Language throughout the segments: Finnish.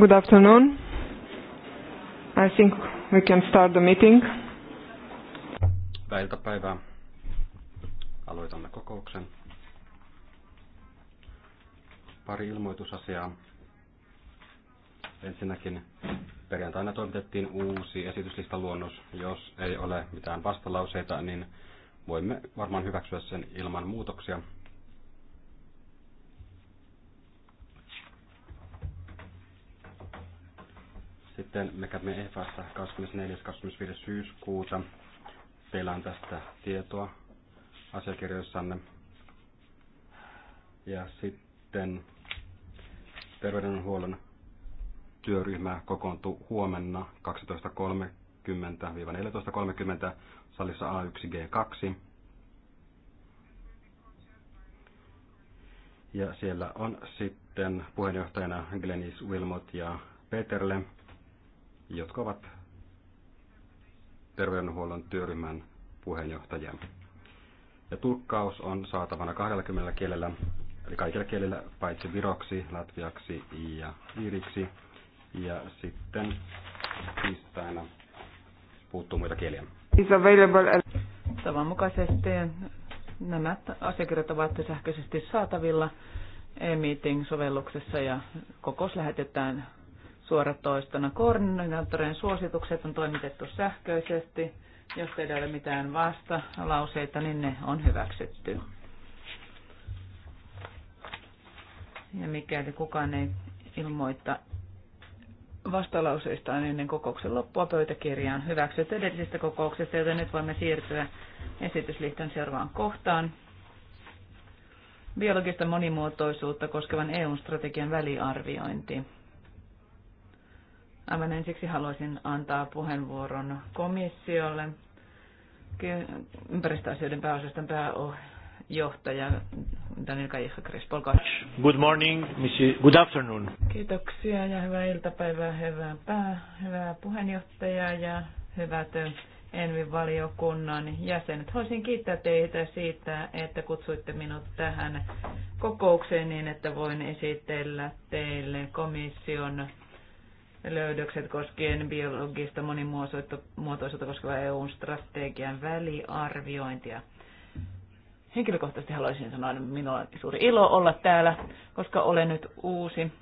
Good afternoon. I think we can start the meeting. Hyvää iltapäivää. Aloitamme kokouksen. Pari ilmoitusasiaa. Ensinnäkin perjantaina toimitettiin uusi esityslistaluonnos. Jos ei ole mitään vastalauseita, niin voimme varmaan hyväksyä sen ilman muutoksia. Sitten me kävimme EFAssa 24-25 syyskuuta. Teillä on tästä tietoa asiakirjoissanne. Ja sitten terveydenhuollon työryhmä kokoontuu huomenna 12.30-14.30 salissa A1G2. Ja siellä on sitten puheenjohtajana Glenis Wilmot ja Peterle jotka ovat terveydenhuollon työryhmän puheenjohtajia. Ja tulkkaus on saatavana 20 kielellä, eli kaikilla kielillä paitsi viroksi, latviaksi ja iiriksi. Ja sitten tiistaina puuttuu muita kieliä. Tavanmukaisesti nämä asiakirjat ovat sähköisesti saatavilla e-meeting-sovelluksessa ja kokous lähetetään suoratoistona. Koordinaattorien suositukset on toimitettu sähköisesti. Jos teillä ei ole mitään vasta. lauseita, niin ne on hyväksytty. Ja mikäli kukaan ei ilmoita niin ennen kokouksen loppua pöytäkirjaan hyväksytty edellisestä kokouksesta, joten nyt voimme siirtyä esityslistan seuraavaan kohtaan. Biologista monimuotoisuutta koskevan EU-strategian väliarviointi. Aivan ensiksi haluaisin antaa puheenvuoron komissiolle ympäristöasioiden pääosaston pääjohtaja Daniel Kajiha Krispol. Good morning, good afternoon. Kiitoksia ja hyvää iltapäivää, hyvää, pää, hyvää puheenjohtajaa ja hyvät Envi-valiokunnan jäsenet. Haluaisin kiittää teitä siitä, että kutsuitte minut tähän kokoukseen niin, että voin esitellä teille komission löydökset koskien biologista monimuotoisuutta koskeva EU-strategian väliarviointia. Henkilökohtaisesti haluaisin sanoa, että minulla on suuri ilo olla täällä, koska olen nyt uusi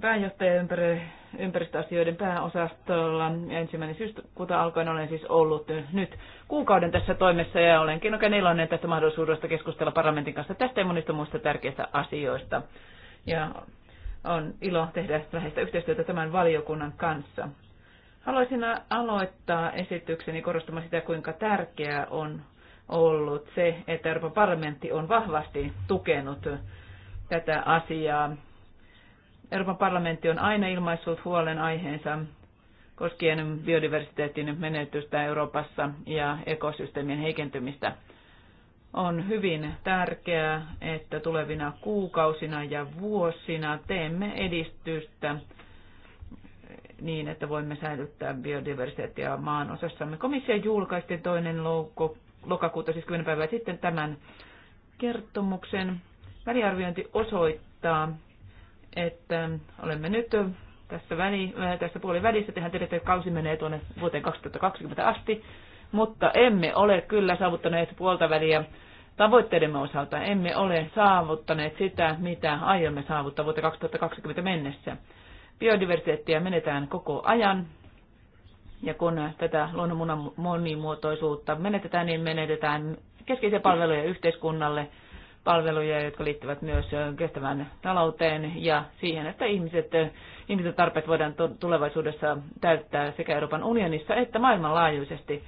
pääjohtaja ympärö, ympäristöasioiden pääosastolla. Ensimmäinen syyskuuta alkoin olen siis ollut nyt kuukauden tässä toimessa ja olenkin oikein iloinen tästä mahdollisuudesta keskustella parlamentin kanssa tästä ja monista muista tärkeistä asioista. Ja on ilo tehdä läheistä yhteistyötä tämän valiokunnan kanssa. Haluaisin aloittaa esitykseni korostamaan sitä, kuinka tärkeää on ollut se, että Euroopan parlamentti on vahvasti tukenut tätä asiaa. Euroopan parlamentti on aina ilmaissut huolen aiheensa koskien biodiversiteetin menetystä Euroopassa ja ekosysteemien heikentymistä. On hyvin tärkeää, että tulevina kuukausina ja vuosina teemme edistystä niin, että voimme säilyttää biodiversiteettia osassamme. Komissio julkaisti toinen lokakuuta, siis 10 päivää sitten, tämän kertomuksen. Väliarviointi osoittaa, että olemme nyt tässä, väli, äh, tässä puolivälissä. Tehän tiedätte, että kausi menee tuonne vuoteen 2020 asti mutta emme ole kyllä saavuttaneet puolta väliä tavoitteidemme osalta. Emme ole saavuttaneet sitä, mitä aiomme saavuttaa vuoteen 2020 mennessä. Biodiversiteettiä menetään koko ajan, ja kun tätä luonnon monimuotoisuutta menetetään, niin menetetään keskeisiä palveluja yhteiskunnalle, palveluja, jotka liittyvät myös kestävään talouteen ja siihen, että ihmiset, ihmisten tarpeet voidaan tulevaisuudessa täyttää sekä Euroopan unionissa että maailmanlaajuisesti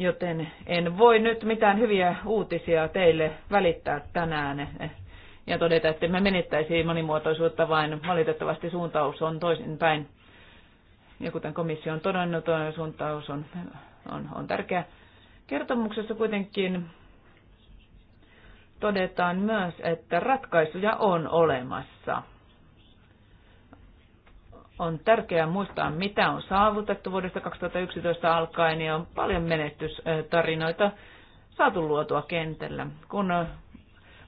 joten en voi nyt mitään hyviä uutisia teille välittää tänään ja todeta, että me menettäisi monimuotoisuutta, vain valitettavasti suuntaus on toisinpäin. Ja kuten komissio on todennut, suuntaus on, on, on tärkeä. Kertomuksessa kuitenkin todetaan myös, että ratkaisuja on olemassa – on tärkeää muistaa, mitä on saavutettu vuodesta 2011 alkaen ja on paljon menestystarinoita saatu luotua kentällä. Kun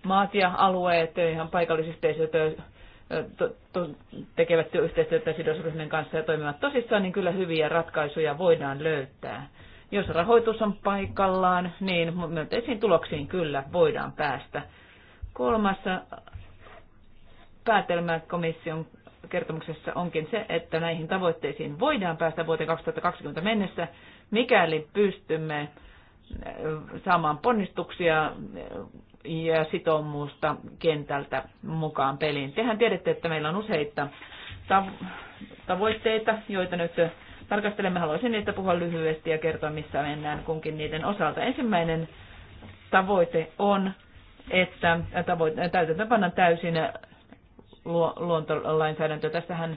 maat ja alueet, ihan paikallisyhteisöt tekevät yhteistyötä sidosryhmien kanssa ja toimivat tosissaan, niin kyllä hyviä ratkaisuja voidaan löytää. Jos rahoitus on paikallaan, niin myönteisiin tuloksiin kyllä voidaan päästä. Kolmas päätelmä komission kertomuksessa onkin se, että näihin tavoitteisiin voidaan päästä vuoteen 2020 mennessä, mikäli pystymme äh, saamaan ponnistuksia äh, ja sitoumusta kentältä mukaan peliin. Tehän tiedätte, että meillä on useita tavoitteita, joita nyt tarkastelemme. Haluaisin niitä puhua lyhyesti ja kertoa, missä mennään kunkin niiden osalta. Ensimmäinen tavoite on, että tavoite, täytäntöpana täysin luontolainsäädäntö. Tästähän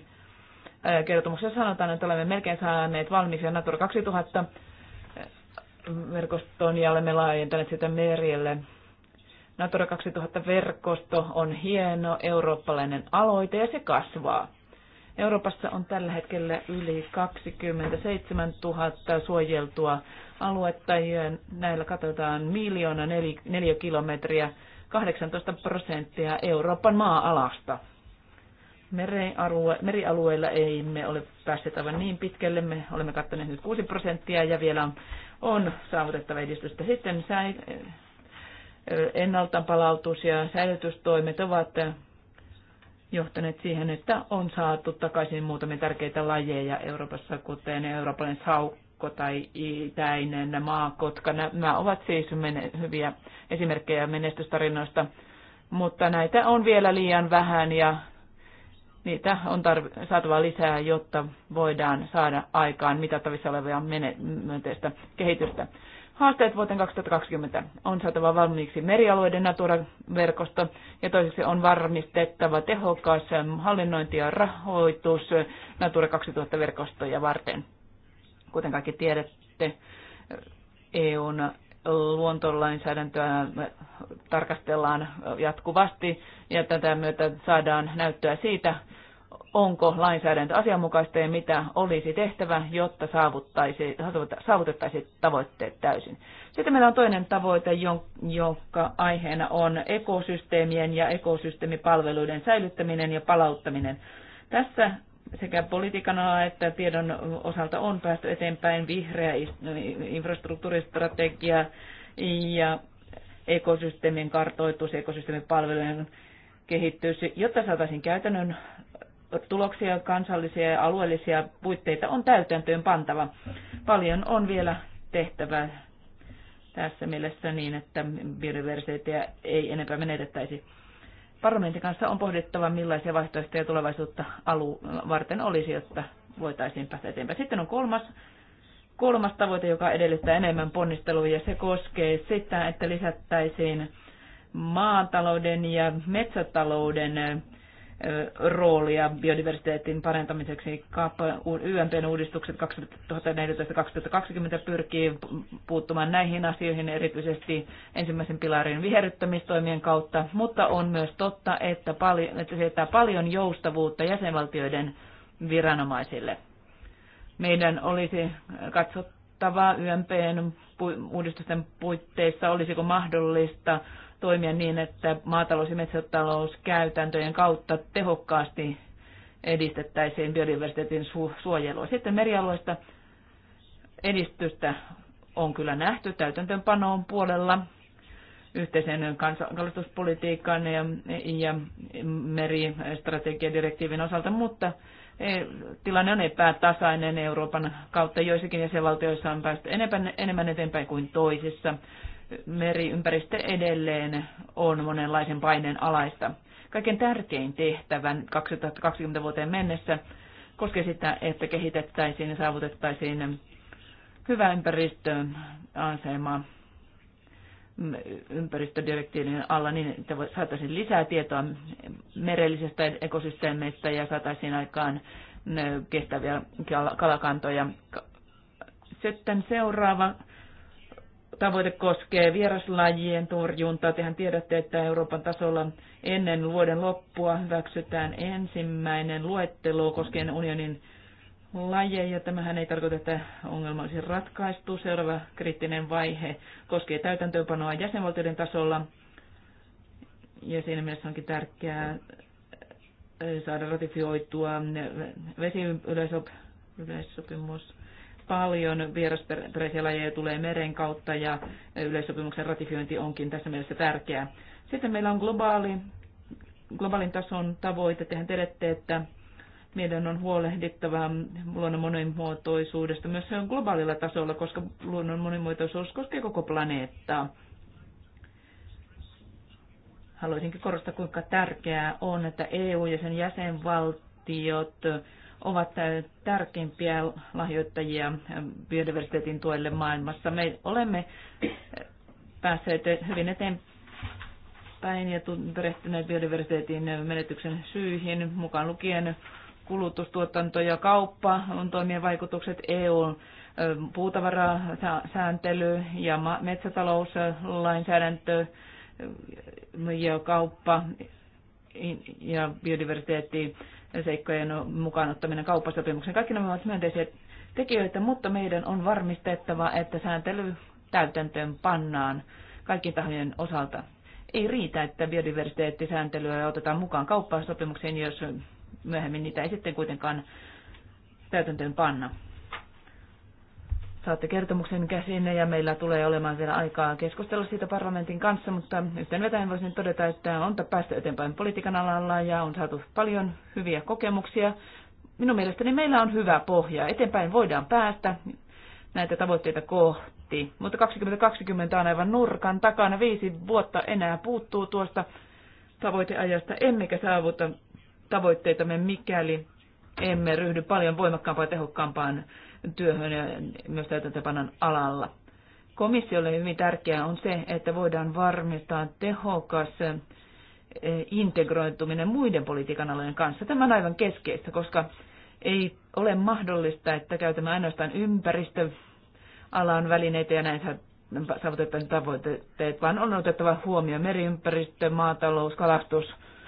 kertomuksessa sanotaan, että olemme melkein saaneet valmiiksi Natura 2000 verkoston ja olemme laajentaneet sitä merielle. Natura 2000-verkosto on hieno eurooppalainen aloite ja se kasvaa. Euroopassa on tällä hetkellä yli 27 000 suojeltua aluetta ja näillä katsotaan miljoona neliökilometriä, 18 prosenttia Euroopan maa-alasta merialue, merialueilla ei me ole päässeet aivan niin pitkälle. Me olemme kattaneet nyt 6 prosenttia ja vielä on, on saavutettava edistystä. Sitten säi, ennaltapalautus ja säilytystoimet ovat johtaneet siihen, että on saatu takaisin muutamia tärkeitä lajeja Euroopassa, kuten eurooppalainen saukko tai itäinen maakotka. Nämä ovat siis hyviä esimerkkejä menestystarinoista, mutta näitä on vielä liian vähän ja Niitä on tarv- saatava lisää, jotta voidaan saada aikaan mitattavissa olevia myönteistä kehitystä. Haasteet vuoteen 2020 on saatava valmiiksi merialueiden Natura-verkosto ja toiseksi on varmistettava tehokas hallinnointi ja rahoitus Natura 2000-verkostoja varten. Kuten kaikki tiedätte, EUn luontolainsäädäntöä tarkastellaan jatkuvasti ja tätä myötä saadaan näyttöä siitä, onko lainsäädäntö asianmukaista ja mitä olisi tehtävä, jotta saavutettaisiin tavoitteet täysin. Sitten meillä on toinen tavoite, jonka aiheena on ekosysteemien ja ekosysteemipalveluiden säilyttäminen ja palauttaminen. Tässä sekä politiikan alalla että tiedon osalta on päästy eteenpäin vihreä infrastruktuuristrategia ja ekosysteemien kartoitus, ekosysteemin palvelujen kehittyys, jotta saataisiin käytännön tuloksia, kansallisia ja alueellisia puitteita on täytäntöön pantava. Paljon on vielä tehtävää tässä mielessä niin, että biodiversiteettiä ei enempää menetettäisi. Parlamentin kanssa on pohdittava, millaisia vaihtoehtoja tulevaisuutta alu varten olisi, jotta voitaisiin päästä eteenpäin. Sitten on kolmas, kolmas tavoite, joka edellyttää enemmän ponnistelua, ja se koskee sitä, että lisättäisiin maatalouden ja metsätalouden roolia biodiversiteetin parantamiseksi. YMPn uudistukset 2014-2020 pyrkii puuttumaan näihin asioihin erityisesti ensimmäisen pilarin viherryttämistoimien kautta, mutta on myös totta, että, paljon, että se jättää paljon joustavuutta jäsenvaltioiden viranomaisille. Meidän olisi katsottava YMPn uudistusten puitteissa, olisiko mahdollista toimia niin, että maatalous- ja metsätalouskäytäntöjen kautta tehokkaasti edistettäisiin biodiversiteetin suojelua. Sitten merialueista edistystä on kyllä nähty täytäntöönpanoon puolella yhteisen kansallistuspolitiikan ja, ja meristrategiadirektiivin osalta, mutta e, tilanne on epätasainen Euroopan kautta. Joissakin jäsenvaltioissa on päästy enemmän, enemmän eteenpäin kuin toisissa meriympäristö edelleen on monenlaisen paineen alaista. Kaiken tärkein tehtävän 2020 vuoteen mennessä koskee sitä, että kehitettäisiin ja saavutettaisiin hyvä ympäristön asema ympäristödirektiivin alla niin, että saataisiin lisää tietoa merellisestä ekosysteemeistä ja saataisiin aikaan kestäviä kalakantoja. Sitten seuraava tavoite koskee vieraslajien torjuntaa. Tehän tiedätte, että Euroopan tasolla ennen vuoden loppua hyväksytään ensimmäinen luettelo koskien unionin lajeja. Tämähän ei tarkoita, että ongelma olisi ratkaistu. Seuraava kriittinen vaihe koskee täytäntöönpanoa jäsenvaltioiden tasolla. Ja siinä mielessä onkin tärkeää eh, saada ratifioitua Yleisop- paljon vierasperäisiä lajeja tulee meren kautta ja yleissopimuksen ratifiointi onkin tässä mielessä tärkeää. Sitten meillä on globaali, globaalin tason tavoite. Tehän tiedätte, että meidän on huolehdittava luonnon monimuotoisuudesta myös se on globaalilla tasolla, koska luonnon monimuotoisuus koskee koko planeettaa. Haluaisinkin korostaa, kuinka tärkeää on, että EU ja sen jäsenvaltiot ovat tärkeimpiä lahjoittajia biodiversiteetin tuelle maailmassa. Me olemme päässeet hyvin eteenpäin ja perehtyneet biodiversiteetin menetyksen syihin, mukaan lukien kulutustuotanto ja kauppa on toimien vaikutukset EU puutavarasääntely ja metsätalouslainsäädäntö ja kauppa ja biodiversiteetti seikkojen mukaan ottaminen kauppasopimuksen. Kaikki nämä ovat myönteisiä tekijöitä, mutta meidän on varmistettava, että sääntely täytäntöön pannaan kaikkien tahojen osalta. Ei riitä, että biodiversiteettisääntelyä otetaan mukaan kauppasopimukseen, jos myöhemmin niitä ei sitten kuitenkaan täytäntöön panna saatte kertomuksen käsinne ja meillä tulee olemaan vielä aikaa keskustella siitä parlamentin kanssa, mutta yhteenvetäen voisin todeta, että on päästy eteenpäin politiikan alalla ja on saatu paljon hyviä kokemuksia. Minun mielestäni meillä on hyvä pohja. Eteenpäin voidaan päästä näitä tavoitteita kohti, mutta 2020 on aivan nurkan takana. Viisi vuotta enää puuttuu tuosta tavoiteajasta, emmekä saavuta tavoitteitamme, mikäli emme ryhdy paljon voimakkaampaan ja tehokkaampaan työhön ja myös täytäntöpanon alalla. Komissiolle hyvin tärkeää on se, että voidaan varmistaa tehokas eh, integroituminen muiden politiikan alojen kanssa. Tämä on aivan keskeistä, koska ei ole mahdollista, että käytämme ainoastaan ympäristöalan välineitä ja näin saavutetaan tavoitteet, vaan on otettava huomioon meriympäristö, maatalous, kalastus,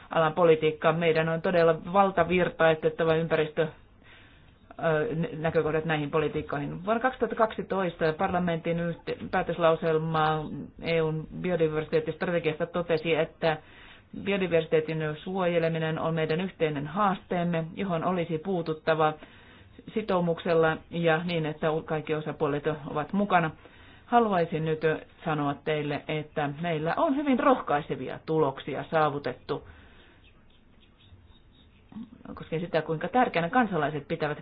alan politiikkaa. Meidän on todella valtavirtaistettava ympäristö näkökohdat näihin politiikkoihin. Vuonna 2012 parlamentin päätöslauselma EUn biodiversiteettistrategiasta totesi, että biodiversiteetin suojeleminen on meidän yhteinen haasteemme, johon olisi puututtava sitoumuksella ja niin, että kaikki osapuolet ovat mukana. Haluaisin nyt sanoa teille, että meillä on hyvin rohkaisevia tuloksia saavutettu koskien sitä, kuinka tärkeänä kansalaiset pitävät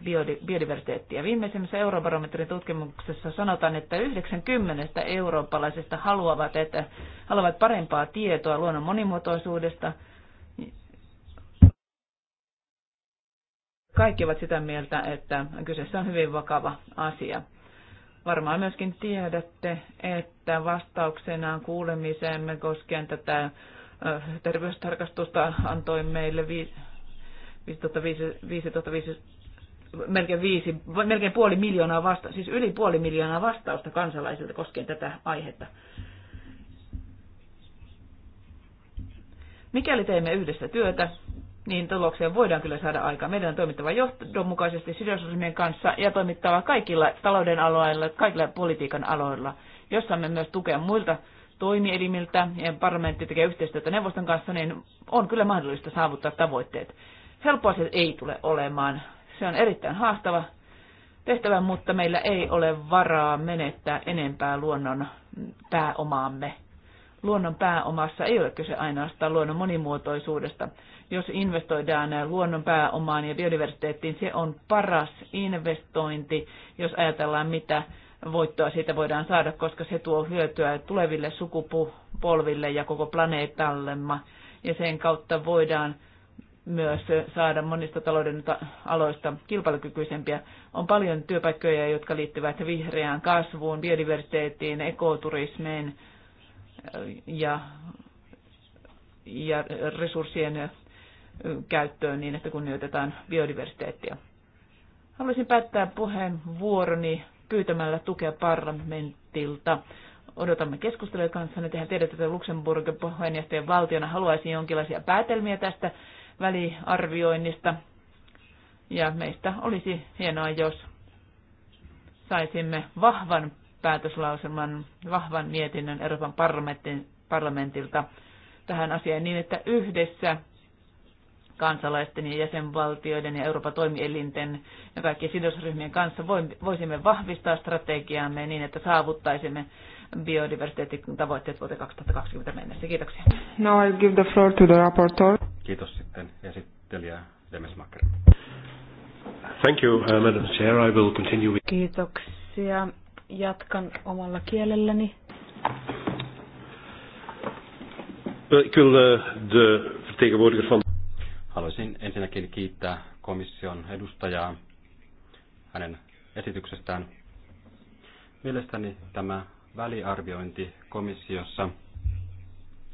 biodiversiteettiä. Viimeisimmässä eurobarometrin tutkimuksessa sanotaan, että 90 eurooppalaisista haluavat, että haluavat parempaa tietoa luonnon monimuotoisuudesta. Kaikki ovat sitä mieltä, että kyseessä on hyvin vakava asia. Varmaan myöskin tiedätte, että vastauksenaan kuulemiseemme koskien tätä terveystarkastusta antoi meille 5500, melkein, viisi, melkein puoli miljoonaa vasta, siis yli puoli miljoonaa vastausta kansalaisilta koskien tätä aihetta. Mikäli teemme yhdessä työtä, niin tulokseen voidaan kyllä saada aikaa. Meidän on toimittava johdonmukaisesti sidosryhmien kanssa ja toimittava kaikilla talouden aloilla, kaikilla politiikan aloilla, jossa me myös tukea muilta toimielimiltä ja parlamentti tekee yhteistyötä neuvoston kanssa, niin on kyllä mahdollista saavuttaa tavoitteet. Helppoa se ei tule olemaan. Se on erittäin haastava tehtävä, mutta meillä ei ole varaa menettää enempää luonnon pääomaamme. Luonnon pääomassa ei ole kyse ainoastaan luonnon monimuotoisuudesta. Jos investoidaan luonnon pääomaan ja biodiversiteettiin, se on paras investointi, jos ajatellaan mitä voittoa siitä voidaan saada, koska se tuo hyötyä tuleville sukupolville ja koko planeetallemma. Ja sen kautta voidaan myös saada monista talouden aloista kilpailukykyisempiä. On paljon työpaikkoja, jotka liittyvät vihreään kasvuun, biodiversiteettiin, ekoturismiin äh, ja, ja resurssien äh, käyttöön niin, että kunnioitetaan biodiversiteettia. Haluaisin päättää puheenvuoroni pyytämällä tukea parlamentilta odotamme keskustelua, kanssanne. Tehän tiedätte, että Luxemburg puheenjohtajan valtiona haluaisi jonkinlaisia päätelmiä tästä väliarvioinnista. Ja meistä olisi hienoa, jos saisimme vahvan päätöslauselman, vahvan mietinnön Euroopan parlamentin, parlamentilta tähän asiaan niin, että yhdessä kansalaisten ja jäsenvaltioiden ja Euroopan toimielinten ja kaikkien sidosryhmien kanssa voisimme vahvistaa strategiaamme niin, että saavuttaisimme biodiversiteetin tavoitteet vuoteen 2020 mennessä. Kiitoksia. Now I'll give the floor to the rapporteur. Kiitos sitten esittelijä Demesmaker. Thank you, uh, Madam Chair. I will continue with... Kiitoksia. Jatkan omalla kielelläni. Uh, Kyllä, uh, de vertegenwoordiger van... Haluaisin ensinnäkin kiittää komission edustajaa hänen esityksestään. Mielestäni tämä väliarviointi komissiossa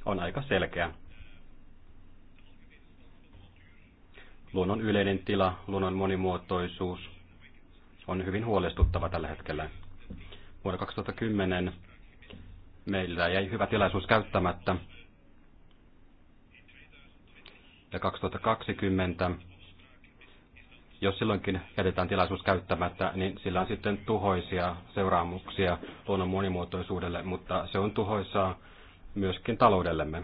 on aika selkeä. luonnon yleinen tila, luonnon monimuotoisuus on hyvin huolestuttava tällä hetkellä. Vuonna 2010 meillä jäi hyvä tilaisuus käyttämättä. Ja 2020, jos silloinkin jätetään tilaisuus käyttämättä, niin sillä on sitten tuhoisia seuraamuksia luonnon monimuotoisuudelle, mutta se on tuhoisaa myöskin taloudellemme.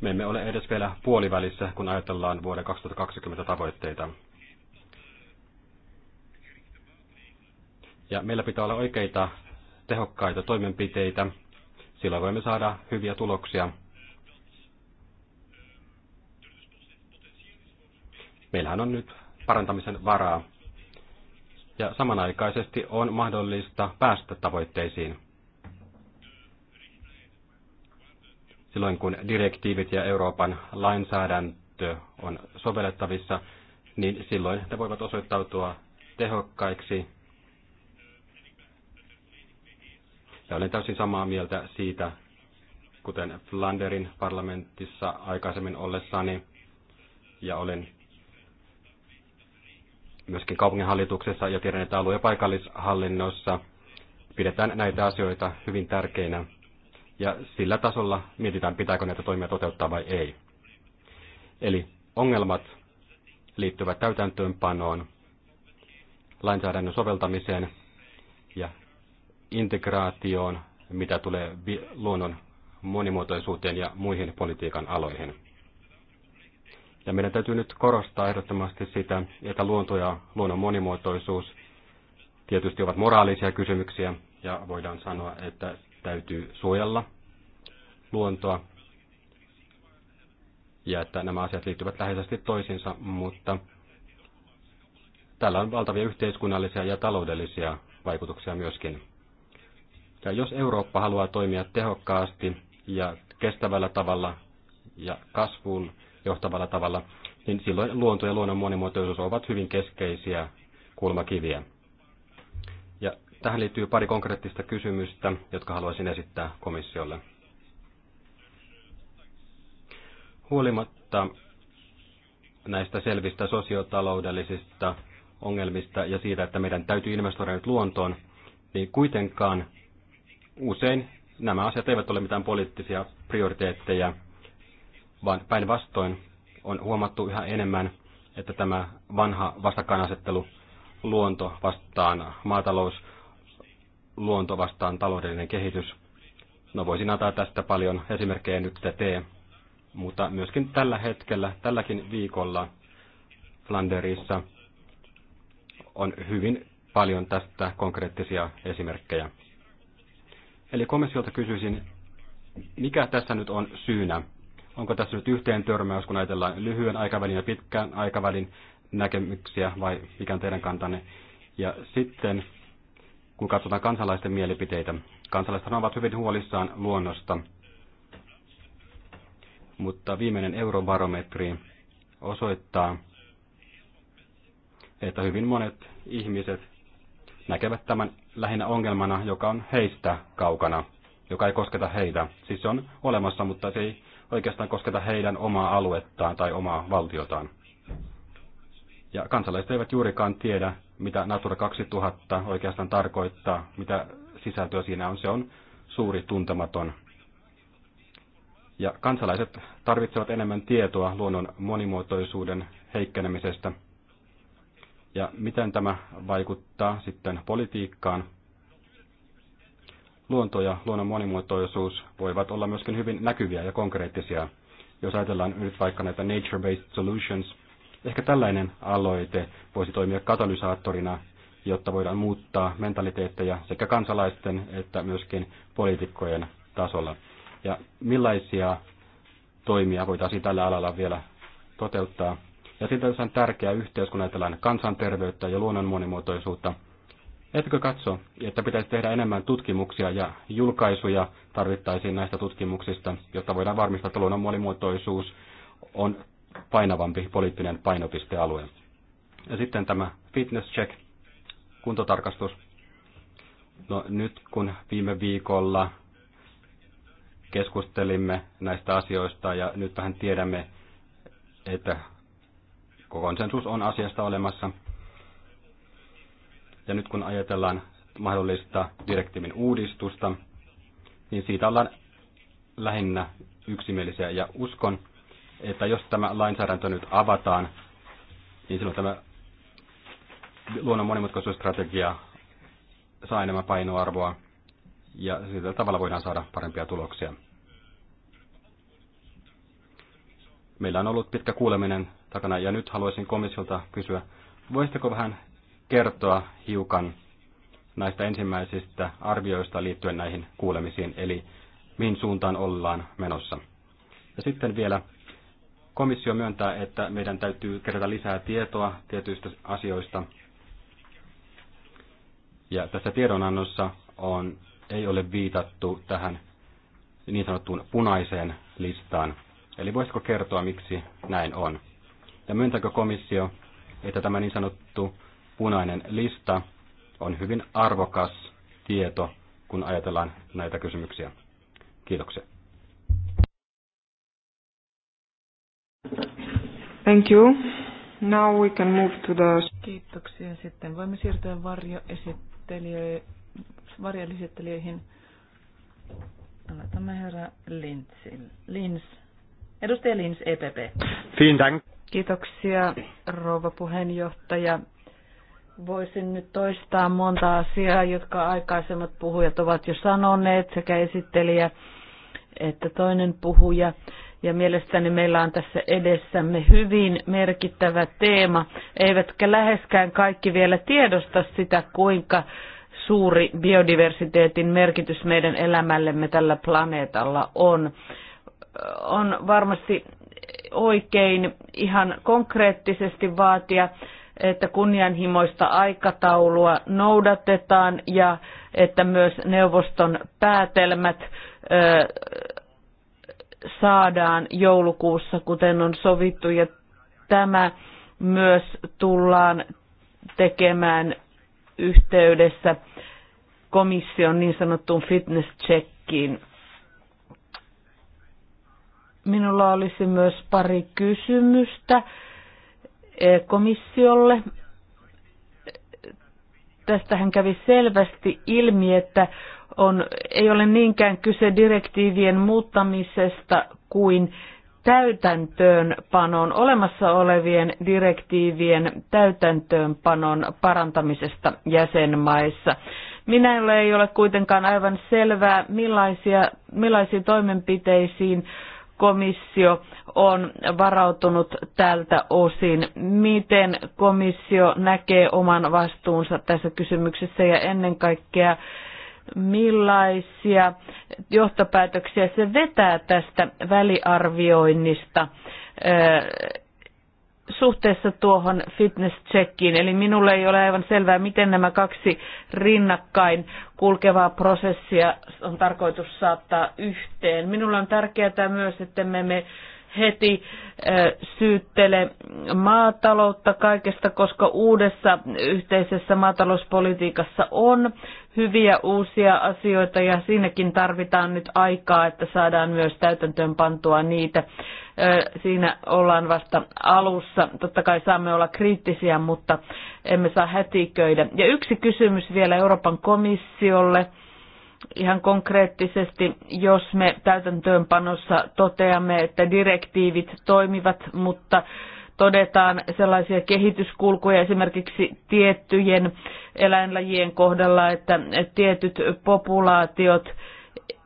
Me emme ole edes vielä puolivälissä, kun ajatellaan vuoden 2020 tavoitteita. Ja meillä pitää olla oikeita, tehokkaita toimenpiteitä. Silloin voimme saada hyviä tuloksia. Meillähän on nyt parantamisen varaa. Ja samanaikaisesti on mahdollista päästä tavoitteisiin. silloin kun direktiivit ja Euroopan lainsäädäntö on sovellettavissa, niin silloin ne voivat osoittautua tehokkaiksi. Ja olen täysin samaa mieltä siitä, kuten Flanderin parlamentissa aikaisemmin ollessani, ja olen myöskin kaupunginhallituksessa ja tiedän, että alue- ja paikallishallinnossa pidetään näitä asioita hyvin tärkeinä ja sillä tasolla mietitään, pitääkö näitä toimia toteuttaa vai ei. Eli ongelmat liittyvät täytäntöönpanoon, lainsäädännön soveltamiseen ja integraatioon, mitä tulee luonnon monimuotoisuuteen ja muihin politiikan aloihin. Ja meidän täytyy nyt korostaa ehdottomasti sitä, että luonto ja luonnon monimuotoisuus tietysti ovat moraalisia kysymyksiä, ja voidaan sanoa, että täytyy suojella luontoa ja että nämä asiat liittyvät läheisesti toisiinsa, mutta tällä on valtavia yhteiskunnallisia ja taloudellisia vaikutuksia myöskin. Ja jos Eurooppa haluaa toimia tehokkaasti ja kestävällä tavalla ja kasvuun johtavalla tavalla, niin silloin luonto ja luonnon monimuotoisuus ovat hyvin keskeisiä kulmakiviä. Tähän liittyy pari konkreettista kysymystä, jotka haluaisin esittää komissiolle. Huolimatta näistä selvistä sosiotaloudellisista ongelmista ja siitä, että meidän täytyy investoida nyt luontoon, niin kuitenkaan usein nämä asiat eivät ole mitään poliittisia prioriteetteja, vaan päinvastoin on huomattu yhä enemmän, että tämä vanha vastakkainasettelu luonto vastaan maatalous luonto vastaan taloudellinen kehitys. No voisin antaa tästä paljon esimerkkejä, nyt sitä tee. Mutta myöskin tällä hetkellä, tälläkin viikolla Flanderissa on hyvin paljon tästä konkreettisia esimerkkejä. Eli komissiolta kysyisin, mikä tässä nyt on syynä? Onko tässä nyt yhteen törmäys, kun ajatellaan lyhyen aikavälin ja pitkän aikavälin näkemyksiä vai mikä on teidän kantanne? Ja sitten kun katsotaan kansalaisten mielipiteitä. Kansalaiset ovat hyvin huolissaan luonnosta, mutta viimeinen eurobarometri osoittaa, että hyvin monet ihmiset näkevät tämän lähinnä ongelmana, joka on heistä kaukana, joka ei kosketa heitä. Siis se on olemassa, mutta se ei oikeastaan kosketa heidän omaa aluettaan tai omaa valtiotaan. Ja kansalaiset eivät juurikaan tiedä, mitä Natura 2000 oikeastaan tarkoittaa, mitä sisältöä siinä on. Se on suuri tuntematon. Ja kansalaiset tarvitsevat enemmän tietoa luonnon monimuotoisuuden heikkenemisestä ja miten tämä vaikuttaa sitten politiikkaan. Luonto ja luonnon monimuotoisuus voivat olla myöskin hyvin näkyviä ja konkreettisia. Jos ajatellaan nyt vaikka näitä nature-based solutions – Ehkä tällainen aloite voisi toimia katalysaattorina, jotta voidaan muuttaa mentaliteetteja sekä kansalaisten että myöskin poliitikkojen tasolla. Ja millaisia toimia voitaisiin tällä alalla vielä toteuttaa? Ja sitten on tärkeä yhteys, kun ajatellaan kansanterveyttä ja luonnon monimuotoisuutta. Etkö katso, että pitäisi tehdä enemmän tutkimuksia ja julkaisuja tarvittaisiin näistä tutkimuksista, jotta voidaan varmistaa, että luonnon monimuotoisuus on painavampi poliittinen painopistealue. Ja sitten tämä fitness check, kuntotarkastus. No nyt kun viime viikolla keskustelimme näistä asioista ja nyt vähän tiedämme, että konsensus on asiasta olemassa. Ja nyt kun ajatellaan mahdollista direktiivin uudistusta, niin siitä ollaan lähinnä yksimielisiä ja uskon, että jos tämä lainsäädäntö nyt avataan, niin silloin tämä luonnon monimutkaisuusstrategia saa enemmän painoarvoa ja sillä tavalla voidaan saada parempia tuloksia. Meillä on ollut pitkä kuuleminen takana ja nyt haluaisin komissiolta kysyä, voisitteko vähän kertoa hiukan näistä ensimmäisistä arvioista liittyen näihin kuulemisiin, eli mihin suuntaan ollaan menossa. Ja sitten vielä Komissio myöntää, että meidän täytyy kerätä lisää tietoa tietyistä asioista. Ja tässä tiedonannossa on, ei ole viitattu tähän niin sanottuun punaiseen listaan. Eli voisiko kertoa, miksi näin on? Ja myöntääkö komissio, että tämä niin sanottu punainen lista on hyvin arvokas tieto, kun ajatellaan näitä kysymyksiä? Kiitoksia. Thank you. Now we can move to the... Kiitoksia. Sitten voimme siirtyä varjoesittelijöihin. Aloitamme herra Lintzil. Lins. Edustaja Lins, EPP. Kiitoksia, rouva puheenjohtaja. Voisin nyt toistaa monta asiaa, jotka aikaisemmat puhujat ovat jo sanoneet, sekä esittelijä että toinen puhuja. Ja mielestäni meillä on tässä edessämme hyvin merkittävä teema, eivätkä läheskään kaikki vielä tiedosta sitä, kuinka suuri biodiversiteetin merkitys meidän elämällemme tällä planeetalla on. On varmasti oikein ihan konkreettisesti vaatia, että kunnianhimoista aikataulua noudatetaan ja että myös neuvoston päätelmät saadaan joulukuussa, kuten on sovittu, ja tämä myös tullaan tekemään yhteydessä komission niin sanottuun fitness checkiin. Minulla olisi myös pari kysymystä eh, komissiolle. Tästähän kävi selvästi ilmi, että on, ei ole niinkään kyse direktiivien muuttamisesta kuin täytäntöönpanon, olemassa olevien direktiivien täytäntöönpanon parantamisesta jäsenmaissa. Minä ei ole kuitenkaan aivan selvää, millaisia, millaisiin toimenpiteisiin komissio on varautunut tältä osin. Miten komissio näkee oman vastuunsa tässä kysymyksessä ja ennen kaikkea millaisia johtopäätöksiä se vetää tästä väliarvioinnista suhteessa tuohon fitness checkiin. Eli minulle ei ole aivan selvää, miten nämä kaksi rinnakkain kulkevaa prosessia on tarkoitus saattaa yhteen. Minulle on tärkeää myös, että me, me heti syyttele maataloutta kaikesta, koska uudessa yhteisessä maatalouspolitiikassa on hyviä uusia asioita ja siinäkin tarvitaan nyt aikaa, että saadaan myös täytäntöön pantua niitä. Siinä ollaan vasta alussa. Totta kai saamme olla kriittisiä, mutta emme saa hätiköidä. Ja yksi kysymys vielä Euroopan komissiolle ihan konkreettisesti, jos me täytäntöönpanossa toteamme, että direktiivit toimivat, mutta todetaan sellaisia kehityskulkuja esimerkiksi tiettyjen eläinlajien kohdalla, että tietyt populaatiot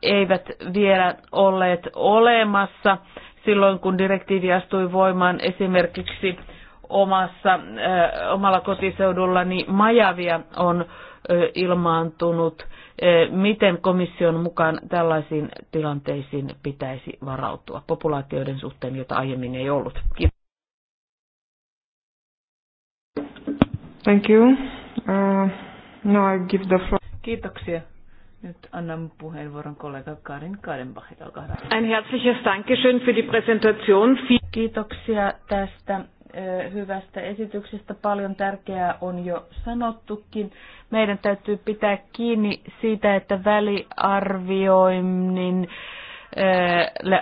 eivät vielä olleet olemassa silloin, kun direktiivi astui voimaan esimerkiksi omassa, omalla kotiseudullani Majavia on ilmaantunut miten komission mukaan tällaisiin tilanteisiin pitäisi varautua populaatioiden suhteen, jota aiemmin ei ollut. Kiitos. Thank you. Uh, no, I give the floor. Kiitoksia. Nyt annan puheenvuoron kollega Karin Kadenbachille. Ein herzliches Dankeschön für die Präsentation. Kiitoksia tästä hyvästä esityksestä. Paljon tärkeää on jo sanottukin. Meidän täytyy pitää kiinni siitä, että väliarvioinnin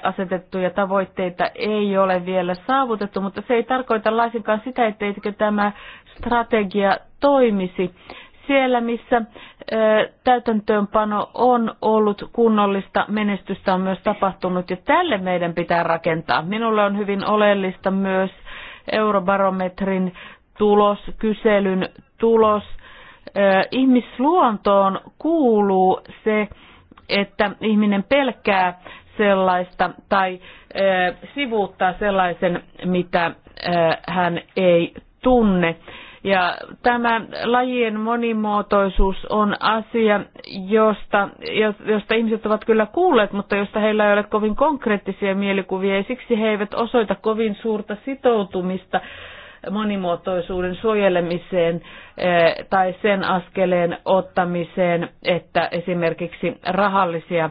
asetettuja tavoitteita ei ole vielä saavutettu, mutta se ei tarkoita laisinkaan sitä, etteikö tämä strategia toimisi siellä, missä täytäntöönpano on ollut kunnollista, menestystä on myös tapahtunut ja tälle meidän pitää rakentaa. Minulle on hyvin oleellista myös eurobarometrin tulos, kyselyn tulos. Ihmisluontoon kuuluu se, että ihminen pelkää sellaista tai sivuuttaa sellaisen, mitä hän ei tunne. Ja tämä lajien monimuotoisuus on asia, josta, josta ihmiset ovat kyllä kuulleet, mutta josta heillä ei ole kovin konkreettisia mielikuvia ja siksi he eivät osoita kovin suurta sitoutumista monimuotoisuuden suojelemiseen eh, tai sen askeleen ottamiseen, että esimerkiksi rahallisia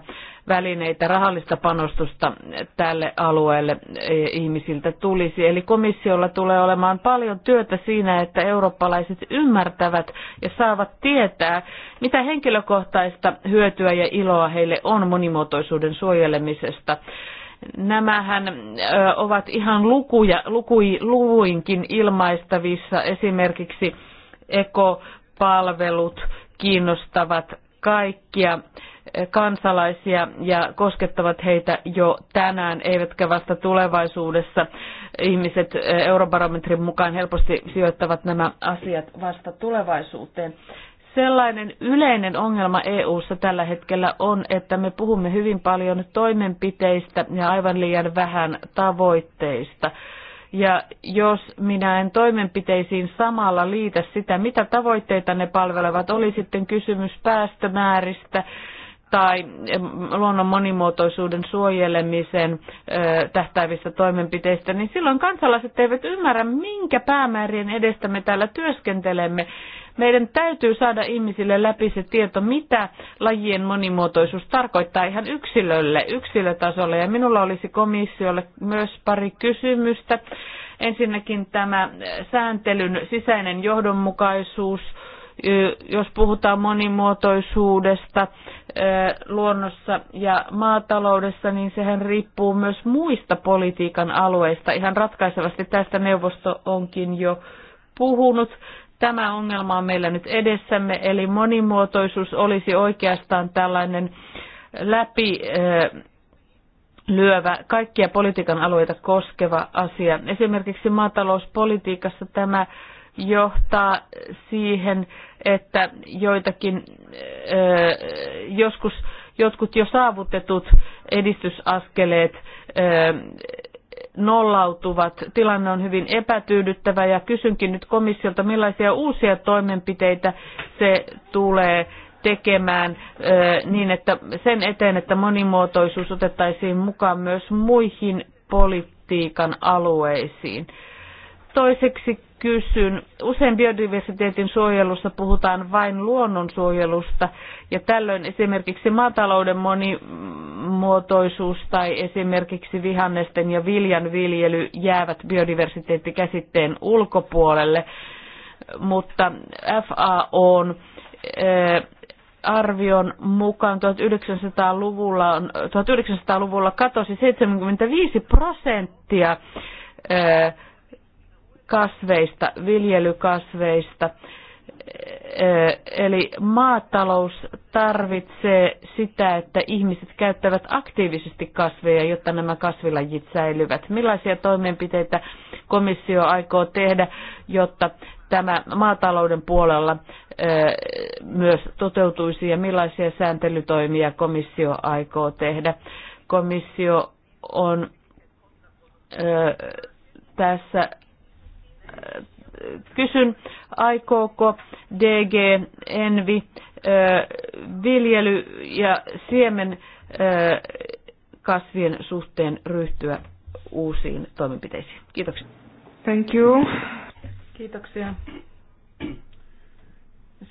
välineitä, rahallista panostusta tälle alueelle e, ihmisiltä tulisi. Eli komissiolla tulee olemaan paljon työtä siinä, että eurooppalaiset ymmärtävät ja saavat tietää, mitä henkilökohtaista hyötyä ja iloa heille on monimuotoisuuden suojelemisesta. Nämähän e, ovat ihan lukuja, lukui, luvuinkin ilmaistavissa esimerkiksi ekopalvelut kiinnostavat kaikkia eh, kansalaisia ja koskettavat heitä jo tänään, eivätkä vasta tulevaisuudessa. Ihmiset eh, eurobarometrin mukaan helposti sijoittavat nämä asiat vasta tulevaisuuteen. Sellainen yleinen ongelma EU:ssa tällä hetkellä on, että me puhumme hyvin paljon toimenpiteistä ja aivan liian vähän tavoitteista. Ja jos minä en toimenpiteisiin samalla liitä sitä, mitä tavoitteita ne palvelevat, oli sitten kysymys päästömääristä tai luonnon monimuotoisuuden suojelemisen tähtäävistä toimenpiteistä, niin silloin kansalaiset eivät ymmärrä, minkä päämäärien edestä me täällä työskentelemme. Meidän täytyy saada ihmisille läpi se tieto, mitä lajien monimuotoisuus tarkoittaa ihan yksilölle, yksilötasolle. Ja minulla olisi komissiolle myös pari kysymystä. Ensinnäkin tämä sääntelyn sisäinen johdonmukaisuus jos puhutaan monimuotoisuudesta luonnossa ja maataloudessa, niin sehän riippuu myös muista politiikan alueista. Ihan ratkaisevasti tästä neuvosto onkin jo puhunut. Tämä ongelma on meillä nyt edessämme, eli monimuotoisuus olisi oikeastaan tällainen läpi eh, lyövä, kaikkia politiikan alueita koskeva asia. Esimerkiksi maatalouspolitiikassa tämä johtaa siihen, että joitakin eh, joskus jotkut jo saavutetut edistysaskeleet eh, nollautuvat. Tilanne on hyvin epätyydyttävä ja kysynkin nyt komissiolta, millaisia uusia toimenpiteitä se tulee tekemään niin, että sen eteen, että monimuotoisuus otettaisiin mukaan myös muihin politiikan alueisiin. Toiseksi kysyn. Usein biodiversiteetin suojelussa puhutaan vain luonnonsuojelusta ja tällöin esimerkiksi maatalouden monimuotoisuus tai esimerkiksi vihannesten ja viljan viljely jäävät biodiversiteettikäsitteen ulkopuolelle, mutta FAOn eh, arvion mukaan 1900-luvulla, 1900-luvulla katosi 75 prosenttia eh, kasveista, viljelykasveista. Eli maatalous tarvitsee sitä, että ihmiset käyttävät aktiivisesti kasveja, jotta nämä kasvilajit säilyvät. Millaisia toimenpiteitä komissio aikoo tehdä, jotta tämä maatalouden puolella myös toteutuisi ja millaisia sääntelytoimia komissio aikoo tehdä? Komissio on tässä kysyn, aikooko DG Envi viljely- ja siemen kasvien suhteen ryhtyä uusiin toimenpiteisiin. Kiitoksia. Thank you. Kiitoksia.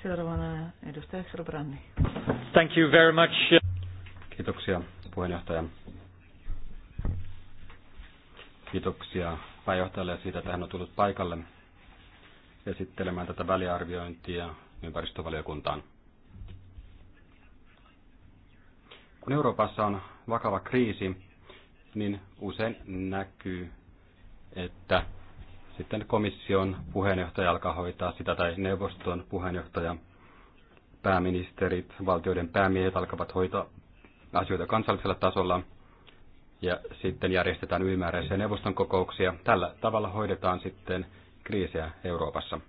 Seuraavana edustaja Sorbranni. Thank you very much. Kiitoksia puheenjohtaja. Kiitoksia pääjohtajalle siitä, että hän on tullut paikalle esittelemään tätä väliarviointia ympäristövaliokuntaan. Kun Euroopassa on vakava kriisi, niin usein näkyy, että sitten komission puheenjohtaja alkaa hoitaa sitä tai neuvoston puheenjohtaja, pääministerit, valtioiden päämiehet alkavat hoitaa asioita kansallisella tasolla – ja sitten järjestetään ylimääräisiä neuvoston kokouksia. Tällä tavalla hoidetaan sitten kriisiä Euroopassa.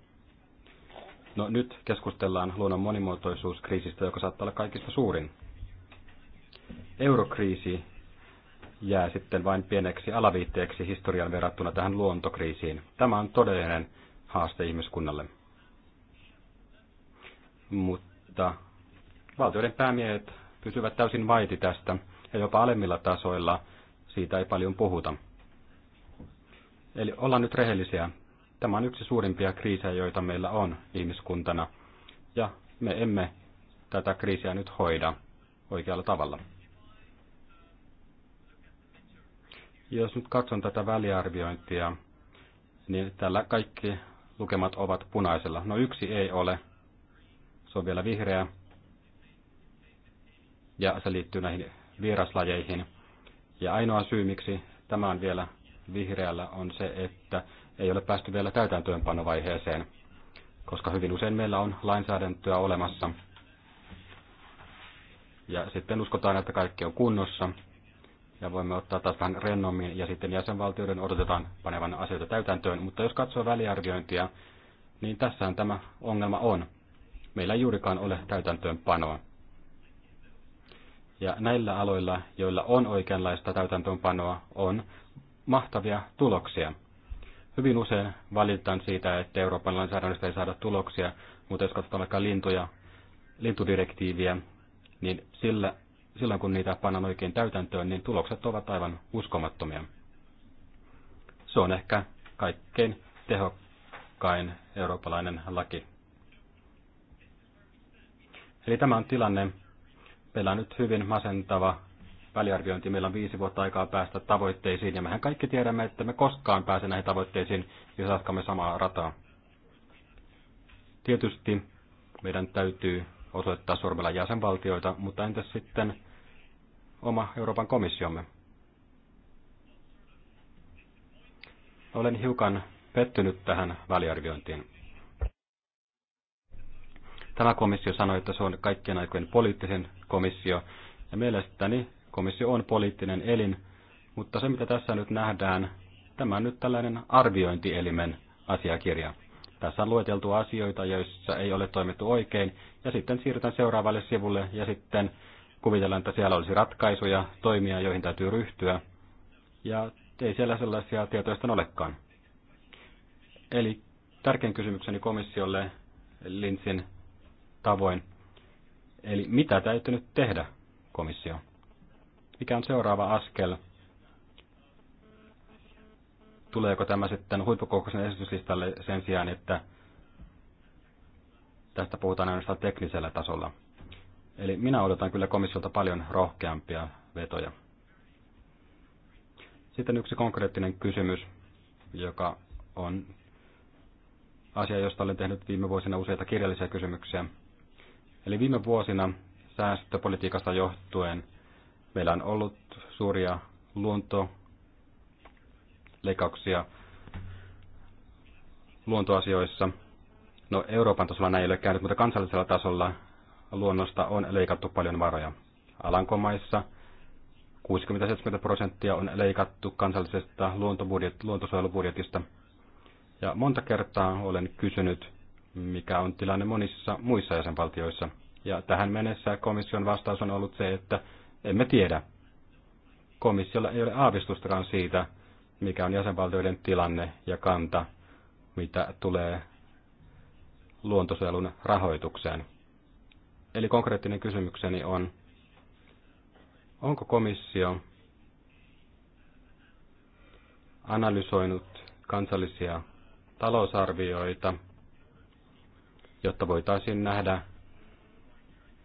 No nyt keskustellaan luonnon monimuotoisuuskriisistä, joka saattaa olla kaikista suurin. Eurokriisi jää sitten vain pieneksi alaviitteeksi historian verrattuna tähän luontokriisiin. Tämä on todellinen haaste ihmiskunnalle. Mutta valtioiden päämiehet pysyvät täysin vaiti tästä, ja jopa alemmilla tasoilla siitä ei paljon puhuta. Eli ollaan nyt rehellisiä. Tämä on yksi suurimpia kriisejä, joita meillä on ihmiskuntana. Ja me emme tätä kriisiä nyt hoida oikealla tavalla. Jos nyt katson tätä väliarviointia, niin tällä kaikki lukemat ovat punaisella. No yksi ei ole. Se on vielä vihreä. Ja se liittyy näihin vieraslajeihin. Ja ainoa syy, miksi tämä on vielä vihreällä, on se, että ei ole päästy vielä täytäntöönpanovaiheeseen, koska hyvin usein meillä on lainsäädäntöä olemassa. Ja sitten uskotaan, että kaikki on kunnossa, ja voimme ottaa taas vähän rennommin, ja sitten jäsenvaltioiden odotetaan panevan asioita täytäntöön. Mutta jos katsoo väliarviointia, niin tässähän tämä ongelma on. Meillä ei juurikaan ole täytäntöönpanoa. Ja näillä aloilla, joilla on oikeanlaista täytäntöönpanoa, on mahtavia tuloksia. Hyvin usein valitetaan siitä, että Euroopan lainsäädännöstä ei saada tuloksia, mutta jos katsotaan vaikka lintuja, lintudirektiiviä, niin sillä, silloin kun niitä pannaan oikein täytäntöön, niin tulokset ovat aivan uskomattomia. Se on ehkä kaikkein tehokkain eurooppalainen laki. Eli tämä on tilanne, meillä on nyt hyvin masentava väliarviointi. Meillä on viisi vuotta aikaa päästä tavoitteisiin, ja mehän kaikki tiedämme, että me koskaan pääse näihin tavoitteisiin, jos jatkamme samaa rataa. Tietysti meidän täytyy osoittaa sormella jäsenvaltioita, mutta entäs sitten oma Euroopan komissiomme? Olen hiukan pettynyt tähän väliarviointiin. Tämä komissio sanoi, että se on kaikkien aikojen poliittisen komissio. Ja mielestäni komissio on poliittinen elin, mutta se mitä tässä nyt nähdään, tämä on nyt tällainen arviointielimen asiakirja. Tässä on lueteltu asioita, joissa ei ole toimittu oikein, ja sitten siirrytään seuraavalle sivulle, ja sitten kuvitellaan, että siellä olisi ratkaisuja, toimia, joihin täytyy ryhtyä, ja ei siellä sellaisia tietoista olekaan. Eli tärkein kysymykseni komissiolle Linsin tavoin Eli mitä täytyy nyt tehdä, komissio? Mikä on seuraava askel? Tuleeko tämä sitten huippukokouksen esityslistalle sen sijaan, että tästä puhutaan ainoastaan teknisellä tasolla? Eli minä odotan kyllä komissiolta paljon rohkeampia vetoja. Sitten yksi konkreettinen kysymys, joka on asia, josta olen tehnyt viime vuosina useita kirjallisia kysymyksiä. Eli viime vuosina säästöpolitiikasta johtuen meillä on ollut suuria luontoleikkauksia luontoasioissa. No Euroopan tasolla näin ei ole käynyt, mutta kansallisella tasolla luonnosta on leikattu paljon varoja. Alankomaissa 60-70 prosenttia on leikattu kansallisesta luontosuojelubudjetista. Ja monta kertaa olen kysynyt, mikä on tilanne monissa muissa jäsenvaltioissa. Ja tähän mennessä komission vastaus on ollut se, että emme tiedä. Komissiolla ei ole aavistustakaan siitä, mikä on jäsenvaltioiden tilanne ja kanta, mitä tulee luontosuojelun rahoitukseen. Eli konkreettinen kysymykseni on, onko komissio analysoinut kansallisia talousarvioita – jotta voitaisiin nähdä,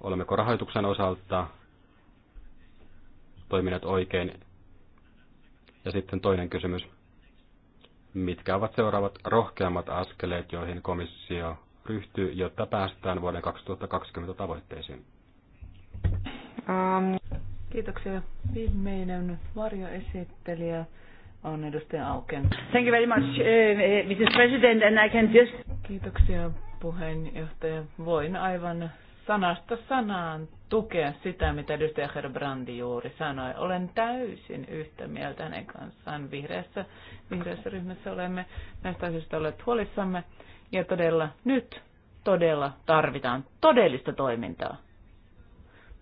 olemmeko rahoituksen osalta toimineet oikein. Ja sitten toinen kysymys. Mitkä ovat seuraavat rohkeammat askeleet, joihin komissio ryhtyy, jotta päästään vuoden 2020 tavoitteisiin? Um, kiitoksia. Viimeinen varjoesittelijä on edustaja Auken. Thank you very much, uh, eh, eh, Mrs. President, and I can just... Kiitoksia puheenjohtaja. Voin aivan sanasta sanaan tukea sitä, mitä edustaja Herbrandi juuri sanoi. Olen täysin yhtä mieltä hänen kanssaan. Vihreässä, vihreässä ryhmässä olemme näistä asioista olleet huolissamme. Ja todella nyt todella tarvitaan todellista toimintaa.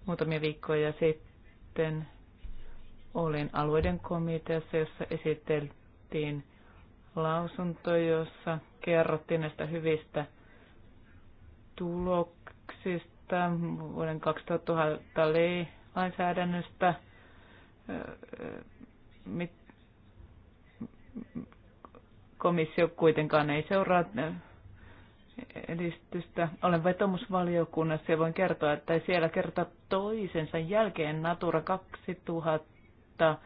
Muutamia viikkoja sitten olin alueiden komiteassa, jossa esiteltiin lausunto, jossa kerrottiin näistä hyvistä tuloksista vuoden 2000 lainsäädännöstä. Äh, komissio kuitenkaan ei seuraa äh, edistystä. Olen vetomusvaliokunnassa ja voin kertoa, että siellä kerta toisensa jälkeen Natura 2000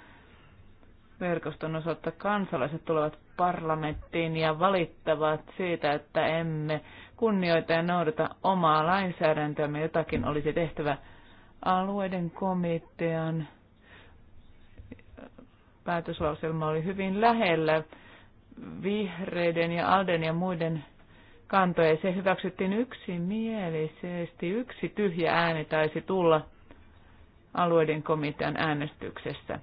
verkoston osalta kansalaiset tulevat parlamenttiin ja valittavat siitä, että emme kunnioita ja noudata omaa lainsäädäntöämme. Jotakin olisi tehtävä alueiden komitean. Päätöslauselma oli hyvin lähellä vihreiden ja Alden ja muiden kantoja. Se hyväksyttiin yksimielisesti. Yksi tyhjä ääni taisi tulla alueiden komitean äänestyksessä.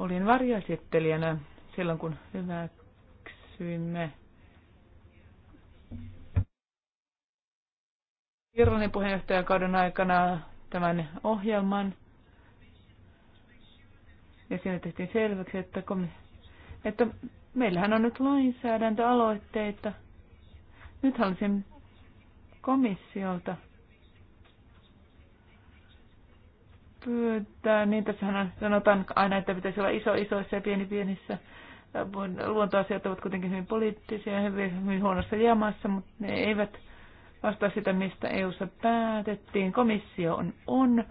Olin varjaesittelijänä silloin, kun hyväksyimme Irlannin puheenjohtajakauden aikana tämän ohjelman. Ja siinä tehtiin selväksi, että, kun, että meillähän on nyt lainsäädäntöaloitteita. Nyt haluaisin komissiolta pyytää, niin tässähän sanotaan aina, että pitäisi olla iso isoissa ja pieni pienissä. Luontoasiat ovat kuitenkin hyvin poliittisia ja hyvin, hyvin huonossa jamassa, mutta ne eivät vastaa sitä, mistä EU-ssa päätettiin. Komissio on, on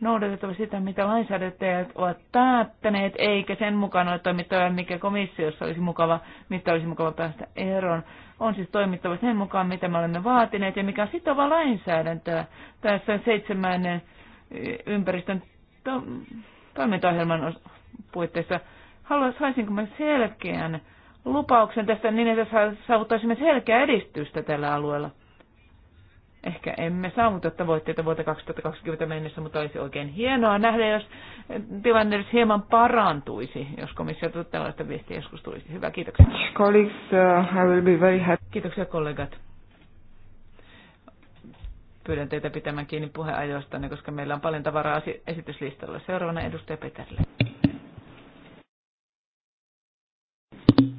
noudatettava sitä, mitä lainsäädäntäjät ovat päättäneet, eikä sen mukana ole toimittava, mikä komissiossa olisi mukava, mistä olisi mukava päästä eroon. On siis toimittava sen mukaan, mitä me olemme vaatineet ja mikä on sitovaa lainsäädäntöä. Tässä seitsemännen ympäristön to- toimintaohjelman puitteissa. Haluaisinko mä selkeän lupauksen tästä niin, että saavuttaisimme selkeää edistystä tällä alueella? Ehkä emme saavuta tavoitteita vuotta 2020 mennessä, mutta olisi oikein hienoa nähdä, jos tilanne edes hieman parantuisi, jos komissio tällaista viestiä joskus tulisi. Hyvä, kiitoksia. Colleagues, uh, I will be very happy. Kiitoksia kollegat pyydän teitä pitämään kiinni puheajoistanne, koska meillä on paljon tavaraa esityslistalla. Seuraavana edustaja Peterle.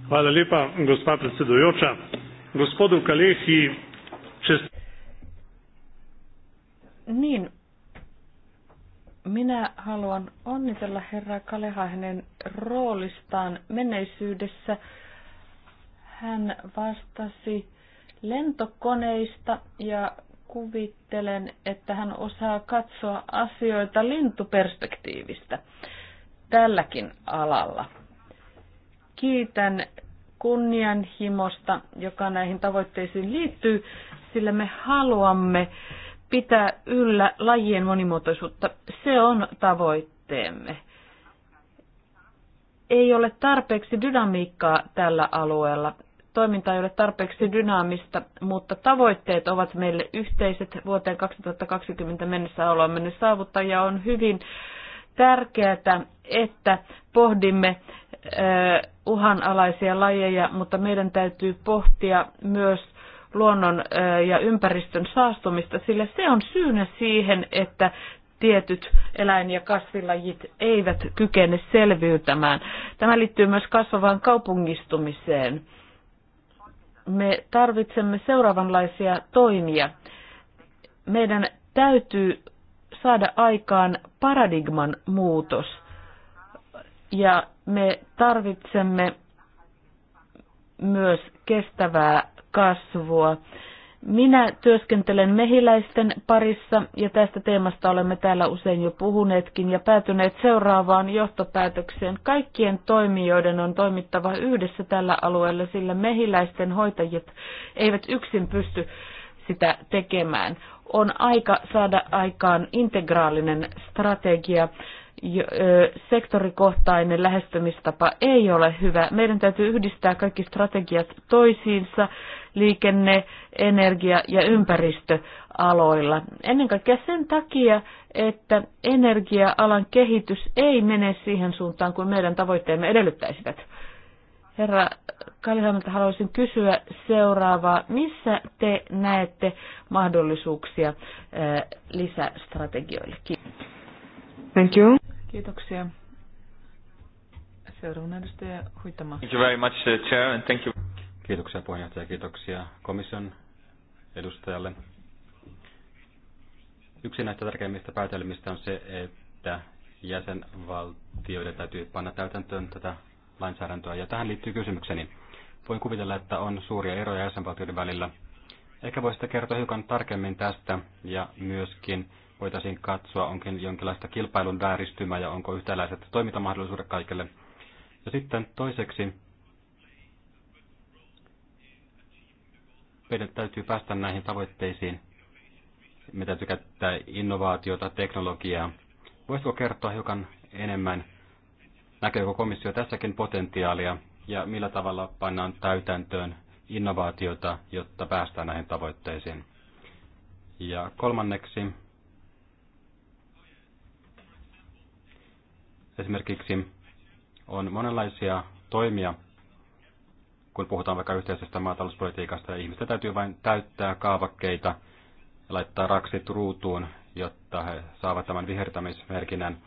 Hvala lepa, gospa predsedujoča. Gospodu Kalehi, čest... Niin, minä haluan onnitella herra Kaleha hänen roolistaan menneisyydessä. Hän vastasi lentokoneista ja kuvittelen, että hän osaa katsoa asioita lintuperspektiivistä tälläkin alalla. Kiitän kunnianhimosta, joka näihin tavoitteisiin liittyy, sillä me haluamme pitää yllä lajien monimuotoisuutta. Se on tavoitteemme. Ei ole tarpeeksi dynamiikkaa tällä alueella toiminta ei ole tarpeeksi dynaamista, mutta tavoitteet ovat meille yhteiset. Vuoteen 2020 mennessä ollaan mennyt saavuttaa ja on hyvin tärkeää, että pohdimme uhanalaisia lajeja, mutta meidän täytyy pohtia myös luonnon ja ympäristön saastumista, sillä se on syynä siihen, että tietyt eläin- ja kasvilajit eivät kykene selviytämään. Tämä liittyy myös kasvavaan kaupungistumiseen me tarvitsemme seuraavanlaisia toimia. Meidän täytyy saada aikaan paradigman muutos ja me tarvitsemme myös kestävää kasvua minä työskentelen mehiläisten parissa ja tästä teemasta olemme täällä usein jo puhuneetkin ja päätyneet seuraavaan johtopäätökseen. Kaikkien toimijoiden on toimittava yhdessä tällä alueella, sillä mehiläisten hoitajat eivät yksin pysty sitä tekemään. On aika saada aikaan integraalinen strategia sektorikohtainen lähestymistapa ei ole hyvä. Meidän täytyy yhdistää kaikki strategiat toisiinsa liikenne, energia- ja ympäristöaloilla. Ennen kaikkea sen takia, että energia-alan kehitys ei mene siihen suuntaan kuin meidän tavoitteemme edellyttäisivät. Herra Kalihanalta haluaisin kysyä seuraavaa. Missä te näette mahdollisuuksia lisästrategioille? Kiitos. Thank you. Kiitoksia. Seuraavana edustaja Huitama. Thank you very much, uh, Chair, and thank you. Kiitoksia puheenjohtaja, kiitoksia komission edustajalle. Yksi näistä tärkeimmistä päätelmistä on se, että jäsenvaltioiden täytyy panna täytäntöön tätä lainsäädäntöä. Ja tähän liittyy kysymykseni. Voin kuvitella, että on suuria eroja jäsenvaltioiden välillä. Ehkä voisitte kertoa hiukan tarkemmin tästä ja myöskin voitaisiin katsoa, onko jonkinlaista kilpailun vääristymää ja onko yhtäläiset toimintamahdollisuudet kaikille. Ja sitten toiseksi meidän täytyy päästä näihin tavoitteisiin. Me täytyy käyttää innovaatiota, teknologiaa. Voisitko kertoa hiukan enemmän, näkeekö komissio tässäkin potentiaalia ja millä tavalla pannaan täytäntöön innovaatiota, jotta päästään näihin tavoitteisiin? Ja kolmanneksi, esimerkiksi on monenlaisia toimia, kun puhutaan vaikka yhteisestä maatalouspolitiikasta, ja ihmisten täytyy vain täyttää kaavakkeita ja laittaa raksit ruutuun, jotta he saavat tämän vihertämismerkinnän.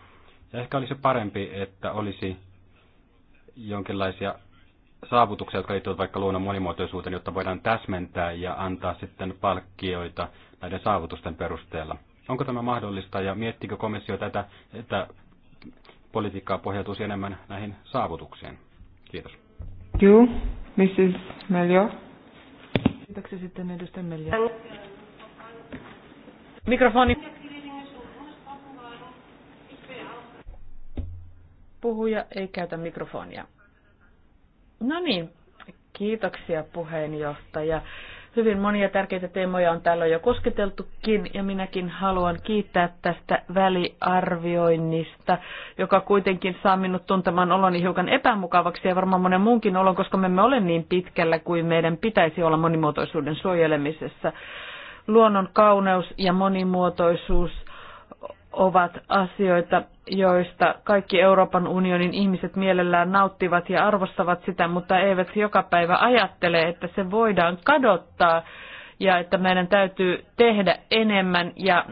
Ja ehkä olisi parempi, että olisi jonkinlaisia saavutuksia, jotka liittyvät vaikka luonnon monimuotoisuuteen, jotta voidaan täsmentää ja antaa sitten palkkioita näiden saavutusten perusteella. Onko tämä mahdollista ja miettikö komissio tätä, että politiikkaa pohjautuisi enemmän näihin saavutuksiin? Kiitos. Joo. Mrs. Melio. Kiitoksia sitten edustaja Melio. Mikrofoni. Puhuja ei käytä mikrofonia. No niin, kiitoksia puheenjohtaja. Hyvin monia tärkeitä teemoja on täällä jo kosketeltukin ja minäkin haluan kiittää tästä väliarvioinnista, joka kuitenkin saa minut tuntemaan oloni hiukan epämukavaksi ja varmaan monen muunkin olon, koska me emme ole niin pitkällä kuin meidän pitäisi olla monimuotoisuuden suojelemisessa. Luonnon kauneus ja monimuotoisuus – ovat asioita, joista kaikki Euroopan unionin ihmiset mielellään nauttivat ja arvostavat sitä, mutta eivät joka päivä ajattele, että se voidaan kadottaa ja että meidän täytyy tehdä enemmän ja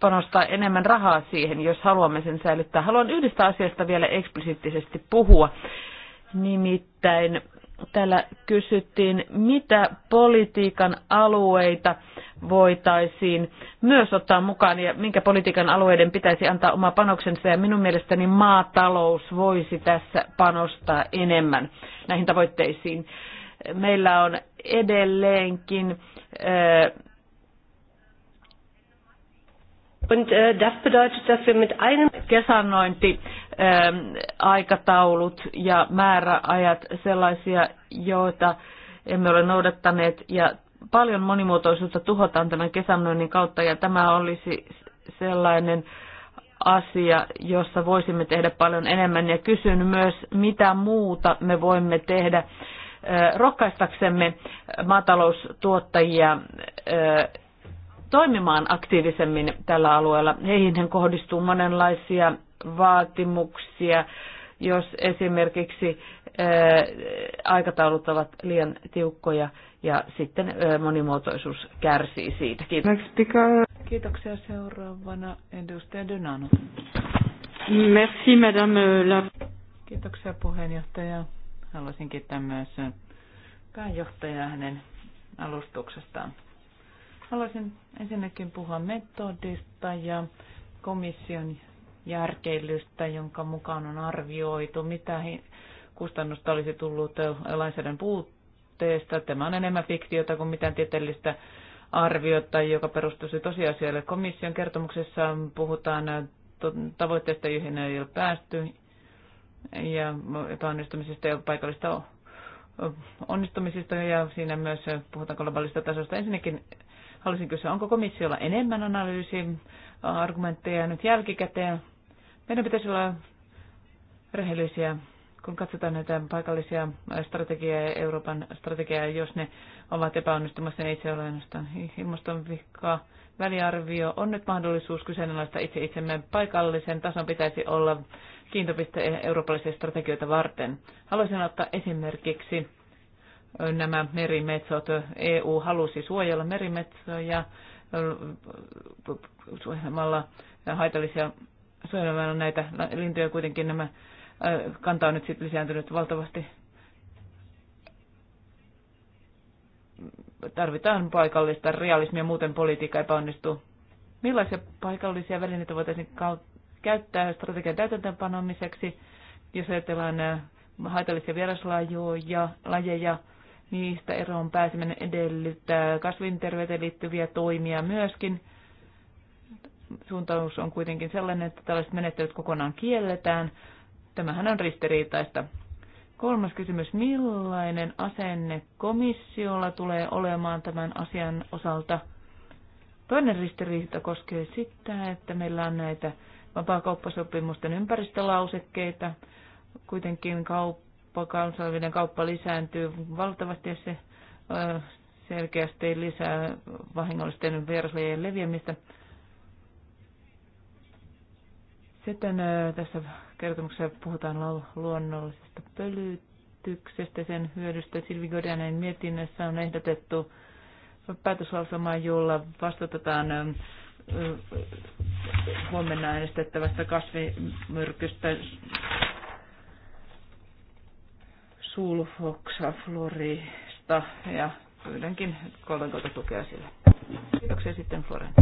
panostaa enemmän rahaa siihen, jos haluamme sen säilyttää. Haluan yhdestä asiasta vielä eksplisiittisesti puhua, nimittäin Täällä kysyttiin, mitä politiikan alueita voitaisiin myös ottaa mukaan ja minkä politiikan alueiden pitäisi antaa oma panoksensa. Ja minun mielestäni maatalous voisi tässä panostaa enemmän näihin tavoitteisiin. Meillä on edelleenkin Und äh, das bedeutet, dass wir mit einem Kesannointi ähm, aikataulut ja määräajat sellaisia, joita emme ole noudattaneet ja paljon monimuotoisuutta tuhotaan tämän kesannoinnin kautta ja tämä olisi sellainen asia, jossa voisimme tehdä paljon enemmän ja kysyn myös, mitä muuta me voimme tehdä äh, rohkaistaksemme maataloustuottajia äh, toimimaan aktiivisemmin tällä alueella. Heihin kohdistuu monenlaisia vaatimuksia, jos esimerkiksi aikataulut ovat liian tiukkoja ja sitten monimuotoisuus kärsii siitä. Kiitos. Kiitoksia seuraavana edustaja Dynano. Merci madame la... Kiitoksia puheenjohtaja. Haluaisin kiittää myös pääjohtajaa hänen alustuksestaan. Haluaisin ensinnäkin puhua metodista ja komission järkeilystä, jonka mukaan on arvioitu, mitä kustannusta olisi tullut lainsäädännön puutteesta. Tämä on enemmän fiktiota kuin mitään tieteellistä arviota, joka perustuisi tosiasioille. Komission kertomuksessa puhutaan tavoitteista, joihin ei ole päästy, ja epäonnistumisista ja paikallista onnistumisista, ja siinä myös puhutaan globaalista tasosta. Ensinnäkin Haluaisin kysyä, onko komissiolla enemmän analyysiargumentteja nyt jälkikäteen? Meidän pitäisi olla rehellisiä, kun katsotaan näitä paikallisia strategiaa ja Euroopan strategiaa, jos ne ovat epäonnistumassa, niin itse ole ainoastaan ilmaston vihkaa. Väliarvio on nyt mahdollisuus kyseenalaista itse itsemme. Paikallisen tason pitäisi olla kiintopiste eurooppalaisia strategioita varten. Haluaisin ottaa esimerkiksi nämä merimetsot. EU halusi suojella merimetsoja suojelemalla haitallisia suojelemalla näitä lintuja kuitenkin nämä kanta on nyt sitten lisääntynyt valtavasti. Tarvitaan paikallista realismia, muuten politiikka epäonnistuu. Millaisia paikallisia välineitä voitaisiin käyttää strategian täytäntöönpanomiseksi, jos ajatellaan haitallisia vieraslajeja, lajeja, niistä eroon pääseminen edellyttää kasvinterveyteen liittyviä toimia myöskin. Suuntaus on kuitenkin sellainen, että tällaiset menettelyt kokonaan kielletään. Tämähän on ristiriitaista. Kolmas kysymys, millainen asenne komissiolla tulee olemaan tämän asian osalta? Toinen ristiriita koskee sitä, että meillä on näitä vapaakauppasopimusten ympäristölausekkeita. Kuitenkin kaup- kansainvälinen kauppa lisääntyy valtavasti ja se selkeästi lisää vahingollisten verslejen leviämistä. Sitten tässä kertomuksessa puhutaan luonnollisesta pölytyksestä, sen hyödystä. Silvi Godianen mietinnössä on ehdotettu päätöslausumaan, jolla vastatetaan huomenna äänestettävästä kasvimyrkystä sulfoksaflorista ja pyydänkin kollegoita tukea sille. Kiitoksia sitten Floren.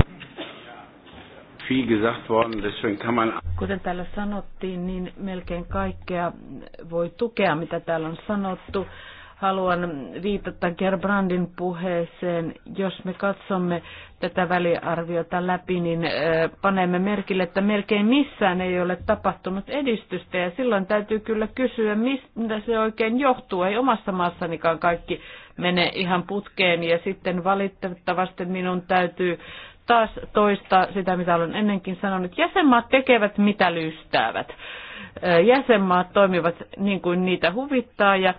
Kuten täällä sanottiin, niin melkein kaikkea voi tukea, mitä täällä on sanottu haluan viitata Gerbrandin puheeseen. Jos me katsomme tätä väliarviota läpi, niin panemme merkille, että melkein missään ei ole tapahtunut edistystä. Ja silloin täytyy kyllä kysyä, mistä se oikein johtuu. Ei omassa maassanikaan kaikki mene ihan putkeen. Ja sitten valitettavasti minun täytyy taas toistaa sitä, mitä olen ennenkin sanonut. Jäsenmaat tekevät mitä lystäävät jäsenmaat toimivat niin kuin niitä huvittaa ja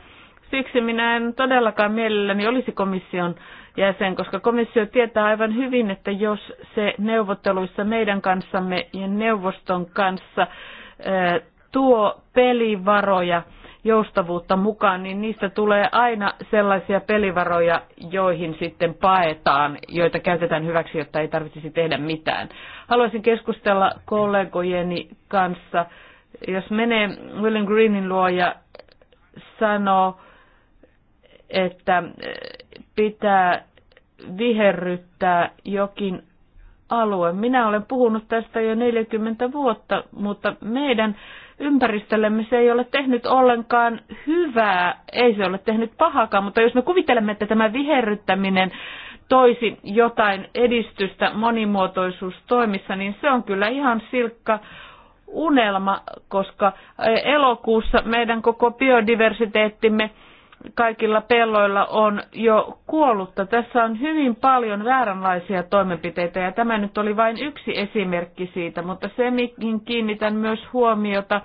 Siksi minä en todellakaan mielelläni olisi komission jäsen, koska komissio tietää aivan hyvin, että jos se neuvotteluissa meidän kanssamme ja neuvoston kanssa tuo pelivaroja, joustavuutta mukaan, niin niistä tulee aina sellaisia pelivaroja, joihin sitten paetaan, joita käytetään hyväksi, jotta ei tarvitsisi tehdä mitään. Haluaisin keskustella kollegojeni kanssa. Jos menee William Greenin luo ja sanoo, että eh, pitää viherryttää jokin alue. Minä olen puhunut tästä jo 40 vuotta, mutta meidän ympäristöllemme se ei ole tehnyt ollenkaan hyvää, ei se ole tehnyt pahakaan, mutta jos me kuvittelemme, että tämä viherryttäminen toisi jotain edistystä monimuotoisuustoimissa, niin se on kyllä ihan silkka unelma, koska eh, elokuussa meidän koko biodiversiteettimme kaikilla pelloilla on jo kuollutta. Tässä on hyvin paljon vääränlaisia toimenpiteitä ja tämä nyt oli vain yksi esimerkki siitä, mutta se, mihin kiinnitän myös huomiota,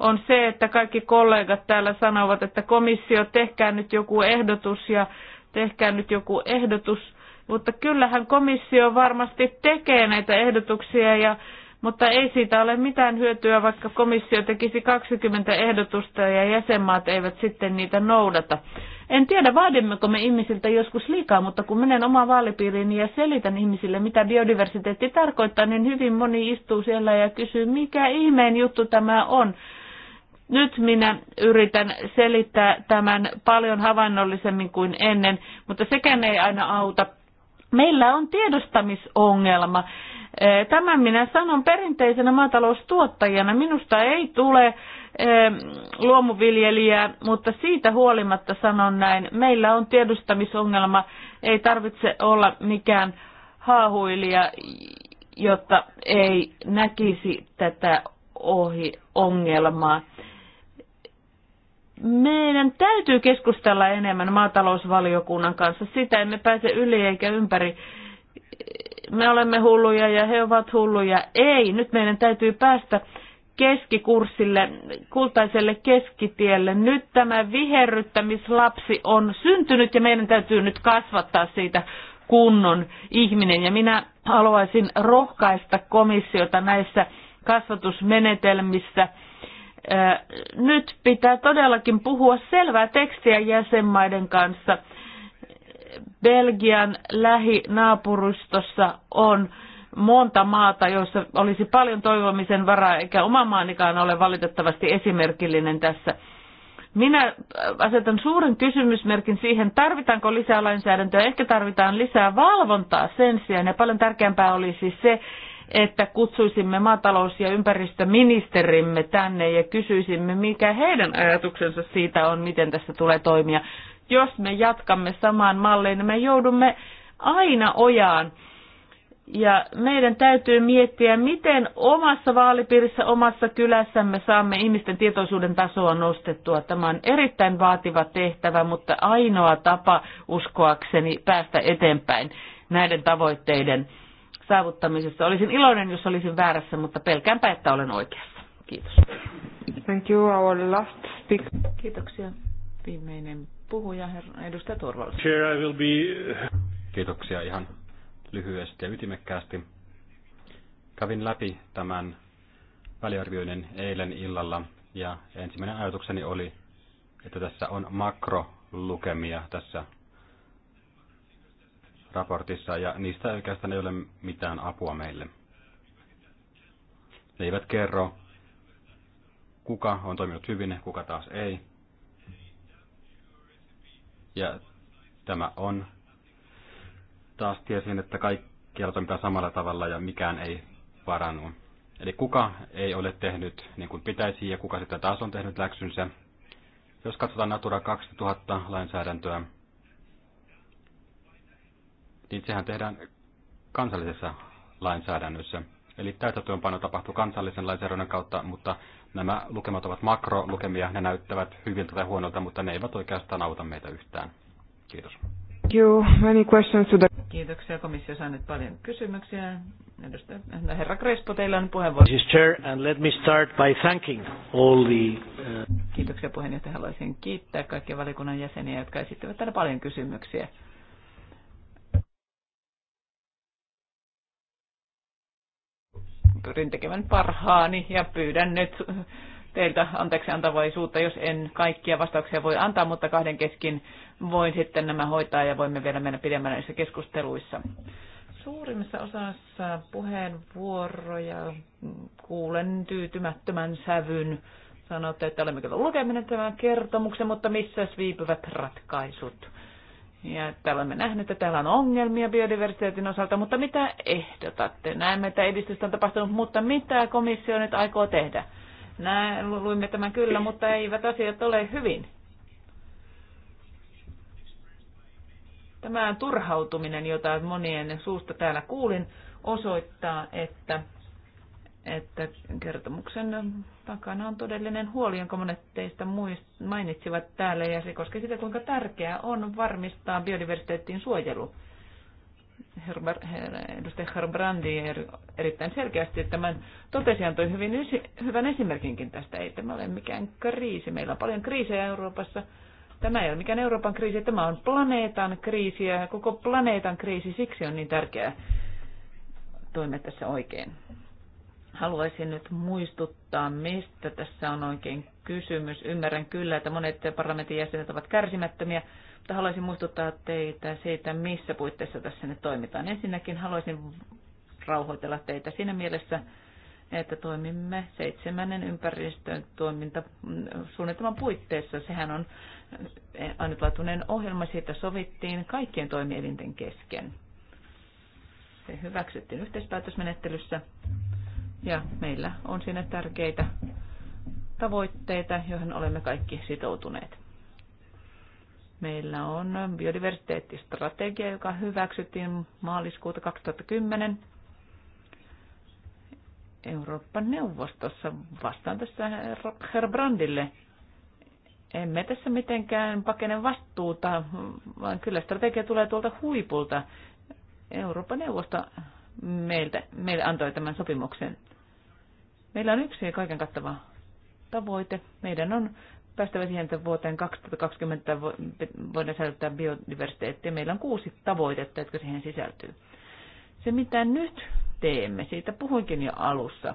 on se, että kaikki kollegat täällä sanovat, että komissio, tehkää nyt joku ehdotus ja tehkää nyt joku ehdotus. Mutta kyllähän komissio varmasti tekee näitä ehdotuksia ja mutta ei siitä ole mitään hyötyä, vaikka komissio tekisi 20 ehdotusta ja jäsenmaat eivät sitten niitä noudata. En tiedä, vaadimmeko me ihmisiltä joskus liikaa, mutta kun menen omaan vaalipiiriin ja selitän ihmisille, mitä biodiversiteetti tarkoittaa, niin hyvin moni istuu siellä ja kysyy, mikä ihmeen juttu tämä on. Nyt minä yritän selittää tämän paljon havainnollisemmin kuin ennen, mutta sekään ei aina auta. Meillä on tiedostamisongelma. Eh, tämän minä sanon perinteisenä maataloustuottajana. Minusta ei tule eh, luomuviljelijää, mutta siitä huolimatta sanon näin. Meillä on tiedustamisongelma, ei tarvitse olla mikään haahuilija, jotta ei näkisi tätä ohi ongelmaa. Meidän täytyy keskustella enemmän maatalousvaliokunnan kanssa. Sitä emme pääse yli eikä ympäri me olemme hulluja ja he ovat hulluja. Ei, nyt meidän täytyy päästä keskikurssille, kultaiselle keskitielle. Nyt tämä viherryttämislapsi on syntynyt ja meidän täytyy nyt kasvattaa siitä kunnon ihminen. Ja minä haluaisin rohkaista komissiota näissä kasvatusmenetelmissä. Nyt pitää todellakin puhua selvää tekstiä jäsenmaiden kanssa – Belgian lähinaapurustossa on monta maata, joissa olisi paljon toivomisen varaa, eikä oma maanikaan ole valitettavasti esimerkillinen tässä. Minä äh, asetan suuren kysymysmerkin siihen, tarvitaanko lisää lainsäädäntöä, ehkä tarvitaan lisää valvontaa sen sijaan, ja paljon tärkeämpää olisi se, että kutsuisimme maatalous- ja ympäristöministerimme tänne ja kysyisimme, mikä heidän ajatuksensa siitä on, miten tässä tulee toimia jos me jatkamme samaan malliin, niin me joudumme aina ojaan. Ja meidän täytyy miettiä, miten omassa vaalipiirissä, omassa kylässämme saamme ihmisten tietoisuuden tasoa nostettua. Tämä on erittäin vaativa tehtävä, mutta ainoa tapa uskoakseni päästä eteenpäin näiden tavoitteiden saavuttamisessa. Olisin iloinen, jos olisin väärässä, mutta pelkäänpä, että olen oikeassa. Kiitos. Thank you, our last speaker. Kiitoksia. Viimeinen puhuja, herra, edustaja Turvallis. Chair, I will be... Kiitoksia ihan lyhyesti ja ytimekkäästi. Kävin läpi tämän väliarvioinnin eilen illalla ja ensimmäinen ajatukseni oli, että tässä on makrolukemia tässä raportissa ja niistä oikeastaan ei ole mitään apua meille. Ne eivät kerro, kuka on toiminut hyvin, kuka taas ei. Ja tämä on taas tiesin, että kaikkialla toimitaan samalla tavalla ja mikään ei parannu. Eli kuka ei ole tehnyt niin kuin pitäisi ja kuka sitten taas on tehnyt läksynsä. Jos katsotaan Natura 2000 lainsäädäntöä, niin sehän tehdään kansallisessa lainsäädännössä. Eli täytäntöönpano tapahtuu kansallisen lainsäädännön kautta, mutta Nämä lukemat ovat makrolukemia, ne näyttävät hyviltä tai huonolta, mutta ne eivät oikeastaan auta meitä yhtään. Kiitos. You, many questions to the... Kiitoksia. Komissio saa nyt paljon kysymyksiä. Edustaja, no, herra Crespo, teillä on puheenvuoro. Chair, and let me start by thanking all the, uh... Kiitoksia puheenjohtaja. Haluaisin kiittää kaikkia valikunnan jäseniä, jotka esittävät täällä paljon kysymyksiä. pyrin tekemään parhaani ja pyydän nyt teiltä anteeksi antavaisuutta, jos en kaikkia vastauksia voi antaa, mutta kahden keskin voin sitten nämä hoitaa ja voimme vielä mennä pidemmälle näissä keskusteluissa. Suurimmassa osassa puheenvuoroja kuulen tyytymättömän sävyn. Sanotte, että olemme kyllä lukeminen tämän kertomuksen, mutta missä viipyvät ratkaisut? Ja että olemme nähneet, että täällä on ongelmia biodiversiteetin osalta, mutta mitä ehdotatte? Näemme, että edistystä on tapahtunut, mutta mitä komissio nyt aikoo tehdä? Näin, luimme tämän kyllä, mutta eivät asiat ole hyvin. Tämä turhautuminen, jota monien suusta täällä kuulin, osoittaa, että, että kertomuksen takana on todellinen huoli, jonka monet teistä mainitsivat täällä, ja se koskee sitä, kuinka tärkeää on varmistaa biodiversiteettiin suojelu. edustaja Herbrandi erittäin selkeästi tämän totesi, antoi hyvin ysi, hyvän esimerkinkin tästä. Ei tämä ole mikään kriisi. Meillä on paljon kriisejä Euroopassa. Tämä ei ole mikään Euroopan kriisi, tämä on planeetan kriisi ja koko planeetan kriisi, siksi on niin tärkeää toimia tässä oikein. Haluaisin nyt muistuttaa, mistä tässä on oikein kysymys. Ymmärrän kyllä, että monet parlamentin jäsenet ovat kärsimättömiä, mutta haluaisin muistuttaa teitä siitä, missä puitteissa tässä nyt toimitaan. Ensinnäkin haluaisin rauhoitella teitä siinä mielessä, että toimimme seitsemännen ympäristön toimintasuunnitelman puitteissa. Sehän on ainutlaatuinen ohjelma, siitä sovittiin kaikkien toimielinten kesken. Se hyväksyttiin yhteispäätösmenettelyssä ja meillä on sinne tärkeitä tavoitteita, joihin olemme kaikki sitoutuneet. Meillä on biodiversiteettistrategia, joka hyväksyttiin maaliskuuta 2010 Euroopan neuvostossa. Vastaan tässä herra Brandille. Emme tässä mitenkään pakene vastuuta, vaan kyllä strategia tulee tuolta huipulta. Euroopan neuvosto meiltä, meille antoi tämän sopimuksen. Meillä on yksi kaiken kattava tavoite. Meidän on päästävä siihen, että vuoteen 2020 voidaan säilyttää biodiversiteettiä. Meillä on kuusi tavoitetta, jotka siihen sisältyy. Se, mitä nyt teemme, siitä puhuinkin jo alussa.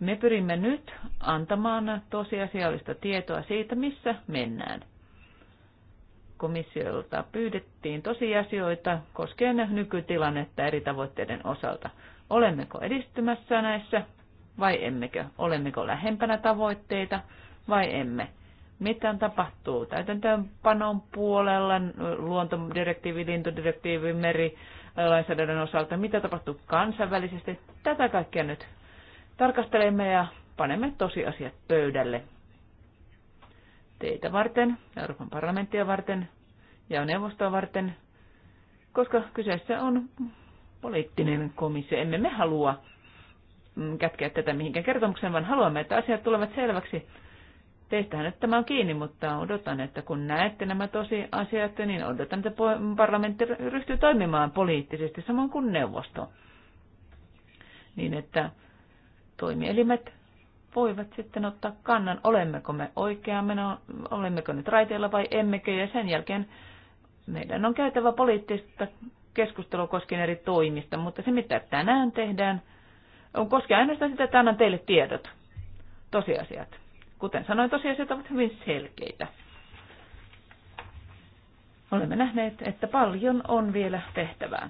Me pyrimme nyt antamaan tosiasiallista tietoa siitä, missä mennään. Komissiolta pyydettiin tosiasioita koskien nykytilannetta eri tavoitteiden osalta. Olemmeko edistymässä näissä vai emmekö? Olemmeko lähempänä tavoitteita vai emme? Mitä tapahtuu täytäntöönpanon puolella, luontodirektiivi, lintudirektiivi, meri, äh, lainsäädännön osalta, mitä tapahtuu kansainvälisesti. Tätä kaikkea nyt tarkastelemme ja panemme tosiasiat pöydälle. Teitä varten, Euroopan parlamenttia varten ja neuvostoa varten, koska kyseessä on poliittinen komissio. Emme me halua Mm, kätkeä tätä mihinkään kertomukseen, vaan haluamme, että asiat tulevat selväksi. Teistähän nyt tämä on kiinni, mutta odotan, että kun näette nämä tosi asiat, niin odotan, että parlamentti ryhtyy toimimaan poliittisesti samoin kuin neuvosto. Niin, että toimielimet voivat sitten ottaa kannan, olemmeko me oikea meno, olemmeko nyt raiteilla vai emmekö, ja sen jälkeen meidän on käytävä poliittista keskustelua koskien eri toimista, mutta se mitä tänään tehdään, on koskee ainoastaan sitä, että annan teille tiedot, tosiasiat. Kuten sanoin, tosiasiat ovat hyvin selkeitä. Olemme nähneet, että paljon on vielä tehtävää.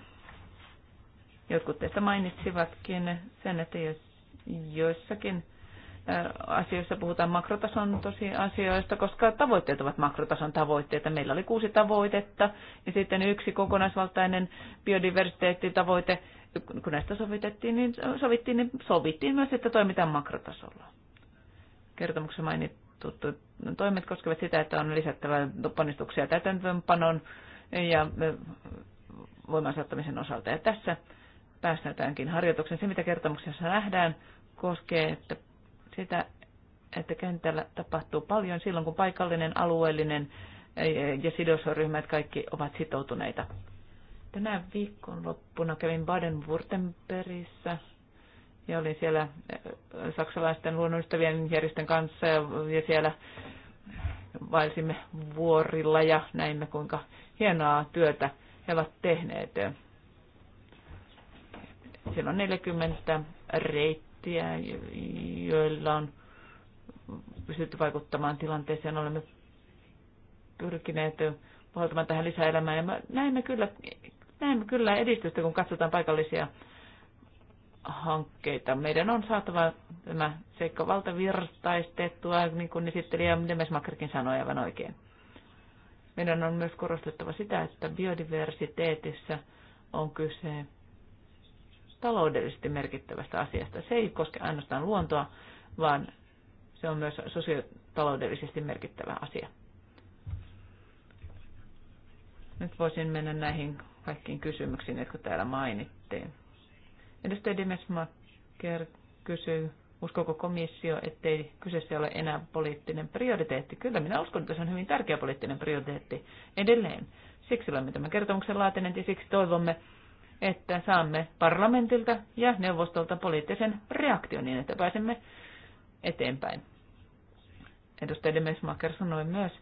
Jotkut teistä mainitsivatkin sen, että jos joissakin äh, asioissa puhutaan makrotason tosiasioista, koska tavoitteet ovat makrotason tavoitteita. Meillä oli kuusi tavoitetta ja sitten yksi kokonaisvaltainen biodiversiteettitavoite kun näistä sovitettiin, niin sovittiin, niin sovittiin myös, että toimitaan makrotasolla. Kertomuksessa mainittu toimet koskevat sitä, että on lisättävä panistuksia täytäntöönpanon ja voimansaattamisen osalta. Ja tässä päästäänkin harjoituksen. Se, mitä kertomuksessa nähdään, koskee että sitä, että kentällä tapahtuu paljon silloin, kun paikallinen, alueellinen ja sidosryhmät kaikki ovat sitoutuneita Tänä viikonloppuna kävin Baden-Württembergissä ja olin siellä äh, saksalaisten luonnonystävien järjestön kanssa ja, ja siellä vaelsimme vuorilla ja näimme kuinka hienoa työtä he ovat tehneet. Siellä on 40 reittiä, joilla on pystytty vaikuttamaan tilanteeseen. Olemme pyrkineet puhaltamaan tähän lisäelämään. Ja näimme kyllä näemme kyllä edistystä, kun katsotaan paikallisia hankkeita. Meidän on saatava tämä seikka valtavirtaistettua, niin kuin esittelijä Demesmakerkin sanoi aivan oikein. Meidän on myös korostettava sitä, että biodiversiteetissä on kyse taloudellisesti merkittävästä asiasta. Se ei koske ainoastaan luontoa, vaan se on myös sosiotaloudellisesti merkittävä asia. Nyt voisin mennä näihin kaikkiin kysymyksiin, jotka täällä mainittiin. Edustaja Dimesmaker kysyy, uskoko komissio, ettei kyseessä ole enää poliittinen prioriteetti? Kyllä, minä uskon, että se on hyvin tärkeä poliittinen prioriteetti edelleen. Siksi olemme tämän kertomuksen laatineet ja siksi toivomme, että saamme parlamentilta ja neuvostolta poliittisen reaktion niin, että pääsemme eteenpäin. Edustaja Demesmaker sanoi myös,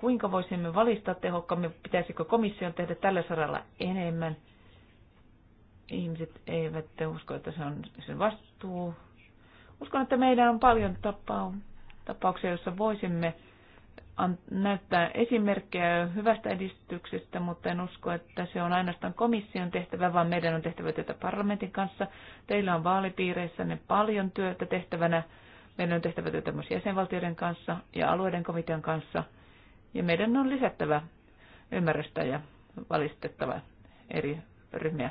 kuinka voisimme valistaa tehokkaammin, pitäisikö komission tehdä tällä saralla enemmän. Ihmiset eivät usko, että se on sen vastuu. Uskon, että meidän on paljon tapauksia, joissa voisimme näyttää esimerkkejä hyvästä edistyksestä, mutta en usko, että se on ainoastaan komission tehtävä, vaan meidän on tehtävä työtä parlamentin kanssa. Teillä on ne paljon työtä tehtävänä. Meidän on tehtävä työtä myös jäsenvaltioiden kanssa ja alueiden komitean kanssa – ja meidän on lisättävä ymmärrystä ja valistettava eri ryhmiä.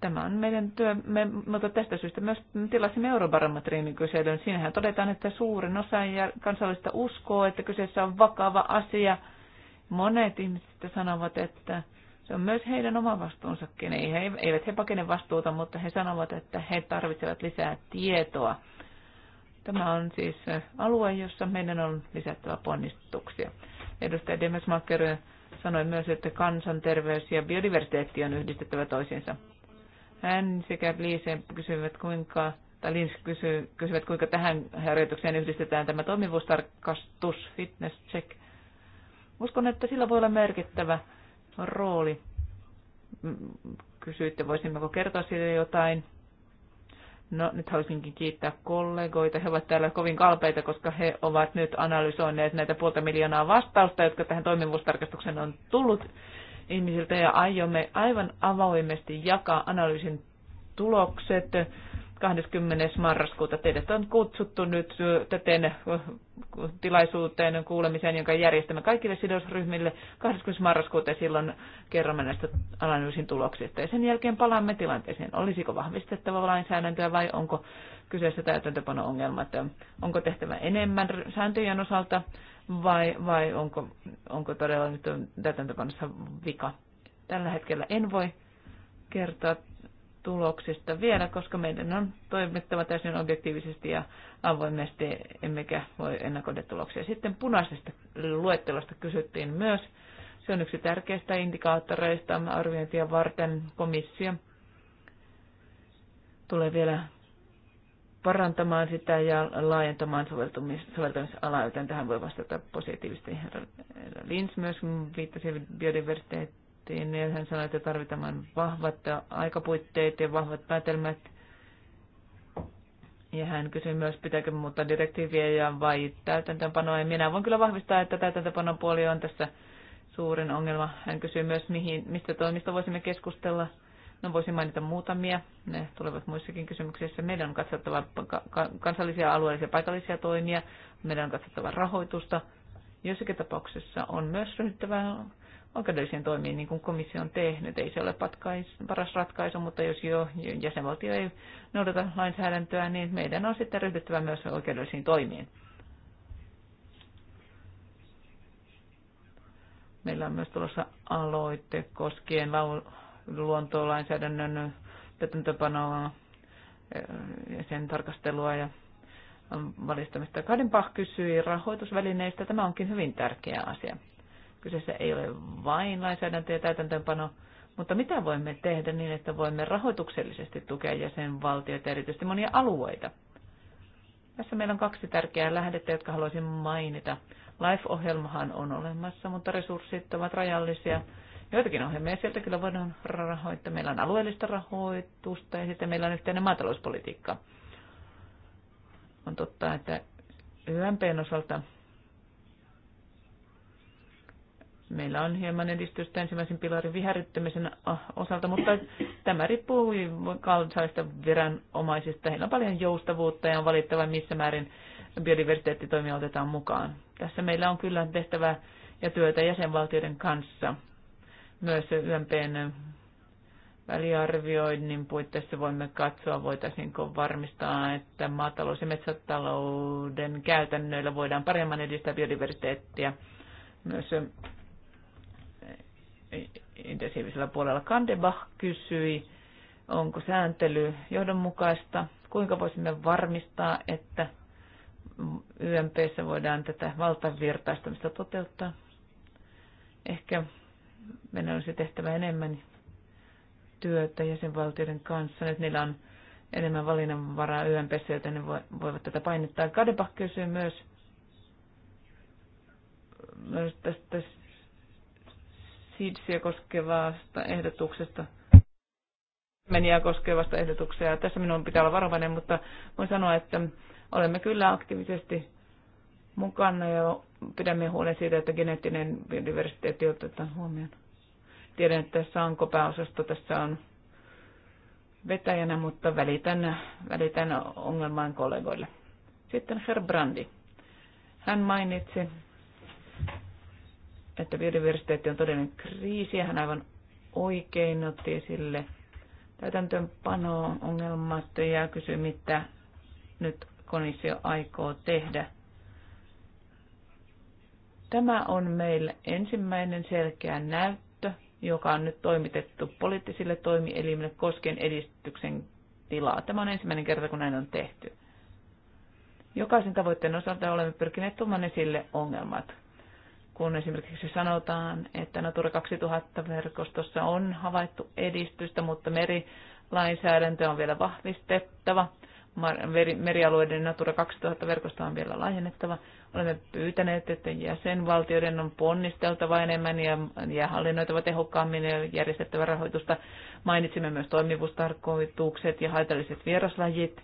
Tämä on meidän me, mutta tästä syystä myös tilasimme eurobarometriin kyselyn. Siinähän todetaan, että suurin osa kansallista uskoo, että kyseessä on vakava asia. Monet ihmiset sanovat, että se on myös heidän oma vastuunsakin. Ei he, eivät he pakene vastuuta, mutta he sanovat, että he tarvitsevat lisää tietoa Tämä on siis alue, jossa meidän on lisättävä ponnistuksia. Edustaja Demesmaker sanoi myös, että kansanterveys ja biodiversiteetti on yhdistettävä toisiinsa. Hän sekä Liise kysyivät, kuinka, tai Lins kysyi, kysyivät, kuinka tähän harjoitukseen yhdistetään tämä toimivuustarkastus, fitness check. Uskon, että sillä voi olla merkittävä rooli. Mm, mm, kysyitte, voisimmeko kertoa siitä jotain. No nyt haluaisinkin kiittää kollegoita. He ovat täällä kovin kalpeita, koska he ovat nyt analysoineet näitä puolta miljoonaa vastausta, jotka tähän toimivuustarkastukseen on tullut ihmisiltä ja aiomme aivan avoimesti jakaa analyysin tulokset 20. marraskuuta teidät on kutsuttu nyt täten tilaisuuteen kuulemiseen, jonka järjestämme kaikille sidosryhmille 20. marraskuuta ja silloin kerromme näistä analyysin tuloksista. Ja sen jälkeen palaamme tilanteeseen. Olisiko vahvistettava lainsäädäntöä vai onko kyseessä täytäntöpano-ongelma, että onko tehtävä enemmän sääntöjen osalta vai, vai onko, onko todella nyt täytäntöpanossa vika. Tällä hetkellä en voi kertoa tuloksista vielä, koska meidän on toimittava täysin objektiivisesti ja avoimesti, emmekä voi ennakoida tuloksia. Sitten punaisesta luettelosta kysyttiin myös. Se on yksi tärkeistä indikaattoreista arviointia varten komissio tulee vielä parantamaan sitä ja laajentamaan soveltumis- soveltamisalaa, joten tähän voi vastata positiivisesti. Lins myös viittasi biodiversiteettiin tehtiin, niin hän sanoi, että tarvitaan vahvat aikapuitteet ja vahvat päätelmät. Ja hän kysyi myös, pitääkö muuttaa direktiiviä ja vai täytäntöönpanoa. Ja minä voin kyllä vahvistaa, että täytäntöönpanon puoli on tässä suurin ongelma. Hän kysyi myös, mihin, mistä toimista voisimme keskustella. No voisin mainita muutamia. Ne tulevat muissakin kysymyksissä. Meidän on katsottava kansallisia, alueellisia ja paikallisia toimia. Meidän on katsottava rahoitusta. Joissakin tapauksessa on myös ryhdyttävä oikeudellisiin toimiin, niin kuin komissio on tehnyt. Ei se ole patkais, paras ratkaisu, mutta jos jo jäsenvaltio ei noudata lainsäädäntöä, niin meidän on sitten ryhdyttävä myös oikeudellisiin toimiin. Meillä on myös tulossa aloite koskien luontolainsäädännön täytäntöpanoa eh, ja sen tarkastelua ja valistamista. Kadenpah kysyi rahoitusvälineistä. Tämä onkin hyvin tärkeä asia. Kyseessä ei ole vain lainsäädäntö ja täytäntöönpano, mutta mitä voimme tehdä niin, että voimme rahoituksellisesti tukea jäsenvaltioita, erityisesti monia alueita? Tässä meillä on kaksi tärkeää lähdettä, jotka haluaisin mainita. LIFE-ohjelmahan on olemassa, mutta resurssit ovat rajallisia. Joitakin ohjelmia sieltä kyllä voidaan rahoittaa. Meillä on alueellista rahoitusta ja sitten meillä on yhteinen maatalouspolitiikka. On totta, että YMPn osalta Meillä on hieman edistystä ensimmäisen pilarin viherryttämisen äh, osalta, mutta tämä riippuu kansallisista viranomaisista. Heillä on paljon joustavuutta ja on valittava, missä määrin biodiversiteettitoimia otetaan mukaan. Tässä meillä on kyllä tehtävää ja työtä jäsenvaltioiden kanssa. Myös YMPn äh, väliarvioinnin puitteissa voimme katsoa, voitaisiinko varmistaa, että maatalous- ja metsätalouden käytännöillä voidaan paremmin edistää biodiversiteettiä. Myös äh, intensiivisellä puolella. Kandebach kysyi, onko sääntely johdonmukaista, kuinka voisimme varmistaa, että YMPssä voidaan tätä valtavirtaistamista toteuttaa. Ehkä meidän olisi tehtävä enemmän työtä jäsenvaltioiden kanssa. Nyt niillä on enemmän valinnanvaraa YMPssä, joten ne voivat tätä painettaa. Kadebach kysyy myös, myös tästä SIDSiä koskevasta ehdotuksesta, meniä koskevasta ehdotuksesta. Tässä minun pitää olla varovainen, mutta voin sanoa, että olemme kyllä aktiivisesti mukana ja pidämme huolen siitä, että geneettinen biodiversiteetti otetaan huomioon. Tiedän, että Sanko pääosasto tässä on vetäjänä, mutta välitän, välitän ongelman kollegoille. Sitten Herr Brandi. Hän mainitsi että biodiversiteetti on todellinen kriisi ja hän aivan oikein otti esille täytäntöönpano-ongelmat ja kysyi, mitä nyt komissio aikoo tehdä. Tämä on meillä ensimmäinen selkeä näyttö, joka on nyt toimitettu poliittisille toimielimille koskien edistyksen tilaa. Tämä on ensimmäinen kerta, kun näin on tehty. Jokaisen tavoitteen osalta olemme pyrkineet tuomaan esille ongelmat kun esimerkiksi sanotaan, että Natura 2000-verkostossa on havaittu edistystä, mutta merilainsäädäntö on vielä vahvistettava. Merialueiden Natura 2000-verkostoa on vielä laajennettava. Olemme pyytäneet, että jäsenvaltioiden on ponnisteltava enemmän ja, ja hallinnoitava tehokkaammin ja järjestettävä rahoitusta. Mainitsimme myös toimivuustarkoitukset ja haitalliset vieraslajit.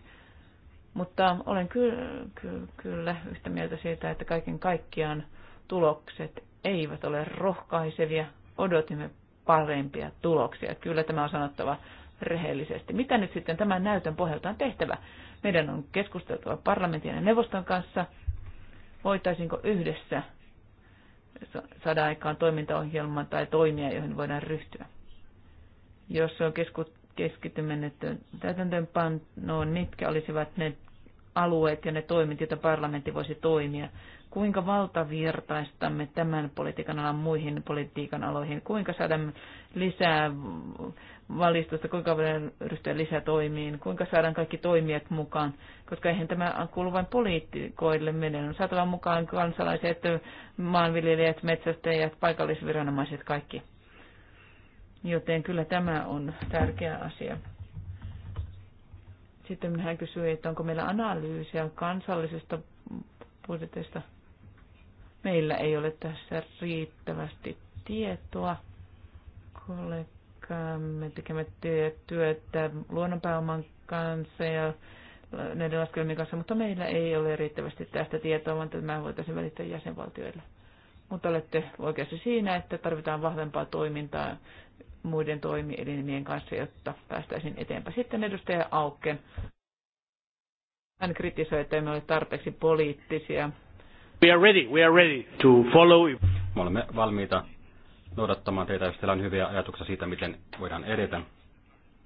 Mutta olen ky- ky- kyllä yhtä mieltä siitä, että kaiken kaikkiaan tulokset eivät ole rohkaisevia. Odotimme parempia tuloksia. Kyllä tämä on sanottava rehellisesti. Mitä nyt sitten tämän näytön pohjalta on tehtävä? Meidän on keskusteltava parlamentin ja neuvoston kanssa. Voitaisinko yhdessä saada aikaan toimintaohjelman tai toimia, joihin voidaan ryhtyä? Jos on keskitymme nyt täytäntöönpanoon, mitkä olisivat ne alueet ja ne toimit, joita parlamentti voisi toimia kuinka valtavirtaistamme tämän politiikan alan muihin politiikan aloihin, kuinka saada lisää valistusta, kuinka voidaan ryhtyä lisätoimiin, kuinka saadaan kaikki toimijat mukaan, koska eihän tämä kuulu vain poliitikoille. Meidän on saatava mukaan kansalaiset, maanviljelijät, metsästäjät, paikallisviranomaiset, kaikki. Joten kyllä tämä on tärkeä asia. Sitten hän kysyi, että onko meillä analyysiä kansallisesta budjetista. Meillä ei ole tässä riittävästi tietoa. Me tekemme työtä luonnonpääoman kanssa ja näiden laskelmien kanssa, mutta meillä ei ole riittävästi tästä tietoa, vaan tämä voitaisiin välittää jäsenvaltioille. Mutta olette oikeassa siinä, että tarvitaan vahvempaa toimintaa muiden toimielimien kanssa, jotta päästäisiin eteenpäin. Sitten edustaja Aukken. Hän kritisoi, että emme ole tarpeeksi poliittisia We are ready, we are ready to follow. Me olemme valmiita noudattamaan teitä, jos teillä on hyviä ajatuksia siitä, miten voidaan edetä.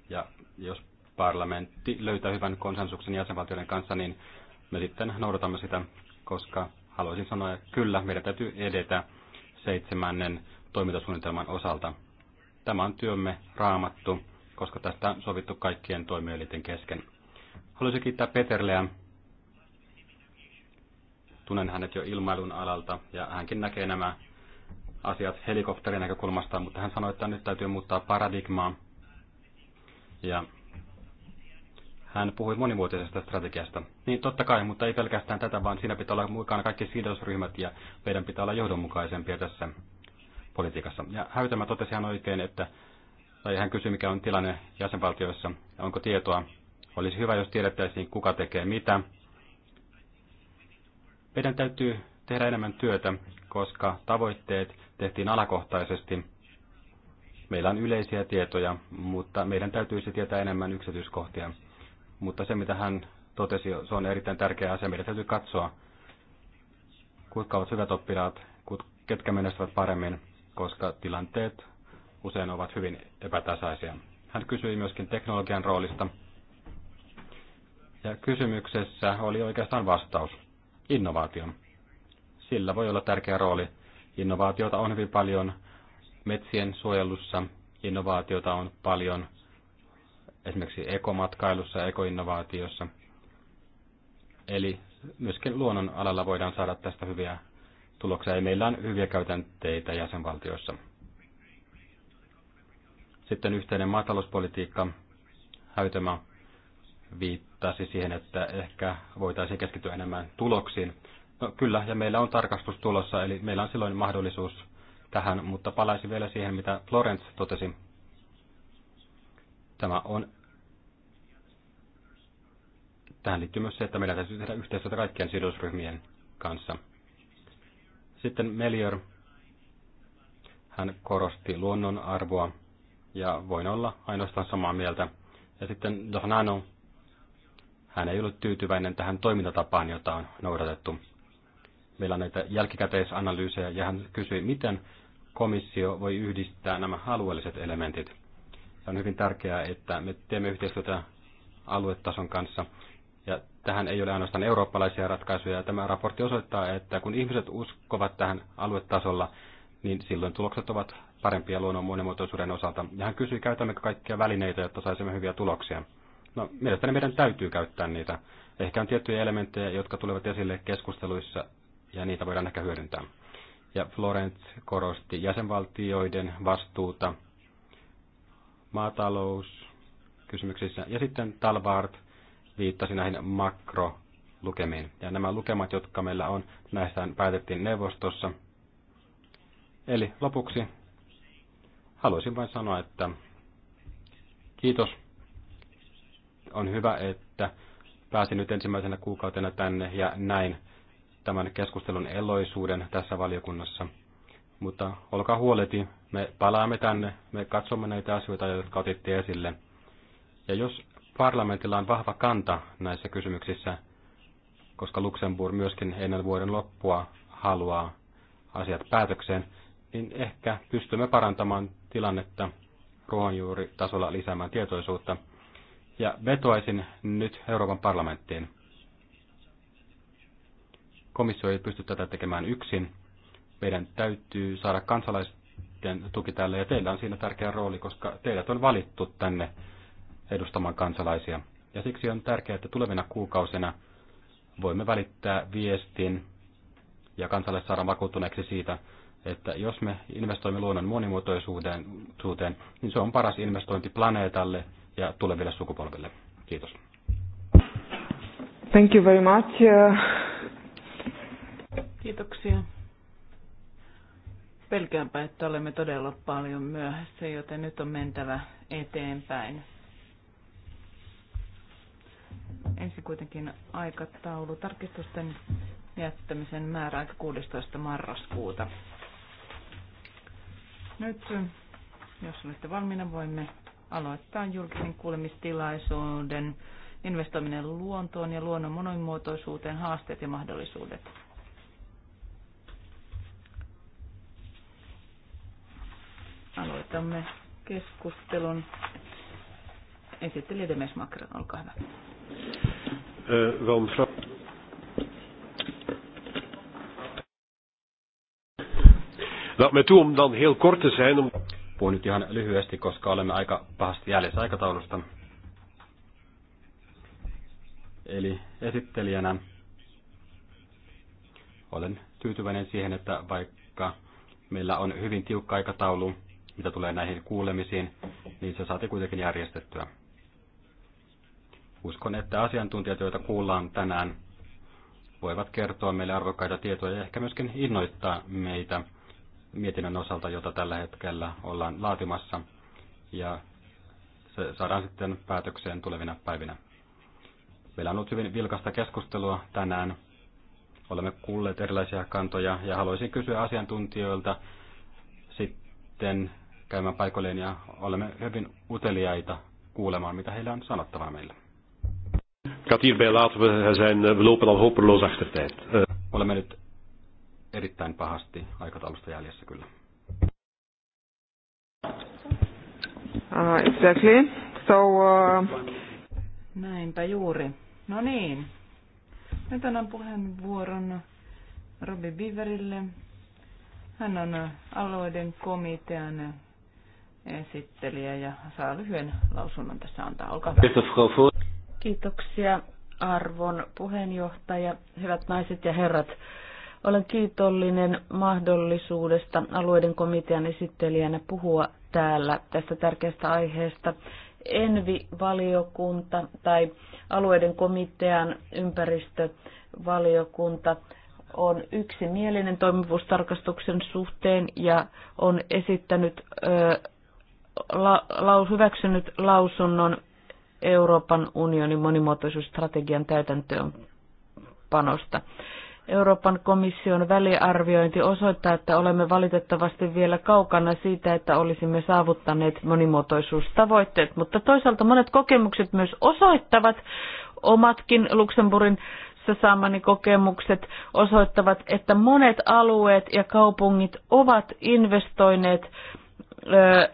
Ja jos parlamentti löytää hyvän konsensuksen jäsenvaltioiden kanssa, niin me sitten noudatamme sitä, koska haluaisin sanoa, että kyllä, meidän täytyy edetä seitsemännen toimintasuunnitelman osalta. Tämä on työmme raamattu, koska tästä on sovittu kaikkien toimielinten kesken. Haluaisin kiittää Peterleä Tunnen hänet jo ilmailun alalta ja hänkin näkee nämä asiat helikopterin näkökulmasta, mutta hän sanoi, että nyt täytyy muuttaa paradigmaa. Ja hän puhui monivuotisesta strategiasta. Niin totta kai, mutta ei pelkästään tätä, vaan siinä pitää olla mukana kaikki sidosryhmät ja meidän pitää olla johdonmukaisempia tässä politiikassa. Ja Häytämä totesi ihan oikein, että tai hän kysyi, mikä on tilanne jäsenvaltioissa, onko tietoa. Olisi hyvä, jos tiedettäisiin, kuka tekee mitä, meidän täytyy tehdä enemmän työtä, koska tavoitteet tehtiin alakohtaisesti. Meillä on yleisiä tietoja, mutta meidän täytyisi tietää enemmän yksityiskohtia. Mutta se, mitä hän totesi, se on erittäin tärkeä asia. Meidän täytyy katsoa, kutka ovat hyvät oppilaat, ketkä menestyvät paremmin, koska tilanteet usein ovat hyvin epätasaisia. Hän kysyi myöskin teknologian roolista. Ja kysymyksessä oli oikeastaan vastaus innovaation. Sillä voi olla tärkeä rooli. Innovaatiota on hyvin paljon metsien suojelussa, innovaatiota on paljon esimerkiksi ekomatkailussa ja ekoinnovaatiossa. Eli myöskin luonnon alalla voidaan saada tästä hyviä tuloksia. Eli meillä on hyviä käytänteitä jäsenvaltioissa. Sitten yhteinen maatalouspolitiikka. Häytömä viittaa siis siihen, että ehkä voitaisiin keskittyä enemmän tuloksiin. No kyllä, ja meillä on tarkastus tulossa, eli meillä on silloin mahdollisuus tähän, mutta palaisin vielä siihen, mitä Florence totesi. Tämä on Tähän liittyy myös se, että meillä täytyy tehdä yhteistyötä kaikkien sidosryhmien kanssa. Sitten Melior, hän korosti luonnon arvoa ja voin olla ainoastaan samaa mieltä. Ja sitten Dohnano, hän ei ollut tyytyväinen tähän toimintatapaan, jota on noudatettu. Meillä on näitä jälkikäteisanalyysejä ja hän kysyi, miten komissio voi yhdistää nämä alueelliset elementit. Ja on hyvin tärkeää, että me teemme yhteistyötä aluetason kanssa. Ja tähän ei ole ainoastaan eurooppalaisia ratkaisuja. Tämä raportti osoittaa, että kun ihmiset uskovat tähän aluetasolla, niin silloin tulokset ovat parempia luonnon monimuotoisuuden osalta. Ja hän kysyi, käytämmekö kaikkia välineitä, jotta saisimme hyviä tuloksia. No, mielestäni meidän täytyy käyttää niitä. Ehkä on tiettyjä elementtejä, jotka tulevat esille keskusteluissa, ja niitä voidaan ehkä hyödyntää. Ja Florence korosti jäsenvaltioiden vastuuta maatalouskysymyksissä. Ja sitten Talvard viittasi näihin makrolukemiin. Ja nämä lukemat, jotka meillä on, näistä päätettiin neuvostossa. Eli lopuksi haluaisin vain sanoa, että kiitos on hyvä, että pääsin nyt ensimmäisenä kuukautena tänne ja näin tämän keskustelun eloisuuden tässä valiokunnassa. Mutta olkaa huoleti, me palaamme tänne, me katsomme näitä asioita, jotka otitte esille. Ja jos parlamentilla on vahva kanta näissä kysymyksissä, koska Luxemburg myöskin ennen vuoden loppua haluaa asiat päätökseen, niin ehkä pystymme parantamaan tilannetta ruohonjuuritasolla lisäämään tietoisuutta. Ja vetoaisin nyt Euroopan parlamenttiin. Komissio ei pysty tätä tekemään yksin. Meidän täytyy saada kansalaisten tuki tälle ja teillä on siinä tärkeä rooli, koska teidät on valittu tänne edustamaan kansalaisia. Ja siksi on tärkeää, että tulevina kuukausina voimme välittää viestin ja kansalaiset saada vakuuttuneeksi siitä, että jos me investoimme luonnon monimuotoisuuteen, niin se on paras investointi planeetalle – ja tuleville sukupolville. Kiitos. Thank you very much. Kiitoksia. Pelkäänpä, että olemme todella paljon myöhässä, joten nyt on mentävä eteenpäin. Ensin kuitenkin aikataulu tarkistusten jättämisen määräaika 16. marraskuuta. Nyt, jos olette valmiina, voimme aloittaa julkisen kuulemistilaisuuden investoiminen luontoon ja luonnon monimuotoisuuteen, haasteet ja mahdollisuudet. Aloitamme keskustelun. Esittelijä Demes Makran, olkaa hyvä. Laat me toe om dan heel kort te zijn. Om... Puhun nyt ihan lyhyesti, koska olemme aika pahasti jäljessä aikataulusta. Eli esittelijänä olen tyytyväinen siihen, että vaikka meillä on hyvin tiukka aikataulu, mitä tulee näihin kuulemisiin, niin se saatiin kuitenkin järjestettyä. Uskon, että asiantuntijat, joita kuullaan tänään, voivat kertoa meille arvokkaita tietoja ja ehkä myöskin innoittaa meitä mietinnön osalta, jota tällä hetkellä ollaan laatimassa, ja se saadaan sitten päätökseen tulevina päivinä. Meillä on ollut hyvin vilkasta keskustelua tänään. Olemme kuulleet erilaisia kantoja ja haluaisin kysyä asiantuntijoilta sitten käymään paikoilleen ja olemme hyvin uteliaita kuulemaan, mitä heillä on sanottavaa meille. Katir, bij laten we zijn, eh, we lopen al hopeloos achter tijd. Eh. Olemme nyt erittäin pahasti aikataulusta jäljessä kyllä. Uh, exactly. So, uh... Näinpä juuri. No niin. Nyt annan puheenvuoron Robi Biverille. Hän on alueiden komitean esittelijä ja saa lyhyen lausunnon tässä antaa. Olkaa hyvä. Kiitoksia arvon puheenjohtaja, hyvät naiset ja herrat. Olen kiitollinen mahdollisuudesta alueiden komitean esittelijänä puhua täällä tästä tärkeästä aiheesta. Envi-valiokunta tai alueiden komitean ympäristövaliokunta on yksimielinen toimivuustarkastuksen suhteen ja on esittänyt, ö, la, la, hyväksynyt lausunnon Euroopan unionin monimuotoisuusstrategian täytäntöönpanosta. panosta. Euroopan komission väliarviointi osoittaa, että olemme valitettavasti vielä kaukana siitä, että olisimme saavuttaneet monimuotoisuustavoitteet, mutta toisaalta monet kokemukset myös osoittavat, omatkin Luxemburgin saamani kokemukset osoittavat, että monet alueet ja kaupungit ovat investoineet ö,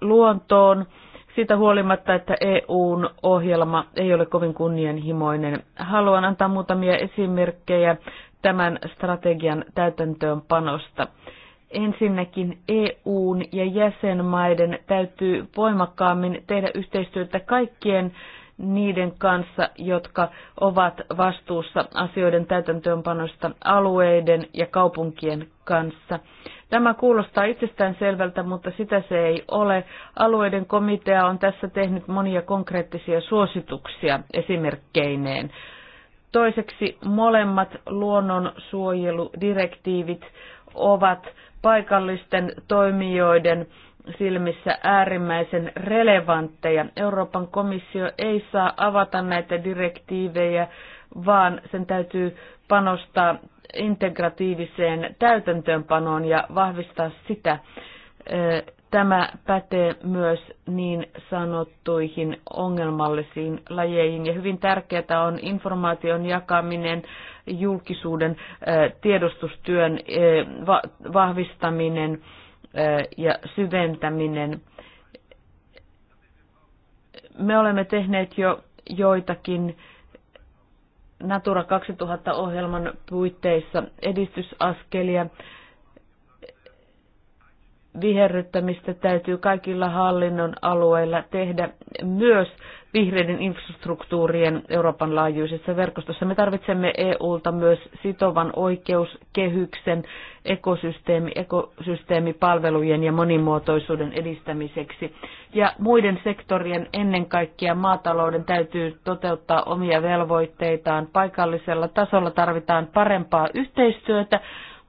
luontoon siitä huolimatta, että EUn ohjelma ei ole kovin kunnianhimoinen. Haluan antaa muutamia esimerkkejä tämän strategian täytäntöönpanosta. Ensinnäkin EUn ja jäsenmaiden täytyy voimakkaammin tehdä yhteistyötä kaikkien niiden kanssa, jotka ovat vastuussa asioiden täytäntöönpanosta alueiden ja kaupunkien kanssa. Tämä kuulostaa itsestään selvältä, mutta sitä se ei ole. Alueiden komitea on tässä tehnyt monia konkreettisia suosituksia esimerkkeineen. Toiseksi molemmat luonnonsuojeludirektiivit ovat paikallisten toimijoiden silmissä äärimmäisen relevantteja. Euroopan komissio ei saa avata näitä direktiivejä, vaan sen täytyy panostaa integratiiviseen täytäntöönpanoon ja vahvistaa sitä. Tämä pätee myös niin sanottuihin ongelmallisiin lajeihin. Ja hyvin tärkeää on informaation jakaminen, julkisuuden tiedostustyön vahvistaminen ja syventäminen. Me olemme tehneet jo joitakin Natura 2000-ohjelman puitteissa edistysaskelia viherryttämistä täytyy kaikilla hallinnon alueilla tehdä myös vihreiden infrastruktuurien Euroopan laajuisessa verkostossa. Me tarvitsemme EUlta myös sitovan oikeuskehyksen ekosysteemi, ekosysteemipalvelujen ja monimuotoisuuden edistämiseksi. Ja muiden sektorien, ennen kaikkea maatalouden, täytyy toteuttaa omia velvoitteitaan. Paikallisella tasolla tarvitaan parempaa yhteistyötä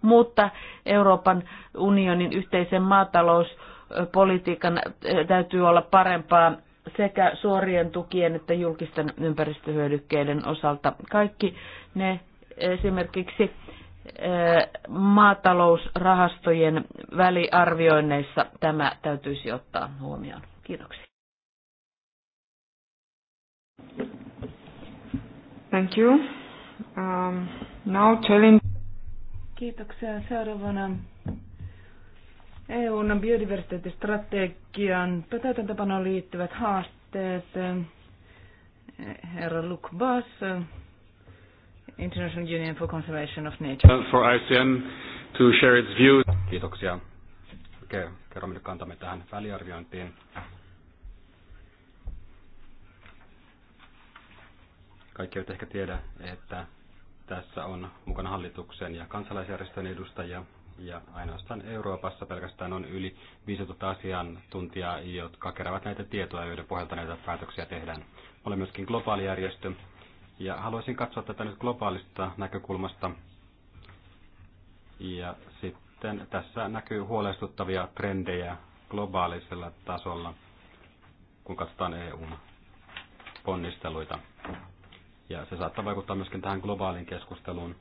mutta Euroopan unionin yhteisen maatalouspolitiikan eh, täytyy olla parempaa sekä suorien tukien että julkisten ympäristöhyödykkeiden osalta. Kaikki ne esimerkiksi eh, maatalousrahastojen väliarvioinneissa tämä täytyisi ottaa huomioon. Kiitoksia. Thank you. Um, now telling... Kiitoksia. Seuraavana EUn biodiversiteettistrategian täytäntöpanoon liittyvät haasteet. Herra Luke Bass, International Union for Conservation of Nature. For ICN to share its views. Kiitoksia. Kerromme nyt kantamme tähän väliarviointiin. Kaikki eivät ehkä tiedä, että tässä on mukana hallituksen ja kansalaisjärjestön edustajia ja ainoastaan Euroopassa pelkästään on yli 500 asiantuntijaa, jotka keräävät näitä tietoja, joiden pohjalta näitä päätöksiä tehdään. Olen myöskin globaali järjestö ja haluaisin katsoa tätä nyt globaalista näkökulmasta. Ja sitten tässä näkyy huolestuttavia trendejä globaalisella tasolla, kun katsotaan EUn ponnisteluita. Ja se saattaa vaikuttaa myöskin tähän globaaliin keskusteluun.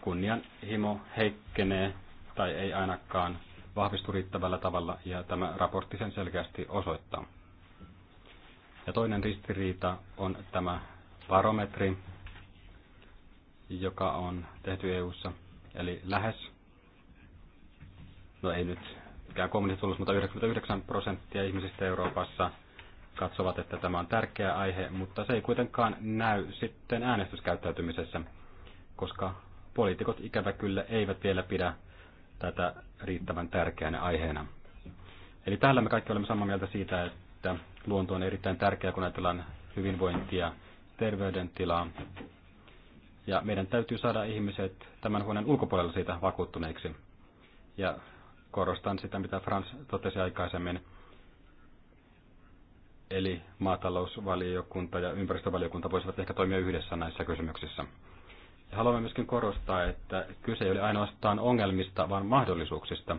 Kunnianhimo heikkenee tai ei ainakaan vahvistu riittävällä tavalla ja tämä raportti sen selkeästi osoittaa. Ja toinen ristiriita on tämä barometri, joka on tehty EU:ssa, eli lähes, no ei nyt mikään kommunistitulos, mutta 99 prosenttia ihmisistä Euroopassa – katsovat, että tämä on tärkeä aihe, mutta se ei kuitenkaan näy sitten äänestyskäyttäytymisessä, koska poliitikot ikävä kyllä eivät vielä pidä tätä riittävän tärkeänä aiheena. Eli täällä me kaikki olemme samaa mieltä siitä, että luonto on erittäin tärkeä, kun ajatellaan hyvinvointia, terveydentilaa. Ja meidän täytyy saada ihmiset tämän huoneen ulkopuolella siitä vakuuttuneiksi. Ja korostan sitä, mitä Frans totesi aikaisemmin, eli maatalousvaliokunta ja ympäristövaliokunta voisivat ehkä toimia yhdessä näissä kysymyksissä. Ja haluamme myöskin korostaa, että kyse ei ole ainoastaan ongelmista, vaan mahdollisuuksista.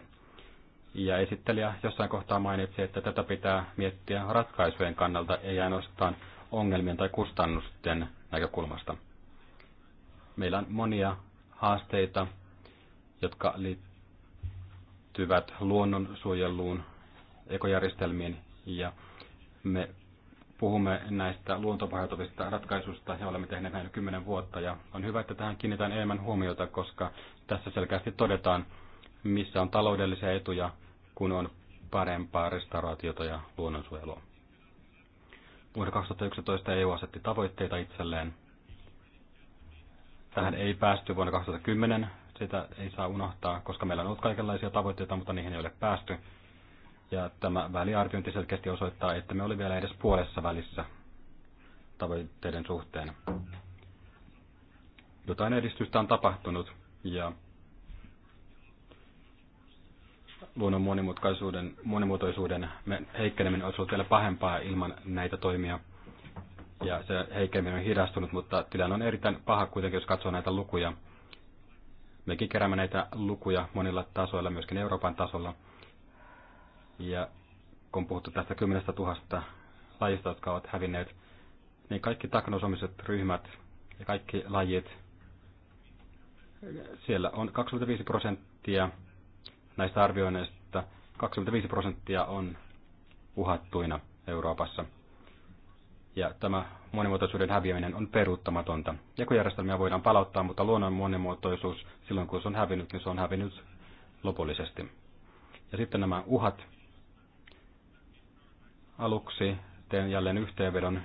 Ja esittelijä jossain kohtaa mainitsi, että tätä pitää miettiä ratkaisujen kannalta, ei ainoastaan ongelmien tai kustannusten näkökulmasta. Meillä on monia haasteita, jotka liittyvät luonnonsuojeluun, ekojärjestelmiin ja me puhumme näistä luontopahoituvista ratkaisuista ja olemme tehneet näin kymmenen vuotta. Ja on hyvä, että tähän kiinnitään enemmän huomiota, koska tässä selkeästi todetaan, missä on taloudellisia etuja, kun on parempaa restauraatiota ja luonnonsuojelua. Vuonna 2011 EU asetti tavoitteita itselleen. Tähän ei päästy vuonna 2010, sitä ei saa unohtaa, koska meillä on ollut kaikenlaisia tavoitteita, mutta niihin ei ole päästy. Ja tämä väliarviointi selkeästi osoittaa, että me olimme vielä edes puolessa välissä tavoitteiden suhteen. Jotain edistystä on tapahtunut ja luonnon monimutkaisuuden, monimuotoisuuden heikkeneminen olisi ollut vielä pahempaa ilman näitä toimia. Ja se heikkeneminen on hidastunut, mutta tilanne on erittäin paha kuitenkin, jos katsoo näitä lukuja. Mekin keräämme näitä lukuja monilla tasoilla, myöskin Euroopan tasolla – ja kun puhuttu tästä kymmenestä tuhasta lajista, jotka ovat hävinneet, niin kaikki taknosomiset ryhmät ja kaikki lajit, siellä on 25 prosenttia näistä arvioineista, 25 prosenttia on uhattuina Euroopassa. Ja tämä monimuotoisuuden häviäminen on peruuttamatonta. Ekojärjestelmiä voidaan palauttaa, mutta luonnon monimuotoisuus silloin kun se on hävinnyt, niin se on hävinnyt lopullisesti. Ja sitten nämä uhat, aluksi teen jälleen yhteenvedon.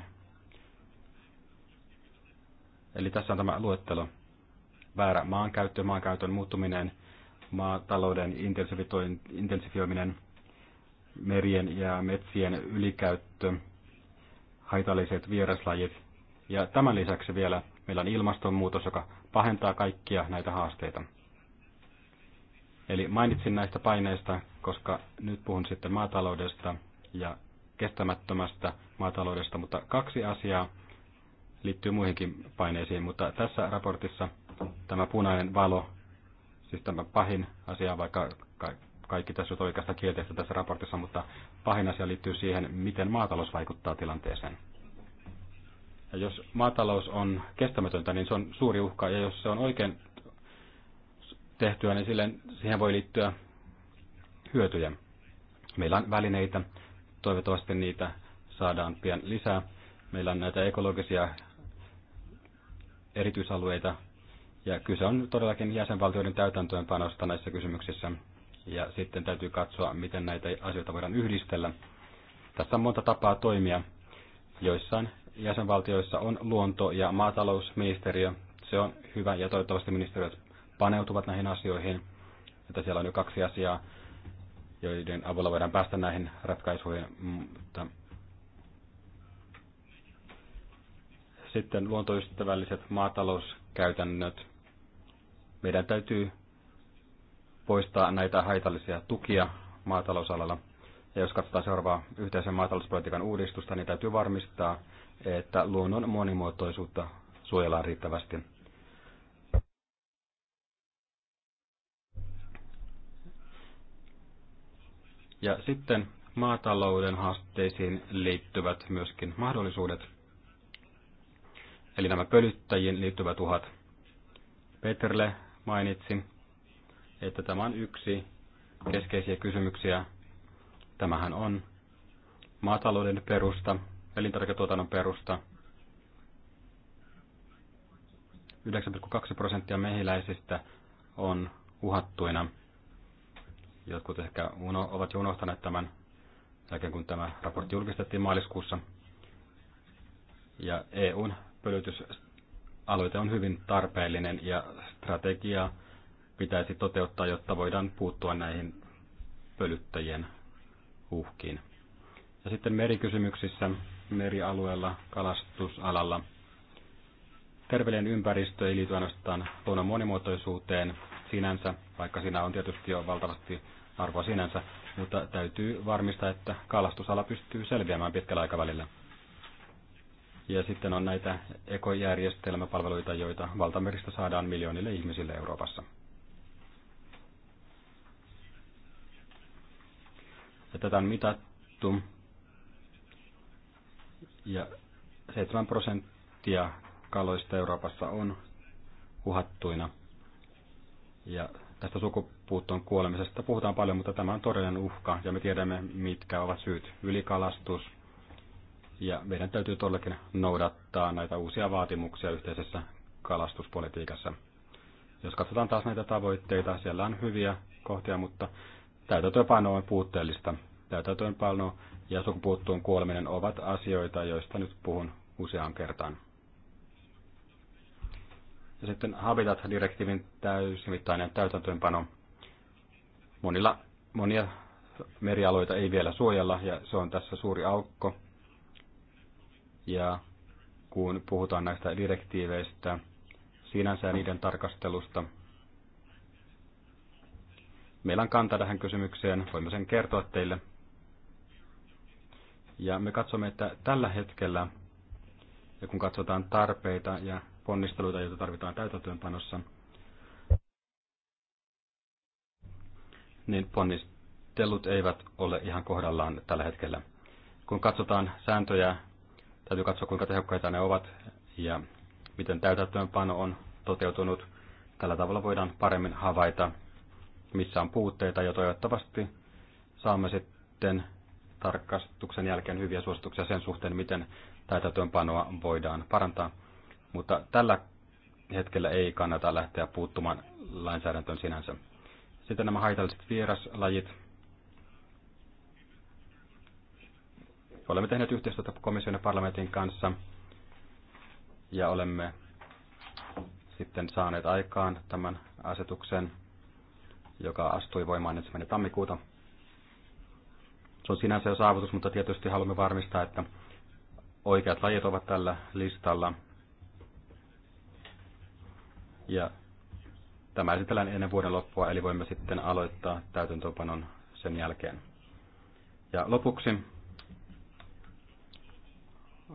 Eli tässä on tämä luettelo. Väärä maankäyttö, maankäytön muuttuminen, maatalouden intensifioiminen, merien ja metsien ylikäyttö, haitalliset vieraslajit. Ja tämän lisäksi vielä meillä on ilmastonmuutos, joka pahentaa kaikkia näitä haasteita. Eli mainitsin näistä paineista, koska nyt puhun sitten maataloudesta ja kestämättömästä maataloudesta, mutta kaksi asiaa liittyy muihinkin paineisiin, mutta tässä raportissa tämä punainen valo, siis tämä pahin asia, vaikka kaikki tässä on oikeastaan kielteistä tässä raportissa, mutta pahin asia liittyy siihen, miten maatalous vaikuttaa tilanteeseen. Ja jos maatalous on kestämätöntä, niin se on suuri uhka, ja jos se on oikein tehtyä, niin silleen siihen voi liittyä hyötyjä. Meillä on välineitä, toivottavasti niitä saadaan pian lisää. Meillä on näitä ekologisia erityisalueita, ja kyse on todellakin jäsenvaltioiden täytäntöönpanosta näissä kysymyksissä. Ja sitten täytyy katsoa, miten näitä asioita voidaan yhdistellä. Tässä on monta tapaa toimia. Joissain jäsenvaltioissa on luonto- ja maatalousministeriö. Se on hyvä ja toivottavasti ministeriöt paneutuvat näihin asioihin. Että siellä on jo kaksi asiaa, joiden avulla voidaan päästä näihin ratkaisuihin. Mm, mutta sitten luontoystävälliset maatalouskäytännöt. Meidän täytyy poistaa näitä haitallisia tukia maatalousalalla. Ja jos katsotaan seuraavaa yhteisen maatalouspolitiikan uudistusta, niin täytyy varmistaa, että luonnon monimuotoisuutta suojellaan riittävästi. Ja sitten maatalouden haasteisiin liittyvät myöskin mahdollisuudet. Eli nämä pölyttäjiin liittyvät uhat. Peterle mainitsi, että tämä on yksi keskeisiä kysymyksiä. Tämähän on maatalouden perusta, elintarviketuotannon perusta. 9,2 prosenttia mehiläisistä on uhattuina Jotkut ehkä uno, ovat jo unohtaneet tämän jälkeen, kun tämä raportti julkistettiin maaliskuussa. Ja EUn pölytysaloite on hyvin tarpeellinen ja strategia pitäisi toteuttaa, jotta voidaan puuttua näihin pölyttäjien uhkiin. Ja sitten merikysymyksissä, merialueella, kalastusalalla. Terveellinen ympäristö ei liity ainoastaan luonnon monimuotoisuuteen, sinänsä, vaikka siinä on tietysti jo valtavasti arvoa sinänsä, mutta täytyy varmistaa, että kalastusala pystyy selviämään pitkällä aikavälillä. Ja sitten on näitä ekojärjestelmäpalveluita, joita valtameristä saadaan miljoonille ihmisille Euroopassa. Ja tätä on mitattu. Ja 7 prosenttia kaloista Euroopassa on uhattuina – ja tästä sukupuuttoon kuolemisesta puhutaan paljon, mutta tämä on todellinen uhka ja me tiedämme, mitkä ovat syyt. Ylikalastus ja meidän täytyy todellakin noudattaa näitä uusia vaatimuksia yhteisessä kalastuspolitiikassa. Jos katsotaan taas näitä tavoitteita, siellä on hyviä kohtia, mutta täytäntöönpano on puutteellista. Täytäntöönpano ja sukupuuttoon kuoleminen ovat asioita, joista nyt puhun useaan kertaan. Ja sitten Habitat-direktiivin täysimittainen täytäntöönpano. Monilla, monia merialoita ei vielä suojella ja se on tässä suuri aukko. Ja kun puhutaan näistä direktiiveistä, sinänsä niiden tarkastelusta. Meillä on kanta tähän kysymykseen, voimme sen kertoa teille. Ja me katsomme, että tällä hetkellä, ja kun katsotaan tarpeita ja ponnisteluita, joita tarvitaan täytäntöönpanossa, niin ponnistelut eivät ole ihan kohdallaan tällä hetkellä. Kun katsotaan sääntöjä, täytyy katsoa kuinka tehokkaita ne ovat ja miten täytäntöönpano on toteutunut. Tällä tavalla voidaan paremmin havaita, missä on puutteita ja toivottavasti saamme sitten tarkastuksen jälkeen hyviä suosituksia sen suhteen, miten täytäntöönpanoa voidaan parantaa. Mutta tällä hetkellä ei kannata lähteä puuttumaan lainsäädäntöön sinänsä. Sitten nämä haitalliset vieraslajit. Olemme tehneet yhteistyötä komission ja parlamentin kanssa ja olemme sitten saaneet aikaan tämän asetuksen, joka astui voimaan ensimmäinen tammikuuta. Se on sinänsä jo saavutus, mutta tietysti haluamme varmistaa, että oikeat lajit ovat tällä listalla ja tämä esitellään ennen vuoden loppua, eli voimme sitten aloittaa täytäntöpanon sen jälkeen. Ja lopuksi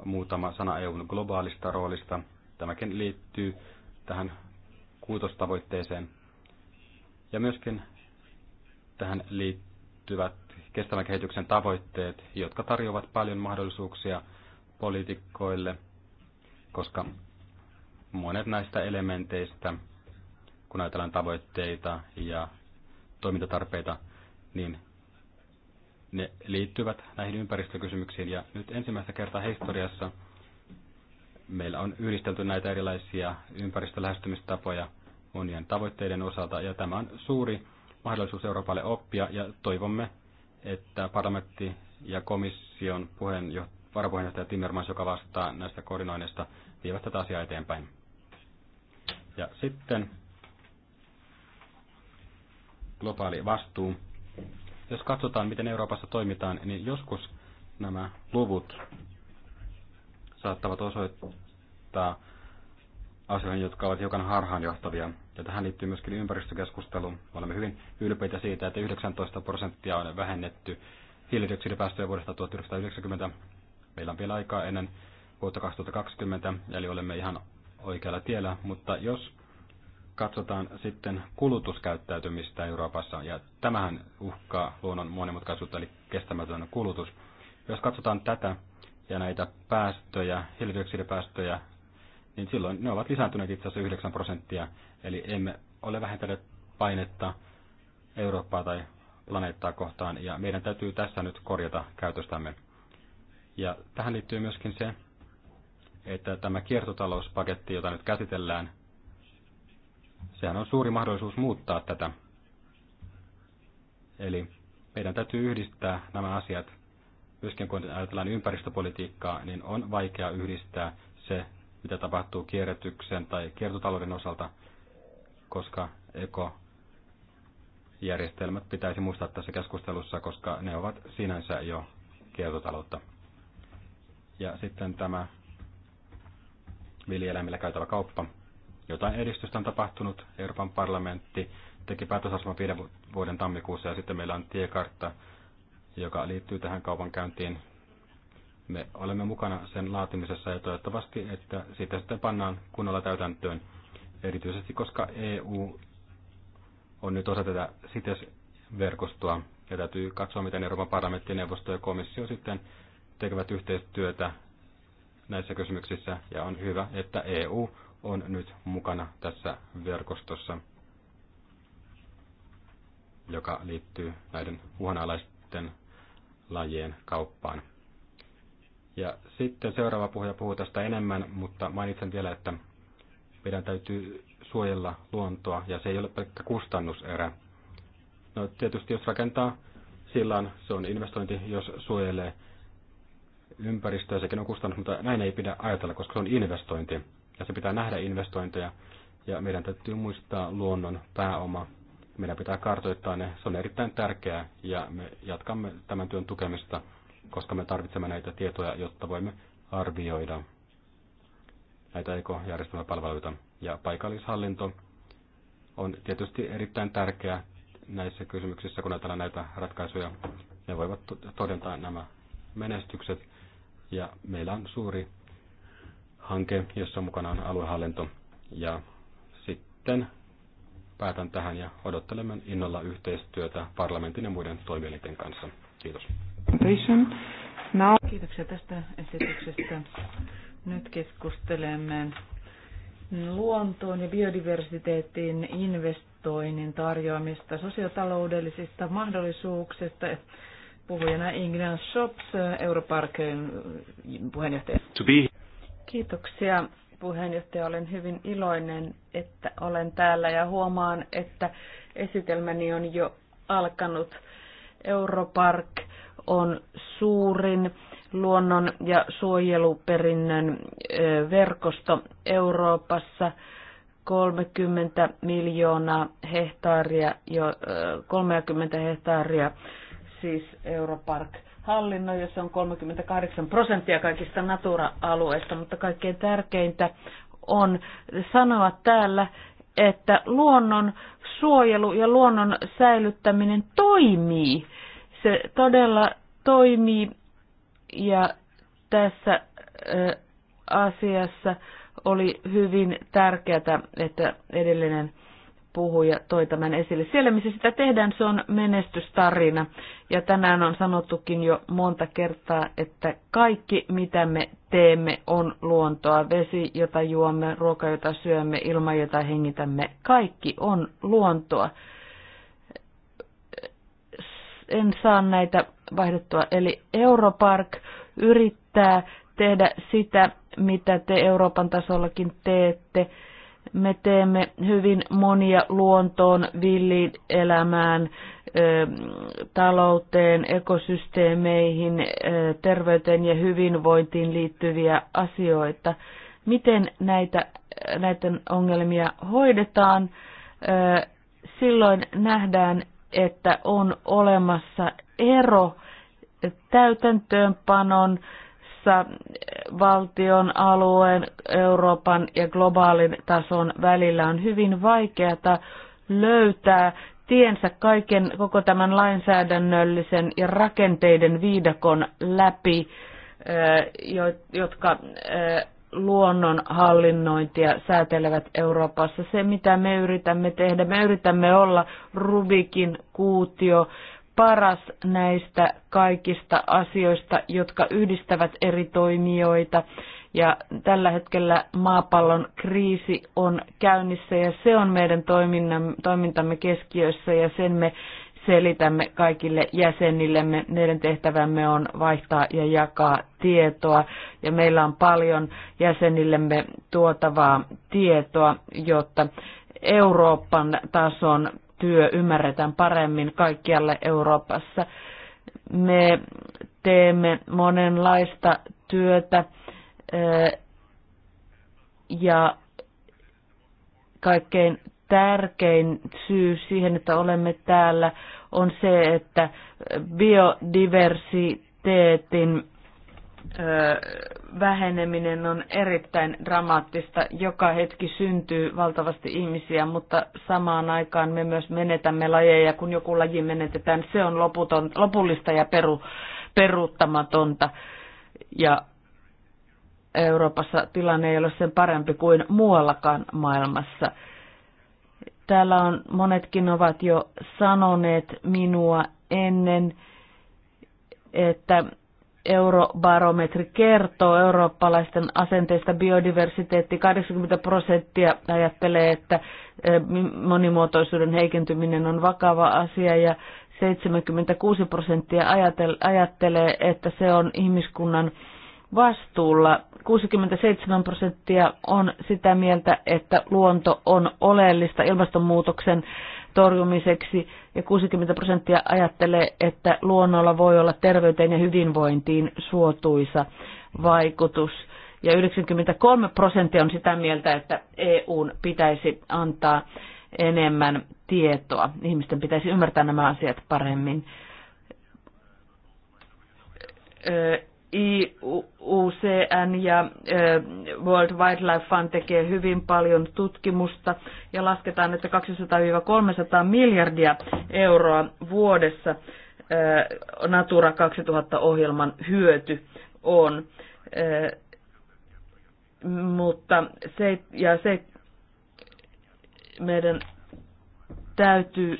muutama sana EUn globaalista roolista. Tämäkin liittyy tähän kuutostavoitteeseen. Ja myöskin tähän liittyvät kestävän kehityksen tavoitteet, jotka tarjoavat paljon mahdollisuuksia poliitikkoille, koska monet näistä elementeistä, kun ajatellaan tavoitteita ja toimintatarpeita, niin ne liittyvät näihin ympäristökysymyksiin. Ja nyt ensimmäistä kertaa historiassa meillä on yhdistelty näitä erilaisia ympäristölähestymistapoja monien tavoitteiden osalta. Ja tämä on suuri mahdollisuus Euroopalle oppia ja toivomme, että parlamentti ja komission puheenjohtaja, varapuheenjohtaja Timmermans, joka vastaa näistä koordinoinnista, vievät tätä asiaa eteenpäin. Ja sitten globaali vastuu. Jos katsotaan, miten Euroopassa toimitaan, niin joskus nämä luvut saattavat osoittaa asioihin, jotka ovat hiukan harhaanjohtavia. Ja tähän liittyy myöskin ympäristökeskustelu. Olemme hyvin ylpeitä siitä, että 19 prosenttia on vähennetty hiilidioksidipäästöjä vuodesta 1990. Meillä on vielä aikaa ennen vuotta 2020, eli olemme ihan oikealla tiellä, mutta jos katsotaan sitten kulutuskäyttäytymistä Euroopassa, ja tämähän uhkaa luonnon monimutkaisuutta, eli kestämätön kulutus. Jos katsotaan tätä ja näitä päästöjä, hiilidioksidipäästöjä, niin silloin ne ovat lisääntyneet itse asiassa 9 prosenttia, eli emme ole vähentäneet painetta Eurooppaa tai planeettaa kohtaan, ja meidän täytyy tässä nyt korjata käytöstämme. Ja tähän liittyy myöskin se, että tämä kiertotalouspaketti, jota nyt käsitellään, sehän on suuri mahdollisuus muuttaa tätä. Eli meidän täytyy yhdistää nämä asiat. Myöskin kun ajatellaan ympäristöpolitiikkaa, niin on vaikea yhdistää se, mitä tapahtuu kierrätyksen tai kiertotalouden osalta, koska ekojärjestelmät pitäisi muistaa tässä keskustelussa, koska ne ovat sinänsä jo kiertotaloutta. Ja sitten tämä villieläimillä käytävä kauppa. Jotain edistystä on tapahtunut. Euroopan parlamentti teki päätösasema viiden vuoden tammikuussa ja sitten meillä on tiekartta, joka liittyy tähän käyntiin. Me olemme mukana sen laatimisessa ja toivottavasti, että siitä sitten pannaan kunnolla täytäntöön, erityisesti koska EU on nyt osa tätä CITES-verkostoa ja täytyy katsoa, miten Euroopan parlamentti, neuvosto ja komissio sitten tekevät yhteistyötä näissä kysymyksissä ja on hyvä, että EU on nyt mukana tässä verkostossa, joka liittyy näiden uhanalaisten lajien kauppaan. Ja sitten seuraava puhuja puhuu tästä enemmän, mutta mainitsen vielä, että meidän täytyy suojella luontoa ja se ei ole pelkkä kustannuserä. No tietysti jos rakentaa sillan, se on investointi, jos suojelee ympäristöä, sekin on kustannus, mutta näin ei pidä ajatella, koska se on investointi. Ja se pitää nähdä investointeja. Ja meidän täytyy muistaa luonnon pääoma. Meidän pitää kartoittaa ne. Se on erittäin tärkeää ja me jatkamme tämän työn tukemista, koska me tarvitsemme näitä tietoja, jotta voimme arvioida näitä ekojärjestelmäpalveluita. Ja paikallishallinto on tietysti erittäin tärkeä näissä kysymyksissä, kun ajatellaan näitä ratkaisuja. Ne voivat todentaa nämä menestykset ja meillä on suuri hanke, jossa mukana on aluehallinto. Ja sitten päätän tähän ja odottelemme innolla yhteistyötä parlamentin ja muiden toimielinten kanssa. Kiitos. No. Kiitoksia tästä esityksestä. Nyt keskustelemme luontoon ja biodiversiteettiin investoinnin tarjoamista, sosiotaloudellisista mahdollisuuksista puhujana Ingrid Shops, Europarkin puheenjohtaja. To be. Kiitoksia puheenjohtaja. Olen hyvin iloinen, että olen täällä ja huomaan, että esitelmäni on jo alkanut. Europark on suurin luonnon- ja suojeluperinnön verkosto Euroopassa. 30 miljoonaa hehtaaria, jo 30 hehtaaria siis Europark-hallinnon, jossa on 38 prosenttia kaikista Natura-alueista, mutta kaikkein tärkeintä on sanoa täällä, että luonnon suojelu ja luonnon säilyttäminen toimii. Se todella toimii ja tässä asiassa oli hyvin tärkeää, että edellinen puhuja toi tämän esille. Siellä, missä sitä tehdään, se on menestystarina. Ja tänään on sanottukin jo monta kertaa, että kaikki, mitä me teemme, on luontoa. Vesi, jota juomme, ruoka, jota syömme, ilma, jota hengitämme, kaikki on luontoa. En saa näitä vaihdettua. Eli Europark yrittää tehdä sitä, mitä te Euroopan tasollakin teette – me teemme hyvin monia luontoon, villi-elämään, talouteen, ekosysteemeihin, terveyteen ja hyvinvointiin liittyviä asioita. Miten näitä, näiden ongelmia hoidetaan? Silloin nähdään, että on olemassa ero täytäntöönpanon tässä eh, valtion, alueen, Euroopan ja globaalin tason välillä on hyvin vaikeata löytää tiensä kaiken koko tämän lainsäädännöllisen ja rakenteiden viidakon läpi, eh, jotka eh, luonnon hallinnointia säätelevät Euroopassa. Se, mitä me yritämme tehdä, me yritämme olla Rubikin kuutio paras näistä kaikista asioista, jotka yhdistävät eri toimijoita. Ja tällä hetkellä maapallon kriisi on käynnissä ja se on meidän toimintamme keskiössä ja sen me selitämme kaikille jäsenillemme. Meidän tehtävämme on vaihtaa ja jakaa tietoa ja meillä on paljon jäsenillemme tuotavaa tietoa, jotta Euroopan tason työ ymmärretään paremmin kaikkialle Euroopassa. Me teemme monenlaista työtä eh, ja kaikkein tärkein syy siihen, että olemme täällä, on se, että biodiversiteetin eh, väheneminen on erittäin dramaattista. Joka hetki syntyy valtavasti ihmisiä, mutta samaan aikaan me myös menetämme lajeja. Kun joku laji menetetään, se on loputon, lopullista ja peru, peruuttamatonta. Ja Euroopassa tilanne ei ole sen parempi kuin muuallakaan maailmassa. Täällä on, monetkin ovat jo sanoneet minua ennen, että Eurobarometri kertoo eurooppalaisten asenteista biodiversiteetti. 80 prosenttia ajattelee, että eh, monimuotoisuuden heikentyminen on vakava asia ja 76 prosenttia ajattelee, että se on ihmiskunnan vastuulla. 67 prosenttia on sitä mieltä, että luonto on oleellista ilmastonmuutoksen torjumiseksi ja 60 prosenttia ajattelee, että luonnolla voi olla terveyteen ja hyvinvointiin suotuisa vaikutus. Ja 93 prosenttia on sitä mieltä, että EUn pitäisi antaa enemmän tietoa. Ihmisten pitäisi ymmärtää nämä asiat paremmin IUCN ja World Wildlife Fund tekee hyvin paljon tutkimusta ja lasketaan, että 200-300 miljardia euroa vuodessa Natura 2000-ohjelman hyöty on. Mutta se, ja se meidän täytyy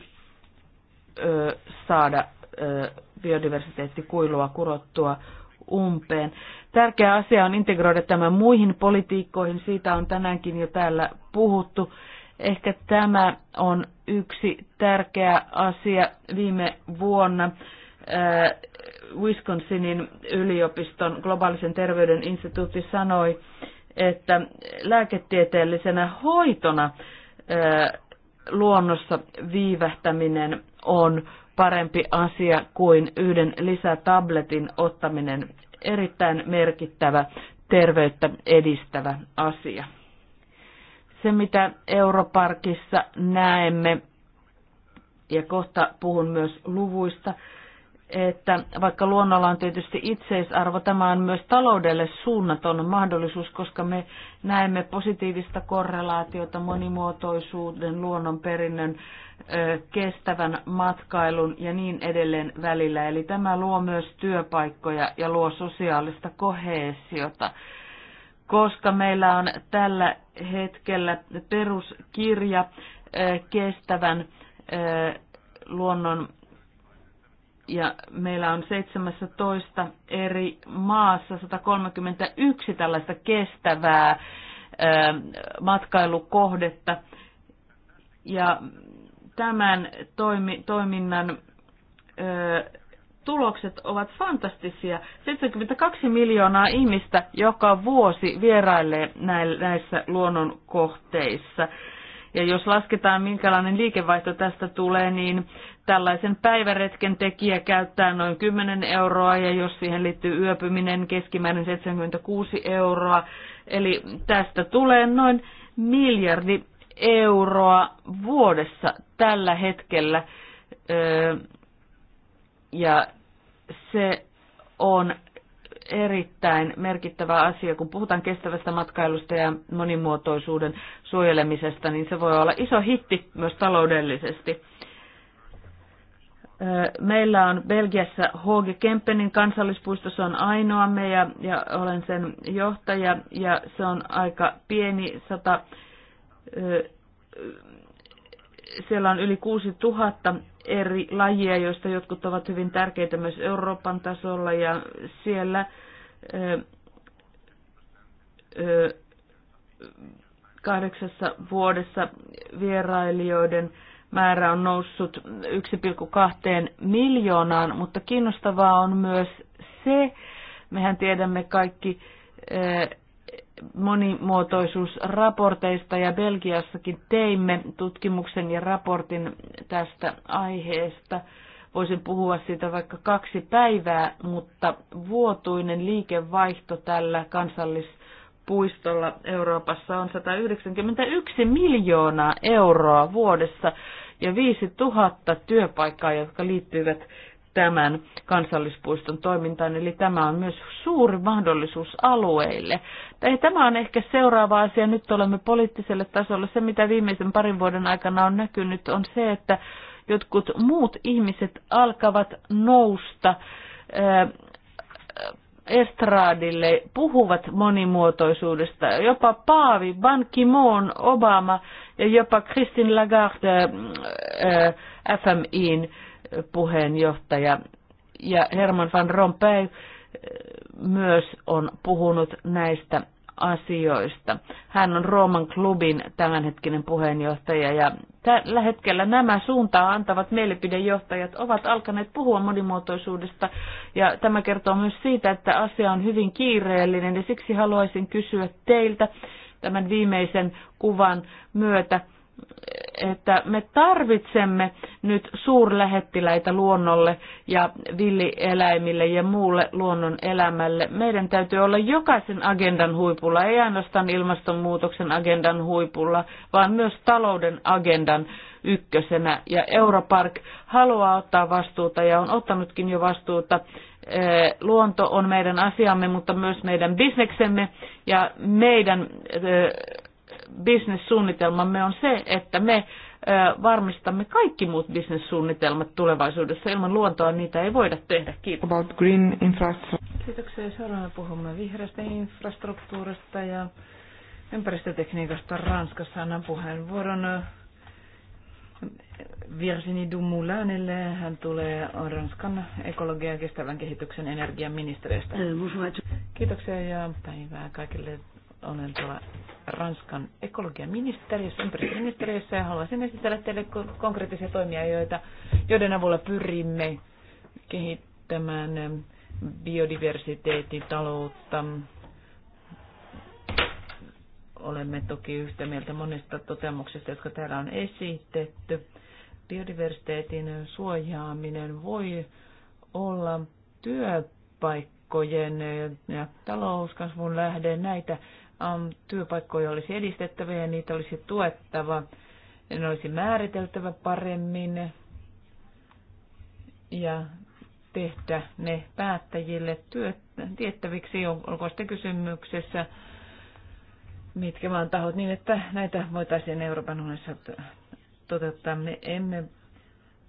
saada biodiversiteettikuilua kurottua umpeen. Tärkeä asia on integroida tämä muihin politiikkoihin, siitä on tänäänkin jo täällä puhuttu. Ehkä tämä on yksi tärkeä asia viime vuonna. Äh, Wisconsinin yliopiston globaalisen terveyden instituutti sanoi, että lääketieteellisenä hoitona äh, luonnossa viivähtäminen on parempi asia kuin yhden lisätabletin ottaminen. Erittäin merkittävä terveyttä edistävä asia. Se, mitä Europarkissa näemme, ja kohta puhun myös luvuista, että vaikka luonnolla on tietysti itseisarvo, tämä on myös taloudelle suunnaton mahdollisuus, koska me näemme positiivista korrelaatiota monimuotoisuuden, luonnon perinnön, kestävän matkailun ja niin edelleen välillä. Eli tämä luo myös työpaikkoja ja luo sosiaalista kohesiota. Koska meillä on tällä hetkellä peruskirja kestävän luonnon ja meillä on 17 eri maassa 131 tällaista kestävää matkailukohdetta. Ja tämän toimi, toiminnan ö, tulokset ovat fantastisia. 72 miljoonaa ihmistä joka vuosi vierailee näissä luonnonkohteissa. Ja jos lasketaan, minkälainen liikevaihto tästä tulee, niin tällaisen päiväretken tekijä käyttää noin 10 euroa ja jos siihen liittyy yöpyminen keskimäärin 76 euroa. Eli tästä tulee noin miljardi euroa vuodessa tällä hetkellä. ja se on erittäin merkittävä asia. Kun puhutaan kestävästä matkailusta ja monimuotoisuuden suojelemisesta, niin se voi olla iso hitti myös taloudellisesti. Meillä on Belgiassa H.G. Kempenin kansallispuisto, se on ainoamme ja, ja olen sen johtaja ja se on aika pieni, sata. siellä on yli 6000 eri lajia, joista jotkut ovat hyvin tärkeitä myös Euroopan tasolla ja siellä ö, ö, kahdeksassa vuodessa vierailijoiden määrä on noussut 1,2 miljoonaan, mutta kiinnostavaa on myös se, mehän tiedämme kaikki, monimuotoisuusraporteista ja Belgiassakin teimme tutkimuksen ja raportin tästä aiheesta. Voisin puhua siitä vaikka kaksi päivää, mutta vuotuinen liikevaihto tällä kansallispuistolla Euroopassa on 191 miljoonaa euroa vuodessa ja 5000 työpaikkaa, jotka liittyvät tämän kansallispuiston toimintaan. Eli tämä on myös suuri mahdollisuus alueille. Tämä on ehkä seuraava asia. Nyt olemme poliittiselle tasolle. Se, mitä viimeisen parin vuoden aikana on näkynyt, on se, että jotkut muut ihmiset alkavat nousta eh, estraadille, puhuvat monimuotoisuudesta. Jopa Paavi, Ban Ki-moon, Obama ja jopa Christine Lagarde eh, eh, FMIin puheenjohtaja. Ja Herman van Rompuy äh, myös on puhunut näistä asioista. Hän on Rooman klubin tämänhetkinen puheenjohtaja ja tällä hetkellä nämä suuntaa antavat mielipidejohtajat ovat alkaneet puhua monimuotoisuudesta ja tämä kertoo myös siitä, että asia on hyvin kiireellinen ja siksi haluaisin kysyä teiltä tämän viimeisen kuvan myötä, että me tarvitsemme nyt suurlähettiläitä luonnolle ja villieläimille ja muulle luonnon elämälle. Meidän täytyy olla jokaisen agendan huipulla, ei ainoastaan ilmastonmuutoksen agendan huipulla, vaan myös talouden agendan ykkösenä. Ja Europark haluaa ottaa vastuuta ja on ottanutkin jo vastuuta luonto on meidän asiamme, mutta myös meidän bisneksemme ja meidän bisnessuunnitelmamme on se, että me varmistamme kaikki muut bisnessuunnitelmat tulevaisuudessa. Ilman luontoa niitä ei voida tehdä. Kiitos. About green infrastructure. Kiitoksia. Seuraavana puhumme vihreästä infrastruktuurista ja ympäristötekniikasta Ranskassa. Annan puheenvuoron Virginie Dumoulinille. Hän tulee Ranskan ekologian ja kestävän kehityksen energiaministeriöstä. Euh, Kiitoksia ja päivää kaikille. Olen tuolla Ranskan ekologiaministeriössä, ympäristöministeriössä ja haluaisin esitellä teille konkreettisia toimia, joita, joiden avulla pyrimme kehittämään taloutta. Olemme toki yhtä mieltä monista toteamuksista, jotka täällä on esitetty. Biodiversiteetin suojaaminen voi olla työpaikka ja talouskasvun lähde. Näitä työpaikkoja olisi edistettävä ja niitä olisi tuettava. Ne olisi määriteltävä paremmin ja tehdä ne päättäjille työt, tiettäviksi, onko sitten kysymyksessä mitkä vaan tahot, niin että näitä voitaisiin Euroopan unionissa toteuttaa. Me emme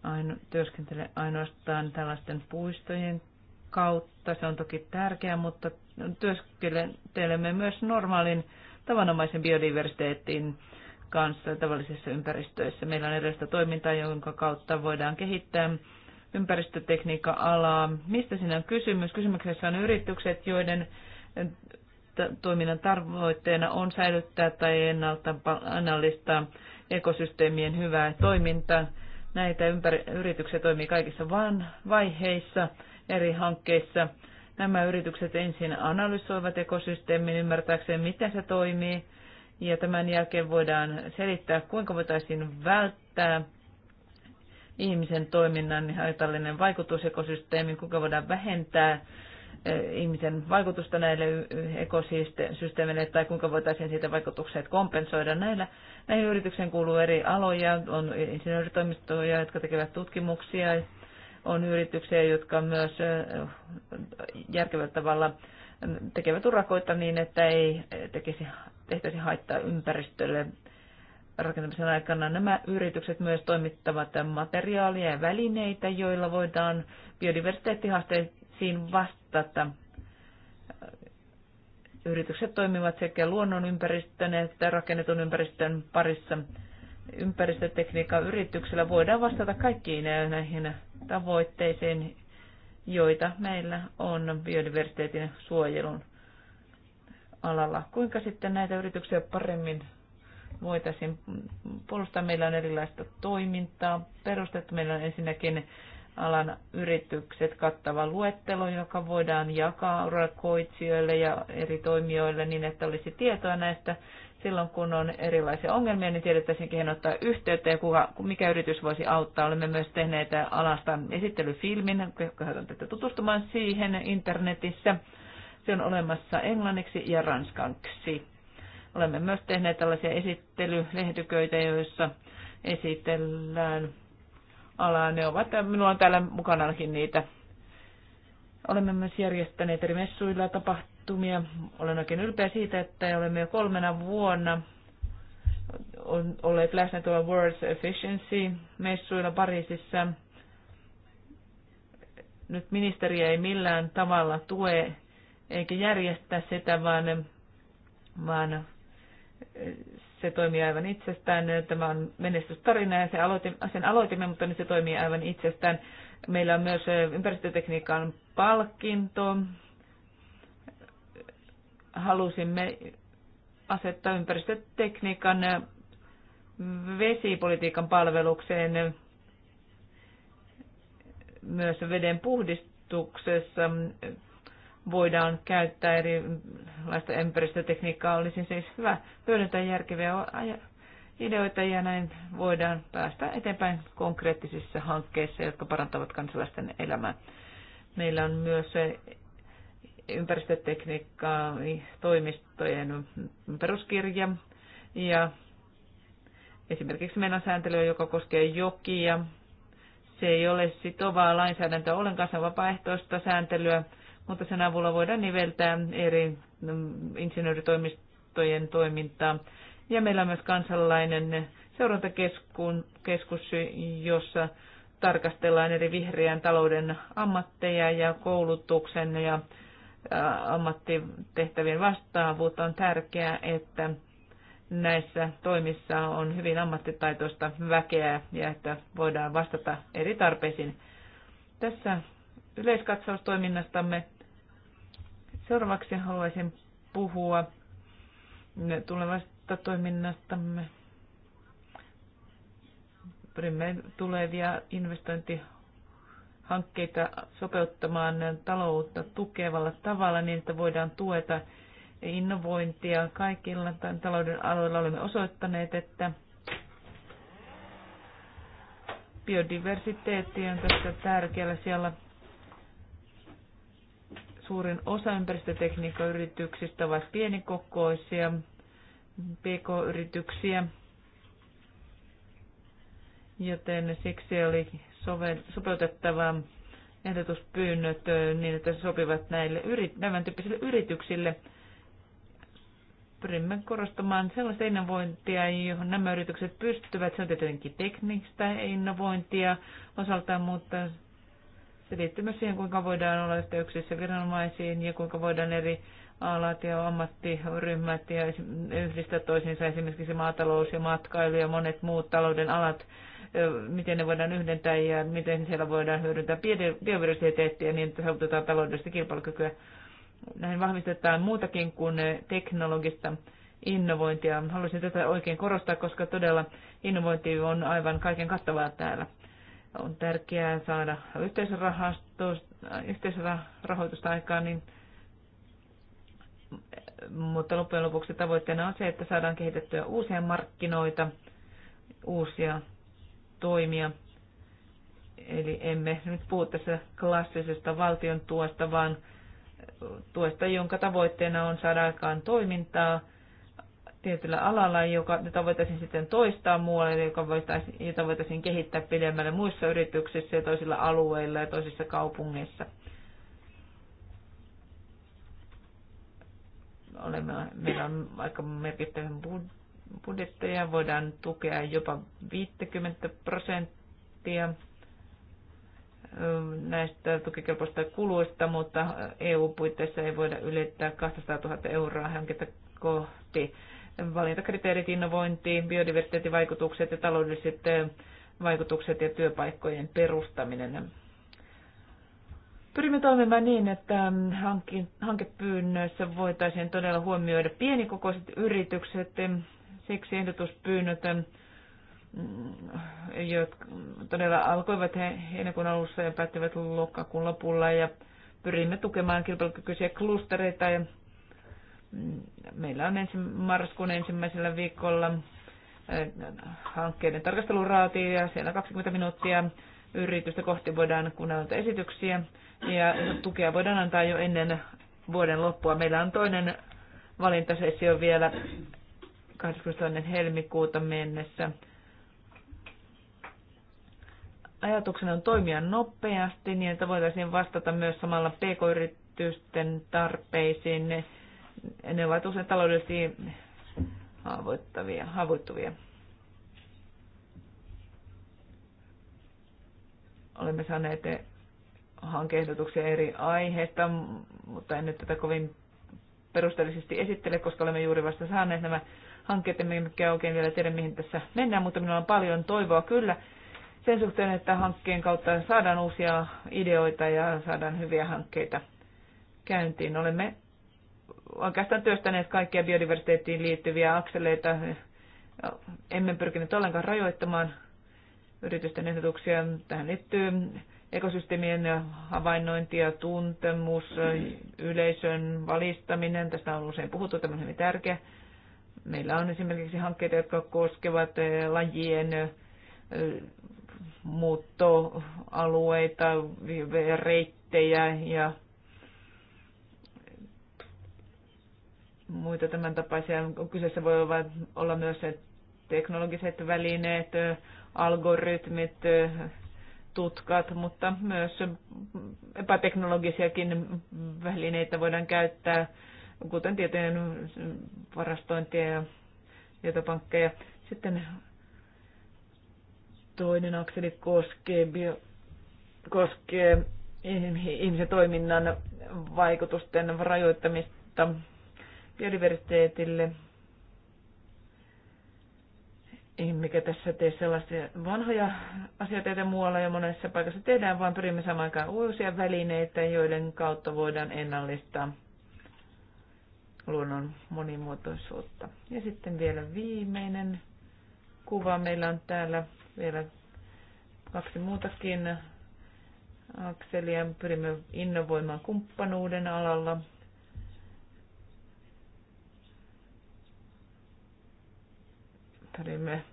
aino, työskentele ainoastaan tällaisten puistojen kautta. Se on toki tärkeää, mutta työskentelemme myös normaalin tavanomaisen biodiversiteetin kanssa tavallisissa ympäristöissä. Meillä on erilaista toimintaa, jonka kautta voidaan kehittää ympäristötekniikan alaa. Mistä siinä on kysymys? Kysymyksessä on yritykset, joiden toiminnan tavoitteena on säilyttää tai ennalta analista ekosysteemien hyvää toimintaa. Näitä ympär- yrityksiä toimii kaikissa vaiheissa eri hankkeissa. Nämä yritykset ensin analysoivat ekosysteemin ymmärtääkseen, miten se toimii, ja tämän jälkeen voidaan selittää, kuinka voitaisiin välttää ihmisen toiminnan haitallinen vaikutus ekosysteemiin, kuinka voidaan vähentää eh, ihmisen vaikutusta näille ekosysteemeille tai kuinka voitaisiin siitä vaikutukset kompensoida. Näillä, näihin yrityksen kuuluu eri aloja, on insinööritoimistoja, jotka tekevät tutkimuksia on yrityksiä, jotka myös järkevällä tavalla tekevät urakoita niin, että ei tekisi, tehtäisi haittaa ympäristölle rakentamisen aikana. Nämä yritykset myös toimittavat materiaalia ja välineitä, joilla voidaan biodiversiteettihaasteisiin vastata. Yritykset toimivat sekä luonnon ympäristön että rakennetun ympäristön parissa. Ympäristötekniikan yrityksellä voidaan vastata kaikkiin näihin tavoitteisiin, joita meillä on biodiversiteetin suojelun alalla. Kuinka sitten näitä yrityksiä paremmin voitaisiin puolustaa? Meillä on erilaista toimintaa perustettu. Meillä on ensinnäkin alan yritykset kattava luettelo, joka voidaan jakaa urakoitsijoille ja eri toimijoille niin, että olisi tietoa näistä silloin kun on erilaisia ongelmia, niin tiedettäisiin, kehen ottaa yhteyttä ja kuka, mikä yritys voisi auttaa. Olemme myös tehneet alasta esittelyfilmin, kehotan tätä tutustumaan siihen internetissä. Se on olemassa englanniksi ja ranskaksi. Olemme myös tehneet tällaisia esittelylehdyköitä, joissa esitellään alaa. Ne ovat, minulla on täällä mukanakin niitä. Olemme myös järjestäneet eri messuilla tapahtumia tapahtumia. Olen oikein ylpeä siitä, että olemme jo kolmena vuonna olleet läsnä tuolla World Efficiency-messuilla Pariisissa. Nyt ministeriä ei millään tavalla tue eikä järjestä sitä, vaan, vaan se toimii aivan itsestään. Tämä on menestystarina ja se aloitimme, sen aloitimme, mutta nyt se toimii aivan itsestään. Meillä on myös ympäristötekniikan palkinto halusimme asettaa ympäristötekniikan vesipolitiikan palvelukseen myös veden puhdistuksessa voidaan käyttää erilaista ympäristötekniikkaa. Olisi siis hyvä hyödyntää järkeviä ideoita ja näin voidaan päästä eteenpäin konkreettisissa hankkeissa, jotka parantavat kansalaisten elämää. Meillä on myös ympäristötekniikkaa toimistojen peruskirja ja esimerkiksi meillä sääntelyä, joka koskee jokia. Se ei ole sitovaa lainsäädäntöä ollenkaan, se vapaaehtoista sääntelyä, mutta sen avulla voidaan niveltää eri mm, insinööritoimistojen toimintaa. Ja meillä on myös kansallinen seurantakeskus, jossa tarkastellaan eri vihreän talouden ammatteja ja koulutuksen ja Äh, ammattitehtävien vastaavuutta, on tärkeää, että näissä toimissa on hyvin ammattitaitoista väkeä ja että voidaan vastata eri tarpeisiin. Tässä yleiskatsaustoiminnastamme seuraavaksi haluaisin puhua tulevasta toiminnastamme. Pyrimme tulevia investointi hankkeita sopeuttamaan taloutta tukevalla tavalla niin, että voidaan tueta innovointia kaikilla talouden aloilla. Olemme osoittaneet, että biodiversiteetti on tässä tärkeällä siellä suurin osa ympäristötekniikkayrityksistä ovat pienikokoisia pk-yrityksiä, joten siksi oli sopeutettava ehdotuspyynnöt niin, että se sopivat näille tämän tyyppisille yrityksille. Pyrimme korostamaan sellaista innovointia, johon nämä yritykset pystyvät. Se on tietenkin teknistä innovointia osaltaan, mutta se liittyy myös siihen, kuinka voidaan olla yhteyksissä viranomaisiin ja kuinka voidaan eri alat ja ammattiryhmät ja yhdistää toisiinsa esimerkiksi maatalous ja matkailu ja monet muut talouden alat miten ne voidaan yhdentää ja miten siellä voidaan hyödyntää biodiversiteettiä niin, että saavutetaan taloudellista kilpailukykyä. Näin vahvistetaan muutakin kuin teknologista innovointia. Haluaisin tätä oikein korostaa, koska todella innovointi on aivan kaiken kattavaa täällä. On tärkeää saada yhteisrahoitusta aikaan, niin, mutta loppujen lopuksi tavoitteena on se, että saadaan kehitettyä uusia markkinoita, uusia toimia. Eli emme nyt puhu tässä klassisesta valtion tuosta, vaan tuesta, jonka tavoitteena on saada aikaan toimintaa tietyllä alalla, joka, jota voitaisiin sitten toistaa muualle, joka voitaisiin, jota voitaisiin kehittää pidemmälle muissa yrityksissä ja toisilla alueilla ja toisissa kaupungeissa. Olemme, meillä on aika merkittävän budjetteja voidaan tukea jopa 50 prosenttia näistä tukikelpoista kuluista, mutta EU-puitteissa ei voida ylittää 200 000 euroa hanketta kohti. Valintakriteerit, innovointi, biodiversiteettivaikutukset ja taloudelliset vaikutukset ja työpaikkojen perustaminen. Pyrimme toimimaan niin, että hankepyynnöissä voitaisiin todella huomioida pienikokoiset yritykset Siksi ehdotuspyynnöt, mm, jotka todella alkoivat heinäkuun alussa ja päättyivät lokakuun lopulla ja pyrimme tukemaan kilpailukykyisiä klustereita ja mm, meillä on ensi, marraskuun ensimmäisellä viikolla äh, hankkeiden tarkasteluraati ja siellä 20 minuuttia yritystä kohti voidaan kuunnella esityksiä ja tukea voidaan antaa jo ennen vuoden loppua. Meillä on toinen valintasessio vielä 22. helmikuuta mennessä. Ajatuksena on toimia nopeasti niin, että voitaisiin vastata myös samalla pk-yritysten tarpeisiin. Ne, ne ovat usein taloudellisesti haavoittavia, haavoittuvia. Olemme saaneet hankehdotuksia eri aiheista, mutta en nyt tätä kovin perusteellisesti esittele, koska olemme juuri vasta saaneet nämä hankkeita, mikä oikein vielä tiedä, mihin tässä mennään, mutta minulla on paljon toivoa kyllä sen suhteen, että hankkeen kautta saadaan uusia ideoita ja saadaan hyviä hankkeita käyntiin. Olemme oikeastaan työstäneet kaikkia biodiversiteettiin liittyviä akseleita. Emme pyrkineet ollenkaan rajoittamaan yritysten ehdotuksia. Tähän liittyy ekosysteemien havainnointi ja tuntemus, yleisön valistaminen. Tästä on usein puhuttu, tämä on hyvin tärkeä Meillä on esimerkiksi hankkeita, jotka koskevat eh, lajien eh, muuttoalueita, reittejä ja muita tämän tapaisia. Kyseessä voi olla myös eh, teknologiset välineet, algoritmit, tutkat, mutta myös epäteknologisiakin välineitä voidaan käyttää kuten tieteen varastointia ja tietopankkeja. Sitten toinen akseli koskee, bio, koskee ihmisen toiminnan vaikutusten rajoittamista biodiversiteetille, mikä tässä tee sellaisia vanhoja asioita, muualla ja monessa paikassa tehdään, vaan pyrimme samaan aikaan uusia välineitä, joiden kautta voidaan ennallistaa luonnon monimuotoisuutta. Ja sitten vielä viimeinen kuva. Meillä on täällä vielä kaksi muutakin akselia. Pyrimme innovoimaan kumppanuuden alalla. Pyrimme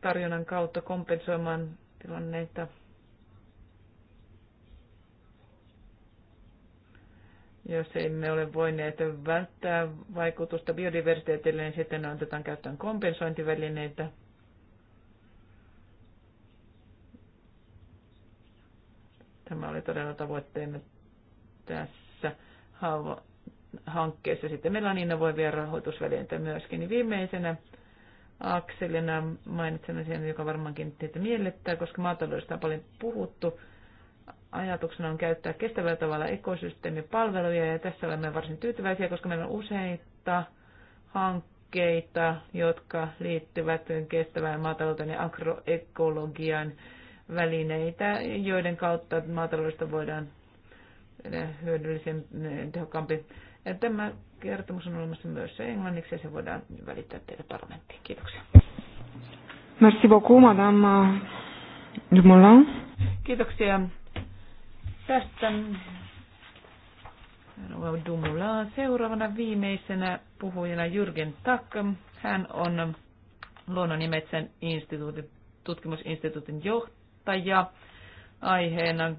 tarjonnan kautta kompensoimaan tilanneita jos emme ole voineet välttää vaikutusta biodiversiteetille, niin sitten otetaan käyttöön kompensointivälineitä. Tämä oli todella tavoitteemme tässä hankkeessa. Sitten meillä on innovoivia rahoitusvälineitä myöskin. Niin viimeisenä akselina mainitsen asian, joka varmaankin teitä miellyttää, koska maataloudesta on paljon puhuttu ajatuksena on käyttää kestävällä tavalla ekosysteemipalveluja ja tässä olemme varsin tyytyväisiä, koska meillä on useita hankkeita, jotka liittyvät kestävään maatalouteen ja agroekologian välineitä, joiden kautta maataloudesta voidaan hyödyllisen tehokkaampi. Tämä kertomus on olemassa myös englanniksi ja se voidaan välittää teille parlamenttiin. Kiitoksia. Merci beaucoup, madame Dumoulin. Kiitoksia Tästä Dumula seuraavana viimeisenä puhujana Jürgen Tack. Hän on Luonnon ja metsän instituutin, tutkimusinstituutin johtaja. Aiheena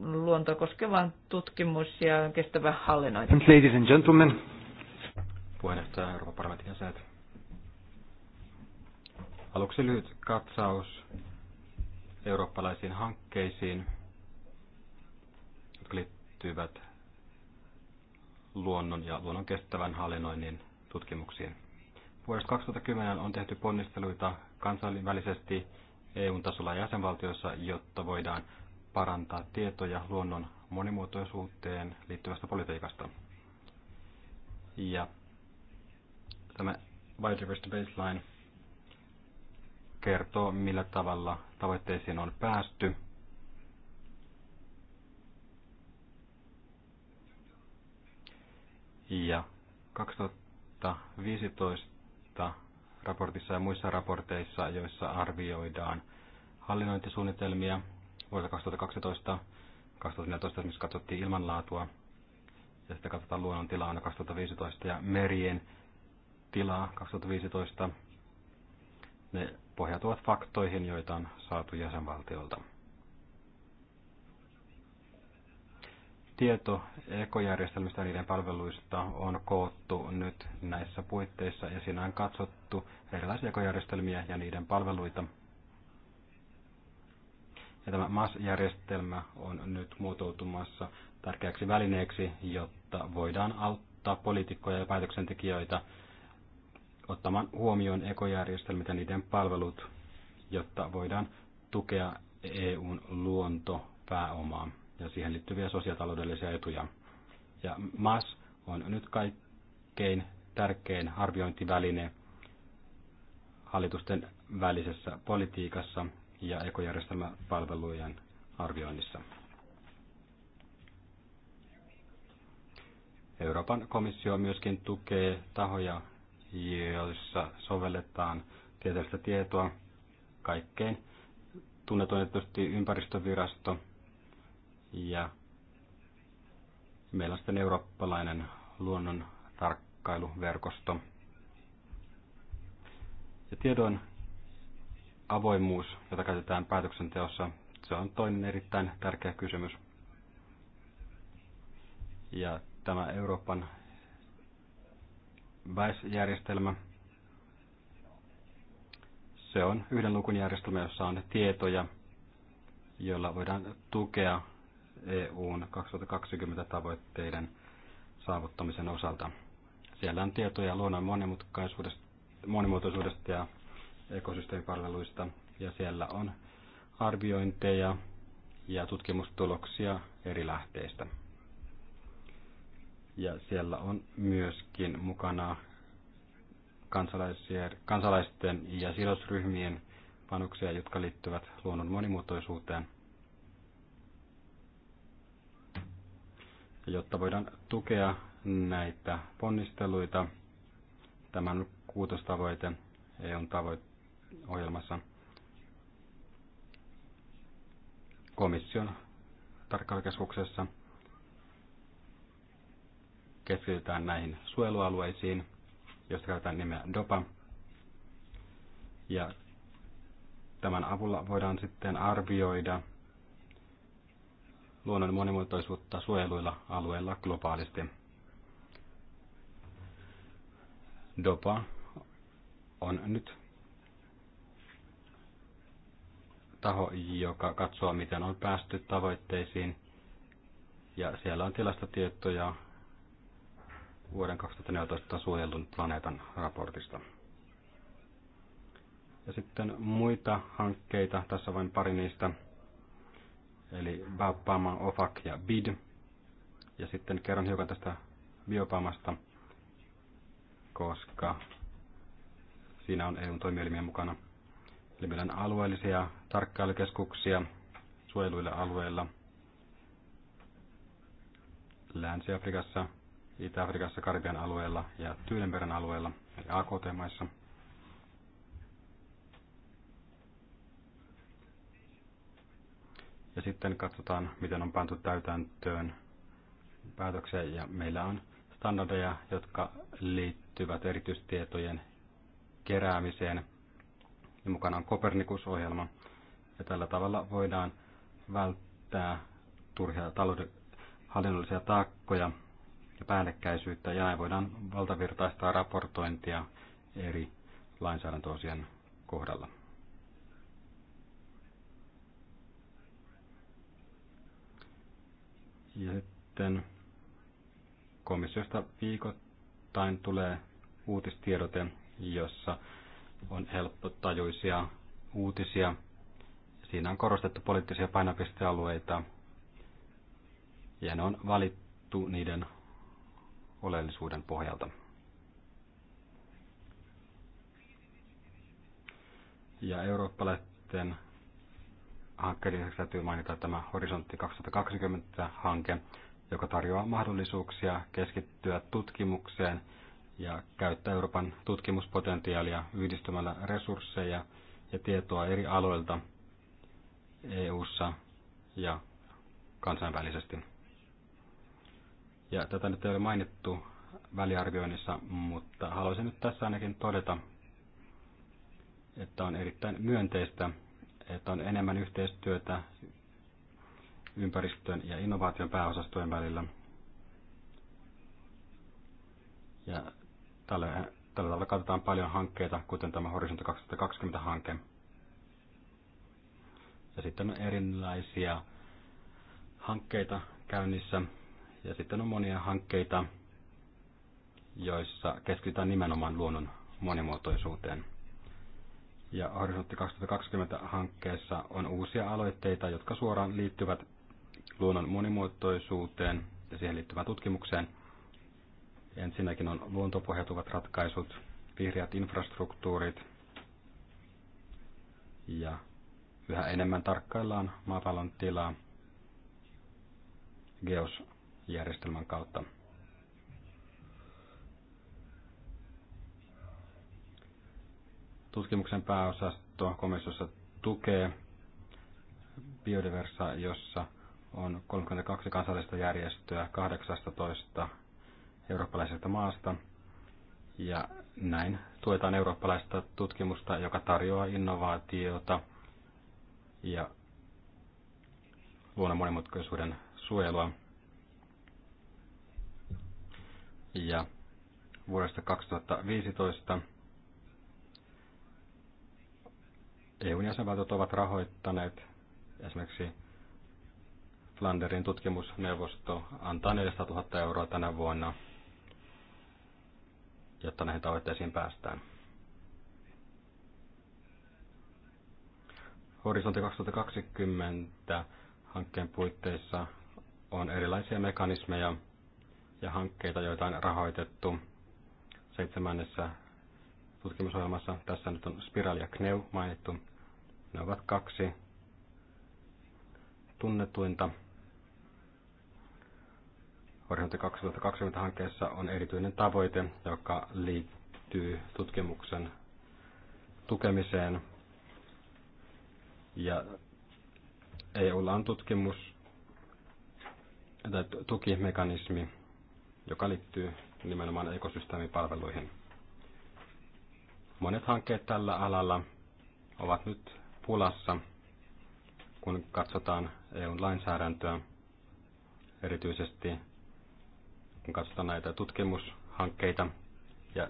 luontoa koskeva tutkimus ja kestävä hallinnointi. Ladies and gentlemen. Puheenjohtaja Euroopan parlamentin jäsenet. Aluksi lyhyt katsaus eurooppalaisiin hankkeisiin, liittyvät luonnon ja luonnon kestävän hallinnoinnin tutkimuksiin. Vuodesta 2010 on tehty ponnisteluita kansainvälisesti EU-tasolla ja jäsenvaltioissa, jotta voidaan parantaa tietoja luonnon monimuotoisuuteen liittyvästä politiikasta. Ja tämä Biodiversity Baseline kertoo, millä tavalla tavoitteisiin on päästy – Ja 2015 raportissa ja muissa raporteissa, joissa arvioidaan hallinnointisuunnitelmia vuodelta 2012, 2014 esimerkiksi katsottiin ilmanlaatua ja sitten katsotaan luonnon tilaa 2015 ja merien tilaa 2015. Ne pohjautuvat faktoihin, joita on saatu jäsenvaltiolta. tieto ekojärjestelmistä ja niiden palveluista on koottu nyt näissä puitteissa ja siinä on katsottu erilaisia ekojärjestelmiä ja niiden palveluita. Ja tämä MAS-järjestelmä on nyt muotoutumassa tärkeäksi välineeksi, jotta voidaan auttaa poliitikkoja ja päätöksentekijöitä ottamaan huomioon ekojärjestelmät ja niiden palvelut, jotta voidaan tukea EUn luontopääomaa ja siihen liittyviä sosiaalitaloudellisia etuja. Ja MAS on nyt kaikkein tärkein arviointiväline hallitusten välisessä politiikassa ja ekojärjestelmäpalvelujen arvioinnissa. Euroopan komissio myöskin tukee tahoja, joissa sovelletaan tieteellistä tietoa kaikkein tunnetuin tietysti ympäristövirasto – ja meillä on sitten eurooppalainen luonnon tarkkailuverkosto. Ja tiedon avoimuus, jota käytetään päätöksenteossa, se on toinen erittäin tärkeä kysymys. Ja tämä Euroopan väisjärjestelmä, se on yhden lukun järjestelmä, jossa on tietoja, joilla voidaan tukea EUn 2020 tavoitteiden saavuttamisen osalta. Siellä on tietoja luonnon monimuotoisuudesta ja ekosysteemipalveluista ja siellä on arviointeja ja tutkimustuloksia eri lähteistä. Ja siellä on myöskin mukana kansalaisten ja sidosryhmien panoksia, jotka liittyvät luonnon monimuotoisuuteen. jotta voidaan tukea näitä ponnisteluita. tämän on kuutostavoite EUn tavoiteohjelmassa. Komission tarkkailukeskuksessa keskitytään näihin suojelualueisiin, joista käytetään nimeä DOPA. Ja tämän avulla voidaan sitten arvioida luonnon monimuotoisuutta suojeluilla alueilla globaalisti. DOPA on nyt taho, joka katsoo, miten on päästy tavoitteisiin. Ja siellä on tilastotietoja vuoden 2014 suojelun planeetan raportista. Ja sitten muita hankkeita, tässä vain pari niistä eli Bapama, Ofak ja BID. Ja sitten kerron hiukan tästä biopamasta, koska siinä on EUn toimielimiä mukana. Eli meillä on alueellisia tarkkailukeskuksia suojeluilla alueilla Länsi-Afrikassa, Itä-Afrikassa, Karibian alueella ja Tyylenperän alueella, eli AKT-maissa – ja sitten katsotaan, miten on pantu täytäntöön päätökseen ja meillä on standardeja, jotka liittyvät erityistietojen keräämiseen. Ja mukana on Kopernikus-ohjelma ja tällä tavalla voidaan välttää turhia talouden hallinnollisia taakkoja ja päällekkäisyyttä ja näin voidaan valtavirtaistaa raportointia eri lainsäädäntöosien kohdalla. Ja sitten komissiosta viikoittain tulee uutistiedote, jossa on helppotajuisia uutisia. Siinä on korostettu poliittisia painopistealueita ja ne on valittu niiden oleellisuuden pohjalta. Ja eurooppalaisten hankkeen lisäksi täytyy mainita tämä Horisontti 2020-hanke, joka tarjoaa mahdollisuuksia keskittyä tutkimukseen ja käyttää Euroopan tutkimuspotentiaalia yhdistämällä resursseja ja tietoa eri aloilta EU-ssa ja kansainvälisesti. Ja tätä nyt ei ole mainittu väliarvioinnissa, mutta haluaisin nyt tässä ainakin todeta, että on erittäin myönteistä, että on enemmän yhteistyötä ympäristön ja innovaation pääosastojen välillä. Ja tällä, tällä tavalla katsotaan paljon hankkeita, kuten tämä Horisontti 2020-hanke. Ja sitten on erilaisia hankkeita käynnissä. Ja sitten on monia hankkeita, joissa keskitytään nimenomaan luonnon monimuotoisuuteen ja Horisontti 2020-hankkeessa on uusia aloitteita, jotka suoraan liittyvät luonnon monimuotoisuuteen ja siihen liittyvään tutkimukseen. Ensinnäkin on luontopohjautuvat ratkaisut, vihreät infrastruktuurit ja yhä enemmän tarkkaillaan maapallon tilaa geosjärjestelmän kautta. Tutkimuksen pääosasto komissiossa tukee biodiversa, jossa on 32 kansallista järjestöä 18 eurooppalaisesta maasta. Ja näin tuetaan eurooppalaista tutkimusta, joka tarjoaa innovaatiota ja luonnon monimutkaisuuden suojelua. Ja vuodesta 2015 EUn jäsenvaltiot ovat rahoittaneet esimerkiksi Flanderin tutkimusneuvosto antaa 400 000 euroa tänä vuonna, jotta näihin tavoitteisiin päästään. Horisontti 2020 hankkeen puitteissa on erilaisia mekanismeja ja hankkeita, joita on rahoitettu seitsemännessä tutkimusohjelmassa. Tässä nyt on Spiral ja Kneu mainittu. Ne ovat kaksi tunnetuinta. Horisontti 2020 hankkeessa on erityinen tavoite, joka liittyy tutkimuksen tukemiseen. Ja EUlla on tutkimus tai tukimekanismi, joka liittyy nimenomaan ekosysteemipalveluihin. Monet hankkeet tällä alalla ovat nyt pulassa, kun katsotaan EUn lainsäädäntöä, erityisesti kun katsotaan näitä tutkimushankkeita. Ja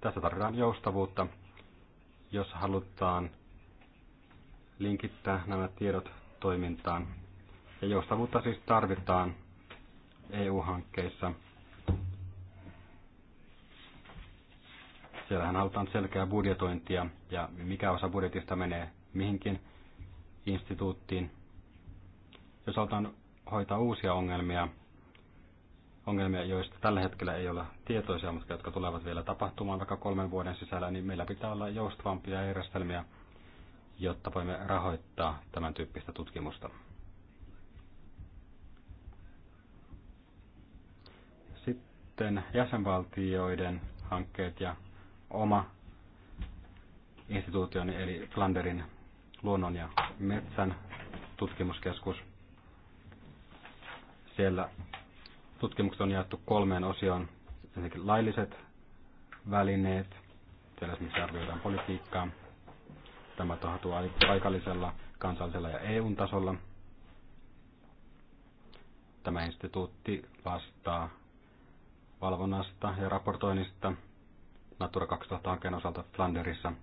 tässä tarvitaan joustavuutta, jos halutaan linkittää nämä tiedot toimintaan. Ja joustavuutta siis tarvitaan EU-hankkeissa. Siellähän halutaan selkeää budjetointia ja mikä osa budjetista menee mihinkin instituuttiin. Jos halutaan hoitaa uusia ongelmia, ongelmia, joista tällä hetkellä ei ole tietoisia, mutta jotka tulevat vielä tapahtumaan vaikka kolmen vuoden sisällä, niin meillä pitää olla joustavampia järjestelmiä, jotta voimme rahoittaa tämän tyyppistä tutkimusta. Sitten jäsenvaltioiden hankkeet ja oma instituutioni eli Flanderin luonnon ja metsän tutkimuskeskus. Siellä tutkimukset on jaettu kolmeen osioon. Ensinnäkin lailliset välineet, siellä missä arvioidaan politiikkaa. Tämä tahtuu paikallisella, kansallisella ja EU-tasolla. Tämä instituutti vastaa valvonnasta ja raportoinnista Natura 2000-hankkeen osalta Flanderissa –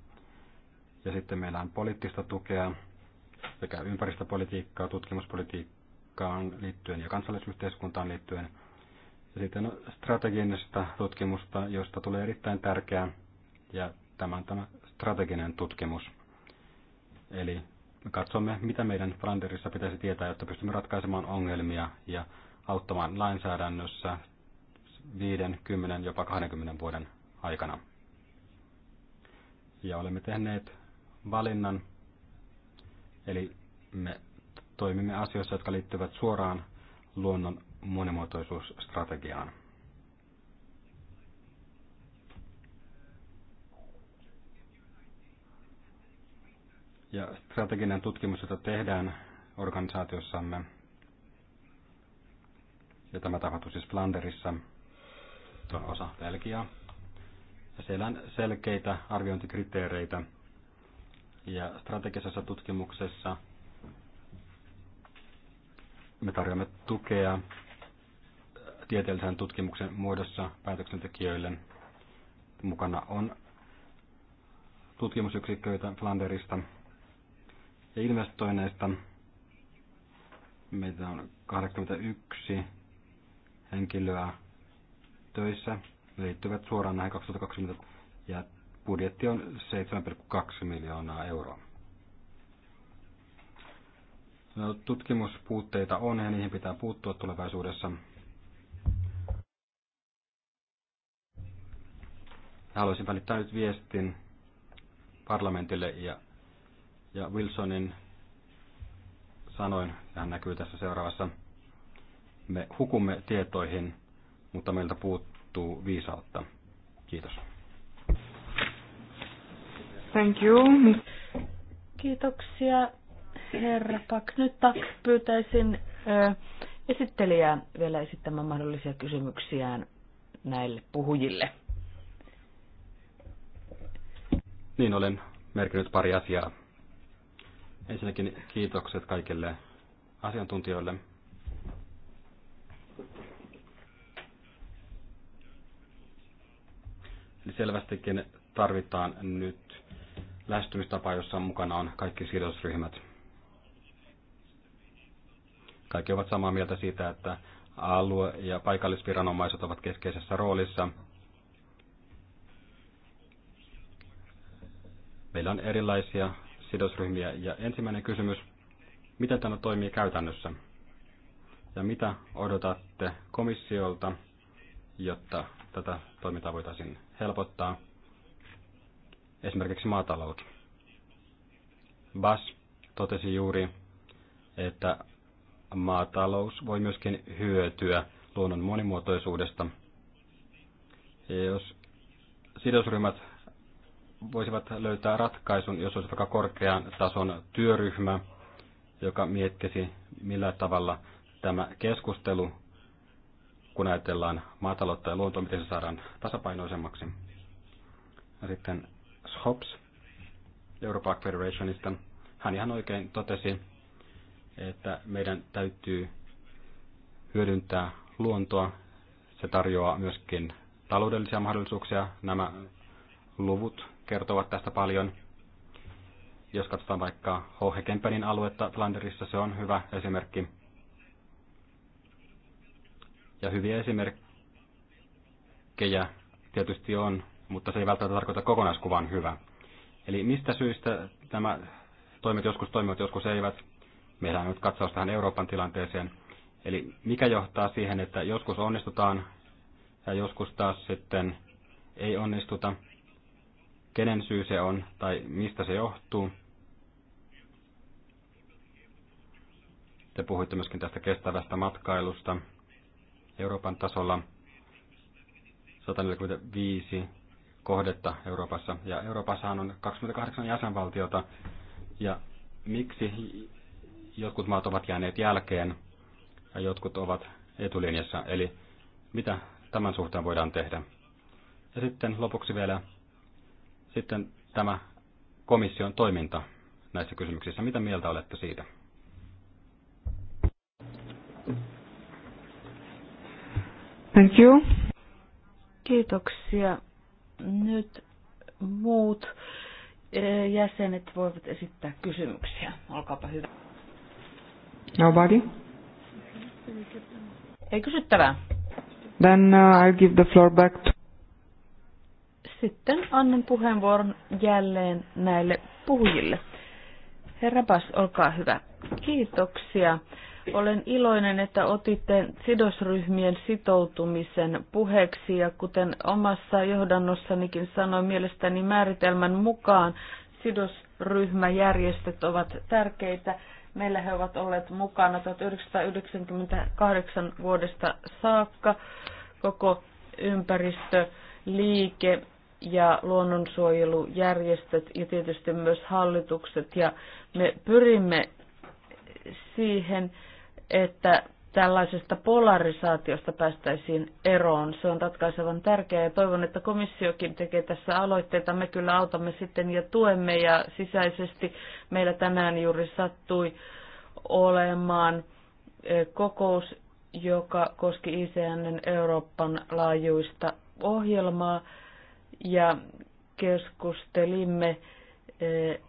ja sitten meillä on poliittista tukea sekä ympäristöpolitiikkaa, tutkimuspolitiikkaan liittyen ja kansallisyhteiskuntaan liittyen. Ja sitten strategista tutkimusta, josta tulee erittäin tärkeää, ja tämä on tämä strateginen tutkimus. Eli me katsomme, mitä meidän Flanderissa pitäisi tietää, jotta pystymme ratkaisemaan ongelmia ja auttamaan lainsäädännössä 5, 10, jopa 20 vuoden aikana. Ja olemme tehneet valinnan. Eli me toimimme asioissa, jotka liittyvät suoraan luonnon monimuotoisuusstrategiaan. Ja strateginen tutkimus, jota tehdään organisaatiossamme, ja tämä tapahtuu siis Flanderissa, tuon osa Belgiaa. Ja siellä on selkeitä arviointikriteereitä, ja strategisessa tutkimuksessa me tarjoamme tukea tieteellisen tutkimuksen muodossa päätöksentekijöille. Mukana on tutkimusyksiköitä Flanderista ja investoineista. Meitä on 81 henkilöä töissä. Ne liittyvät suoraan näihin 2020 ja budjetti on 7,2 miljoonaa euroa. No, tutkimuspuutteita on ja niihin pitää puuttua tulevaisuudessa. Haluaisin välittää nyt viestin parlamentille ja, ja Wilsonin sanoin, ja hän näkyy tässä seuraavassa, me hukumme tietoihin, mutta meiltä puuttuu viisautta. Kiitos. Thank you. Kiitoksia, herra Pak. Nyt tak, pyytäisin ö, esittelijää vielä esittämään mahdollisia kysymyksiään näille puhujille. Niin, olen merkinnyt pari asiaa. Ensinnäkin kiitokset kaikille asiantuntijoille. Eli selvästikin tarvitaan nyt lähestymistapa, jossa mukana on kaikki sidosryhmät. Kaikki ovat samaa mieltä siitä, että alue- ja paikallisviranomaiset ovat keskeisessä roolissa. Meillä on erilaisia sidosryhmiä. Ja ensimmäinen kysymys, miten tämä toimii käytännössä? Ja mitä odotatte komissiolta, jotta tätä toimintaa voitaisiin helpottaa? esimerkiksi maatalous. Bas totesi juuri, että maatalous voi myöskin hyötyä luonnon monimuotoisuudesta. Ja jos sidosryhmät voisivat löytää ratkaisun, jos olisi vaikka korkean tason työryhmä, joka miettisi, millä tavalla tämä keskustelu, kun ajatellaan maataloutta ja luontoa, miten se saadaan tasapainoisemmaksi. Ja sitten Schops Europark Federationista. Hän ihan oikein totesi, että meidän täytyy hyödyntää luontoa. Se tarjoaa myöskin taloudellisia mahdollisuuksia. Nämä luvut kertovat tästä paljon. Jos katsotaan vaikka H.H. aluetta Flanderissa, se on hyvä esimerkki. Ja hyviä esimerkkejä tietysti on mutta se ei välttämättä tarkoita kokonaiskuvan hyvä. Eli mistä syistä tämä toimet joskus toimivat, joskus eivät? Meillä on nyt katsaus tähän Euroopan tilanteeseen. Eli mikä johtaa siihen, että joskus onnistutaan ja joskus taas sitten ei onnistuta? Kenen syy se on tai mistä se johtuu? Te puhuitte myöskin tästä kestävästä matkailusta Euroopan tasolla. 145 kohdetta Euroopassa. Ja Euroopassahan on 28 jäsenvaltiota. Ja miksi jotkut maat ovat jääneet jälkeen ja jotkut ovat etulinjassa? Eli mitä tämän suhteen voidaan tehdä? Ja sitten lopuksi vielä sitten tämä komission toiminta näissä kysymyksissä. Mitä mieltä olette siitä? Thank you. Kiitoksia. Nyt muut eh, jäsenet voivat esittää kysymyksiä. Olkaapa hyvä. Nobody? Ei kysyttävää. Then uh, I'll give the floor back to... Sitten annan puheenvuoron jälleen näille puhujille. Herra Bas, olkaa hyvä. Kiitoksia. Olen iloinen, että otitte sidosryhmien sitoutumisen puheeksi ja kuten omassa johdannossanikin sanoin, mielestäni määritelmän mukaan sidosryhmäjärjestöt ovat tärkeitä. Meillä he ovat olleet mukana 1998 vuodesta saakka koko ympäristö, liike ja luonnonsuojelujärjestöt ja tietysti myös hallitukset. Ja me pyrimme siihen, että tällaisesta polarisaatiosta päästäisiin eroon. Se on ratkaisevan tärkeää ja toivon, että komissiokin tekee tässä aloitteita. Me kyllä autamme sitten ja tuemme ja sisäisesti meillä tänään juuri sattui olemaan eh, kokous, joka koski ICNn Euroopan laajuista ohjelmaa ja keskustelimme eh,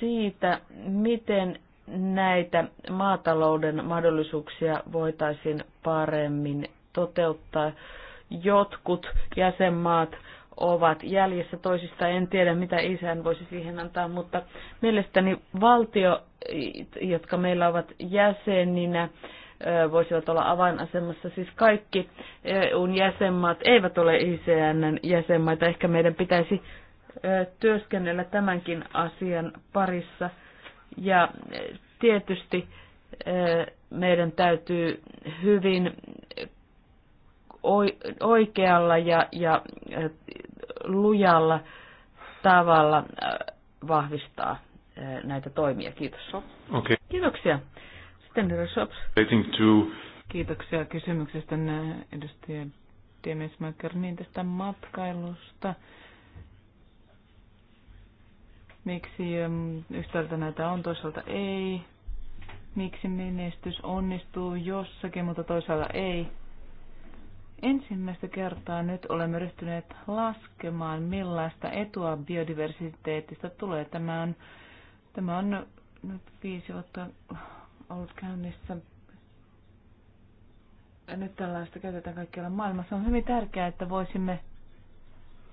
siitä, miten näitä maatalouden mahdollisuuksia voitaisiin paremmin toteuttaa. Jotkut jäsenmaat ovat jäljessä toisista. En tiedä, mitä isän voisi siihen antaa, mutta mielestäni valtio, jotka meillä ovat jäseninä, voisivat olla avainasemassa. Siis kaikki EUn jäsenmaat eivät ole ICNn jäsenmaita. Ehkä meidän pitäisi työskennellä tämänkin asian parissa. Ja eh, tietysti eh, meidän täytyy hyvin oikealla ja, ja eh, lujalla tavalla vahvistaa näitä toimia. Kiitos. Okay. Kiitoksia. Sitten herra Shops. Kiitoksia kysymyksestä edustaja Demesmaker, niin tästä matkailusta miksi ähm, yhtäältä näitä on, toisaalta ei, miksi menestys onnistuu jossakin, mutta toisaalta ei. Ensimmäistä kertaa nyt olemme ryhtyneet laskemaan, millaista etua biodiversiteetistä tulee. Tämä on, tämä on nyt viisi vuotta ollut käynnissä. Nyt tällaista käytetään kaikkialla maailmassa. On hyvin tärkeää, että voisimme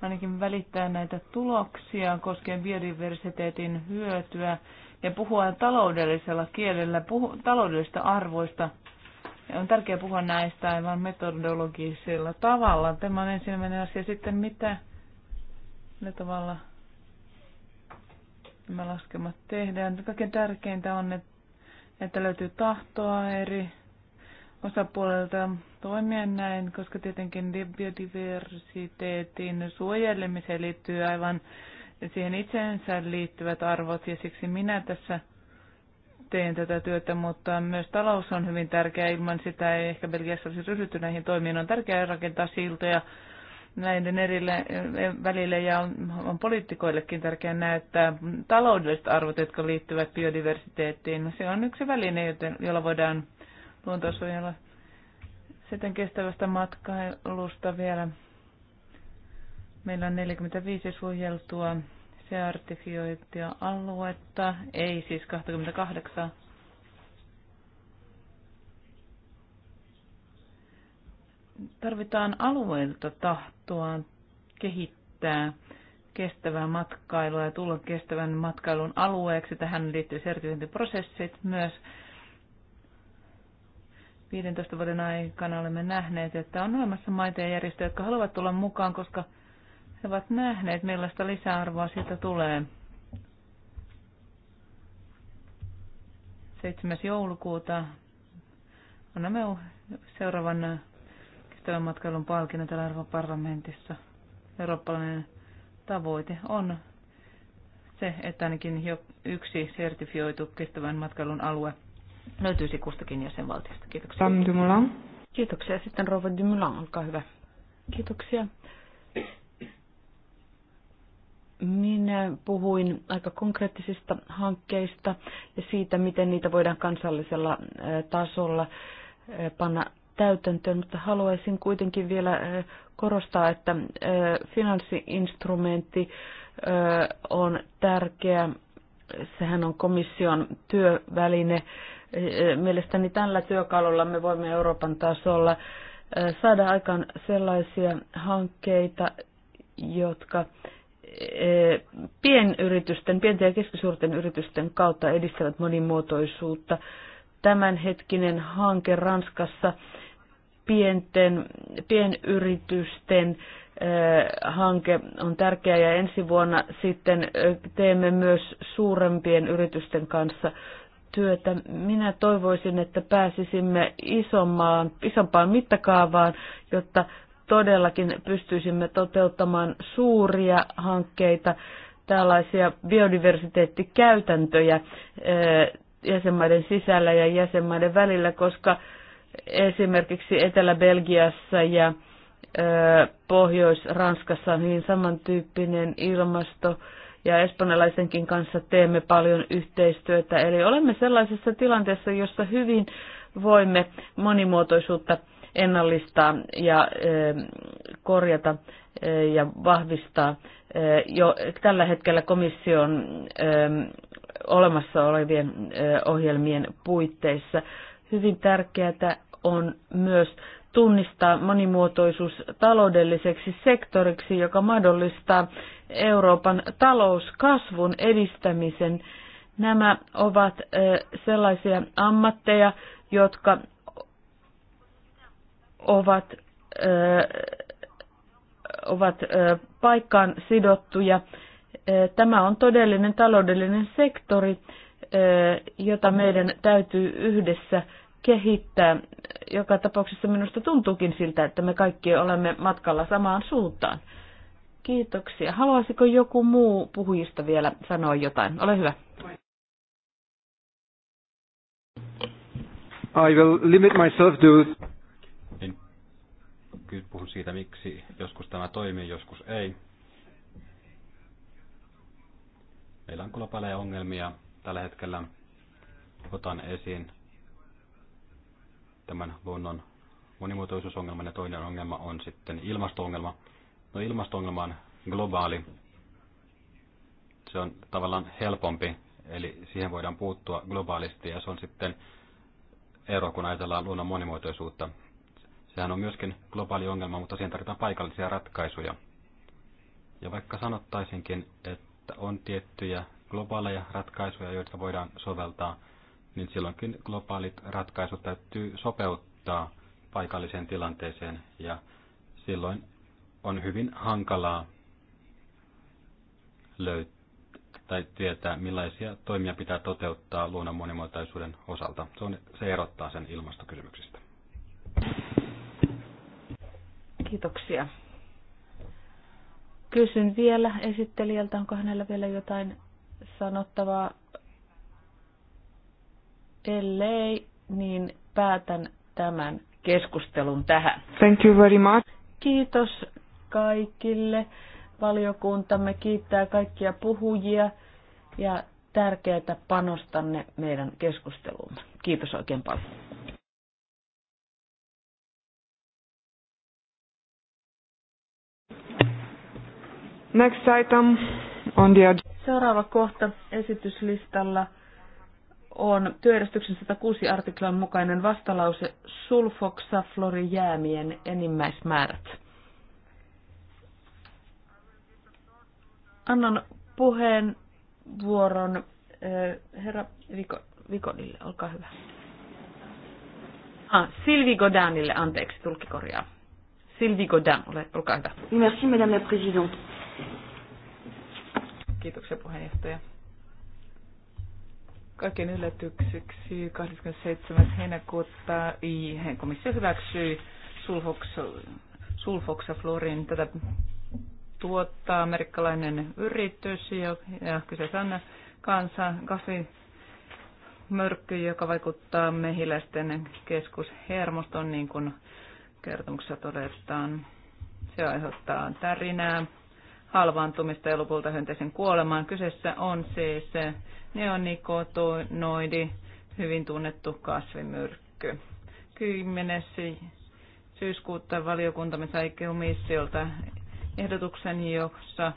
ainakin välittää näitä tuloksia koskien biodiversiteetin hyötyä ja puhua taloudellisella kielellä, puhu, taloudellisista arvoista. Ja on tärkeää puhua näistä aivan metodologisella tavalla. Tämä on ensimmäinen asia. Sitten mitä, ne tavalla nämä laskemat tehdään. Kaikkein tärkeintä on, että löytyy tahtoa eri osapuolelta toimia näin, koska tietenkin biodiversiteetin suojelemiseen liittyy aivan siihen itseensä liittyvät arvot ja siksi minä tässä teen tätä työtä, mutta myös talous on hyvin tärkeä. Ilman sitä ei ehkä Belgiassa olisi ryhdytty näihin toimiin. On tärkeää rakentaa siltoja näiden erille, eh, välille ja on, on poliitikoillekin tärkeää näyttää taloudelliset arvot, jotka liittyvät biodiversiteettiin. Se on yksi väline, jolla voidaan luontosuojelua. Sitten kestävästä matkailusta vielä. Meillä on 45 suojeltua sertifioitia aluetta, ei siis 28. Tarvitaan alueilta tahtoa kehittää kestävää matkailua ja tulla kestävän matkailun alueeksi. Tähän liittyy sertifiointiprosessit myös 15 vuoden aikana olemme nähneet, että on olemassa maita ja järjestöjä, jotka haluavat tulla mukaan, koska he ovat nähneet, millaista lisäarvoa siitä tulee. 7. joulukuuta annamme seuraavan kestävän matkailun palkinnon täällä Euroopan parlamentissa. Eurooppalainen tavoite on se, että ainakin jo yksi sertifioitu kestävän matkailun alue – löytyisi kustakin jäsenvaltiosta. Kiitoksia. Dumoulin. Kiitoksia. Sitten Rova Dumoulin, olkaa hyvä. Kiitoksia. Minä puhuin aika konkreettisista hankkeista ja siitä, miten niitä voidaan kansallisella tasolla panna täytäntöön, mutta haluaisin kuitenkin vielä korostaa, että finanssiinstrumentti on tärkeä. Sehän on komission työväline Mielestäni tällä työkalulla me voimme Euroopan tasolla saada aikaan sellaisia hankkeita, jotka pienyritysten, pienten ja keskisuurten yritysten kautta edistävät monimuotoisuutta. Tämänhetkinen hanke Ranskassa pienten, pienyritysten hanke on tärkeä ja ensi vuonna sitten teemme myös suurempien yritysten kanssa työtä. Minä toivoisin, että pääsisimme isommaan, isompaan mittakaavaan, jotta todellakin pystyisimme toteuttamaan suuria hankkeita, tällaisia biodiversiteettikäytäntöjä eh, jäsenmaiden sisällä ja jäsenmaiden välillä, koska esimerkiksi Etelä-Belgiassa ja eh, Pohjois-Ranskassa on hyvin niin samantyyppinen ilmasto ja espanjalaisenkin kanssa teemme paljon yhteistyötä. Eli olemme sellaisessa tilanteessa, jossa hyvin voimme monimuotoisuutta ennallistaa ja e, korjata e, ja vahvistaa e, jo tällä hetkellä komission olemassa olevien ohjelmien puitteissa. Hyvin tärkeää on myös tunnistaa monimuotoisuus taloudelliseksi sektoriksi, joka mahdollistaa Euroopan talouskasvun edistämisen. Nämä ovat sellaisia ammatteja, jotka ovat, ovat paikkaan sidottuja. Tämä on todellinen taloudellinen sektori, jota meidän täytyy yhdessä kehittää. Joka tapauksessa minusta tuntuukin siltä, että me kaikki olemme matkalla samaan suuntaan. Kiitoksia. Haluaisiko joku muu puhujista vielä sanoa jotain? Ole hyvä. I will limit myself to... En kyllä puhun siitä, miksi joskus tämä toimii, joskus ei. Meillä on globaaleja ongelmia tällä hetkellä. Otan esiin tämän luonnon monimuotoisuusongelman ja toinen ongelma on sitten ilmastoongelma. No ilmastoongelma on globaali. Se on tavallaan helpompi, eli siihen voidaan puuttua globaalisti ja se on sitten ero, kun ajatellaan luonnon monimuotoisuutta. Sehän on myöskin globaali ongelma, mutta siihen tarvitaan paikallisia ratkaisuja. Ja vaikka sanottaisinkin, että on tiettyjä globaaleja ratkaisuja, joita voidaan soveltaa – niin silloinkin globaalit ratkaisut täytyy sopeuttaa paikalliseen tilanteeseen ja silloin on hyvin hankalaa löytää tai tietää, millaisia toimia pitää toteuttaa luonnon monimuotoisuuden osalta. Se, on, se erottaa sen ilmastokysymyksistä. Kiitoksia. Kysyn vielä esittelijältä, onko hänellä vielä jotain sanottavaa ellei, niin päätän tämän keskustelun tähän. Thank you very much. Kiitos kaikille. Valiokuntamme kiittää kaikkia puhujia ja tärkeää panostanne meidän keskusteluun. Kiitos oikein paljon. Next item on the... Seuraava kohta esityslistalla on työjärjestyksen 106 artiklan mukainen vastalause sulfoksaflorijäämien enimmäismäärät. Annan vuoron eh, herra Viko, Vikonille, olkaa hyvä. Ah, Silvi Godanille, anteeksi, tulki korjaa. Silvi Godan, ole, olkaa hyvä. Merci, madame la présidente. Kiitoksia puheenjohtaja. Kaiken yllätykseksi 27. heinäkuuta komissio hyväksyi sulfoxafluorin tätä tuottaa amerikkalainen yritys ja, ja kyseessä on kansa, mörkky, joka vaikuttaa mehiläisten keskushermoston, niin kuin kertomuksessa todetaan. Se aiheuttaa tärinää, halvaantumista ja lopulta hyönteisen kuolemaan. Kyseessä on siis neonikotinoidi, hyvin tunnettu kasvimyrkky. 10. syyskuuta valiokuntamme sai komissiolta ehdotuksen, jossa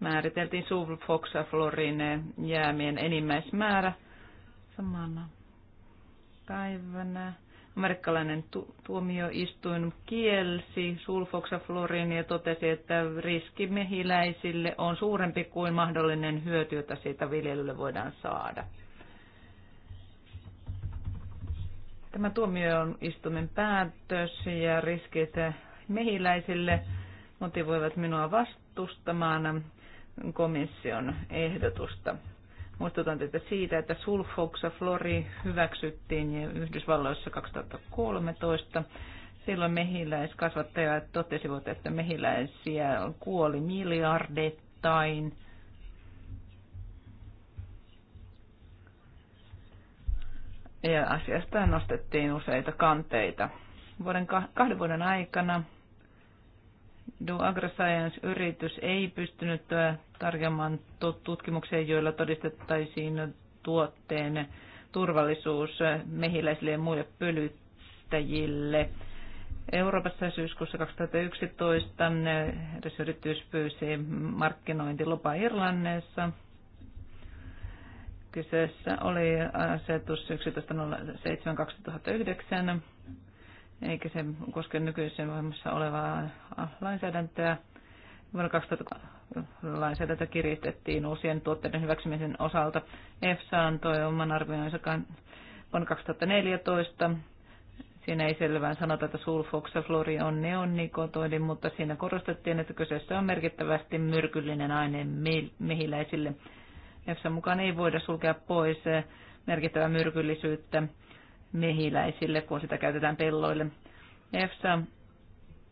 määriteltiin sulfoxafluorine jäämien enimmäismäärä samana päivänä Amerikkalainen tu- tuomioistuin kielsi sulfoksafluoriini ja totesi, että riski mehiläisille on suurempi kuin mahdollinen hyöty, jota siitä viljelylle voidaan saada. Tämä tuomioistuimen päätös ja riskit mehiläisille motivoivat minua vastustamaan komission ehdotusta. Muistutan teitä siitä, että sulfoxaflori hyväksyttiin Yhdysvalloissa 2013. Silloin mehiläiskasvattajat totesivat, että mehiläisiä kuoli miljardettain. Ja asiasta nostettiin useita kanteita. Vuoden kahden vuoden aikana Do AgroScience-yritys ei pystynyt tarjoamaan tutkimuksia, joilla todistettaisiin tuotteen turvallisuus mehiläisille ja muille pölyttäjille. Euroopassa syyskuussa 2011 yritys pyysi markkinointilupa Irlannissa. Kyseessä oli asetus 11.07.2009 eikä se koske nykyisen voimassa olevaa lainsäädäntöä. Vuonna 2000 lainsäädäntö kiristettiin uusien tuotteiden hyväksymisen osalta. EFSA antoi oman arvioinsa vuonna 2014. Siinä ei selvään sanota, että sulfoksaflori on neonnikotoidi, mutta siinä korostettiin, että kyseessä on merkittävästi myrkyllinen aine mehiläisille. EFSA mukaan ei voida sulkea pois merkittävää myrkyllisyyttä mehiläisille, kun sitä käytetään pelloille. EFSA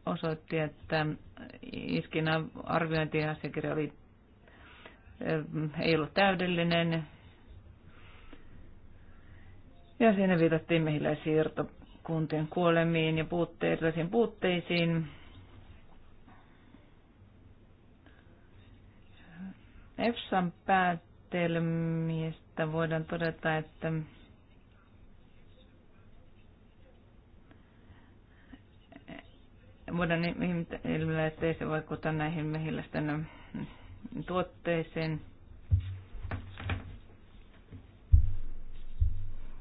osoitti, että iskinän arviointiasiakirja oli, eh, ei ollut täydellinen. Ja siinä viitattiin kuntien kuolemiin ja puutteisiin puutteisiin. EFSAn päätelmistä voidaan todeta, että voidaan ilmellä, ettei se vaikuta näihin mehiläisten mm, tuotteisiin.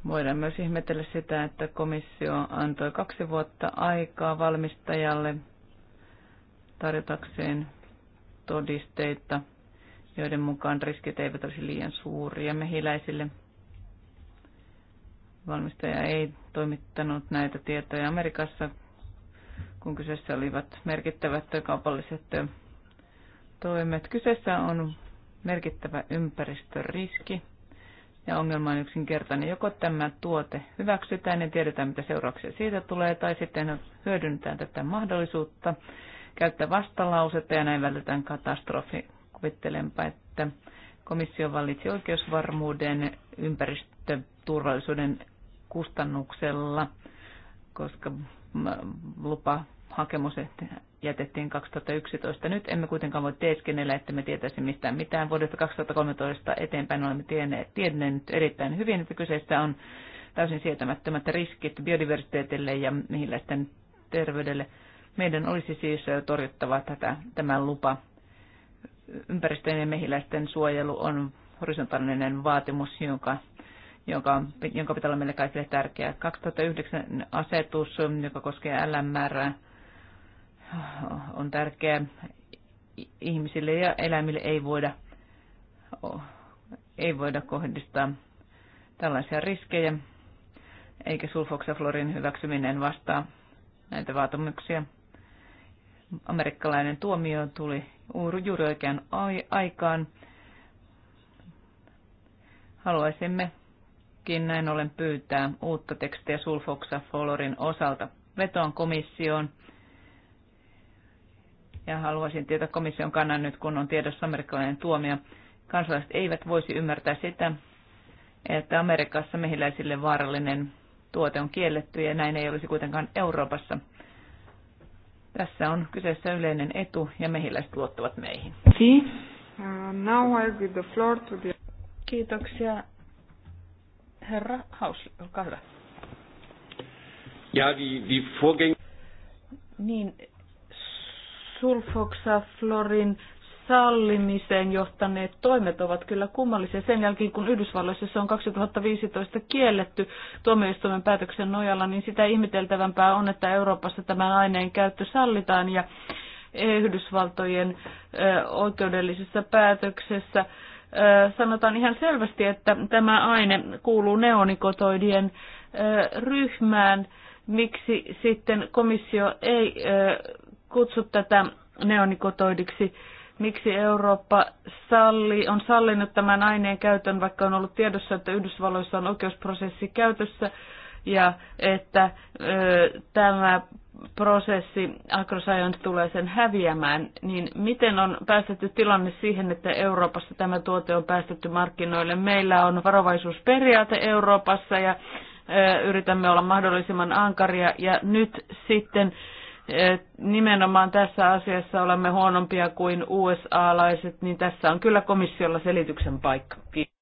Voidaan myös ihmetellä sitä, että komissio antoi kaksi vuotta aikaa valmistajalle tarjotakseen todisteita, joiden mukaan riskit eivät olisi liian suuria mehiläisille. Valmistaja ei toimittanut näitä tietoja Amerikassa kun kyseessä olivat merkittävät kaupalliset toimet. Kyseessä on merkittävä ympäristöriski ja ongelma on yksinkertainen. Joko tämä tuote hyväksytään ja niin tiedetään, mitä seurauksia siitä tulee, tai sitten hyödynnetään tätä mahdollisuutta käyttää vastalausetta ja näin vältetään katastrofi. Kuvittelenpa, että komissio valitsi oikeusvarmuuden ympäristöturvallisuuden kustannuksella – koska lupa hakemus jätettiin 2011. Nyt emme kuitenkaan voi teeskennellä, että me tietäisi mistään mitään. Vuodesta 2013 eteenpäin olemme tienneet, tienneet erittäin hyvin, että kyseessä on täysin sietämättömät riskit biodiversiteetille ja mihin terveydelle. Meidän olisi siis torjuttava tätä, tämä lupa. Ympäristön ja mehiläisten suojelu on horisontaalinen vaatimus, jonka jonka, jonka pitää olla meille kaikille tärkeä. 2009 asetus, joka koskee LMR, on tärkeä. Ihmisille ja eläimille ei voida, ei voida kohdistaa tällaisia riskejä, eikä sulfoksaflorin hyväksyminen vastaa näitä vaatimuksia. Amerikkalainen tuomio tuli juuri oikean aikaan. Haluaisimme myöskin näin ollen pyytää uutta tekstiä sulfoksafolorin osalta. Vetoan komissioon ja haluaisin tietää komission kannan nyt, kun on tiedossa amerikkalainen tuomio. Kansalaiset eivät voisi ymmärtää sitä, että Amerikassa mehiläisille vaarallinen tuote on kielletty ja näin ei olisi kuitenkaan Euroopassa. Tässä on kyseessä yleinen etu ja mehiläiset luottavat meihin. Uh, Kiitoksia herra Hausli, olkaa hyvä. Ja, vi Vorgäng... Niin, sulfoxaflorin sallimiseen johtaneet toimet ovat kyllä kummallisia sen jälkeen, kun Yhdysvalloissa se on 2015 kielletty tuomioistuimen päätöksen nojalla, niin sitä ihmeteltävämpää on, että Euroopassa tämän aineen käyttö sallitaan ja Yhdysvaltojen oikeudellisessa päätöksessä sanotaan ihan selvästi, että tämä aine kuuluu neonikotoidien ryhmään. Miksi sitten komissio ei kutsu tätä neonikotoidiksi? Miksi Eurooppa salli, on sallinut tämän aineen käytön, vaikka on ollut tiedossa, että Yhdysvalloissa on oikeusprosessi käytössä ja että ö, tämä prosessi agroscience tulee sen häviämään, niin miten on päästetty tilanne siihen, että Euroopassa tämä tuote on päästetty markkinoille? Meillä on varovaisuusperiaate Euroopassa ja yritämme olla mahdollisimman ankaria ja nyt sitten nimenomaan tässä asiassa olemme huonompia kuin USA-laiset, niin tässä on kyllä komissiolla selityksen paikka. Kiitos.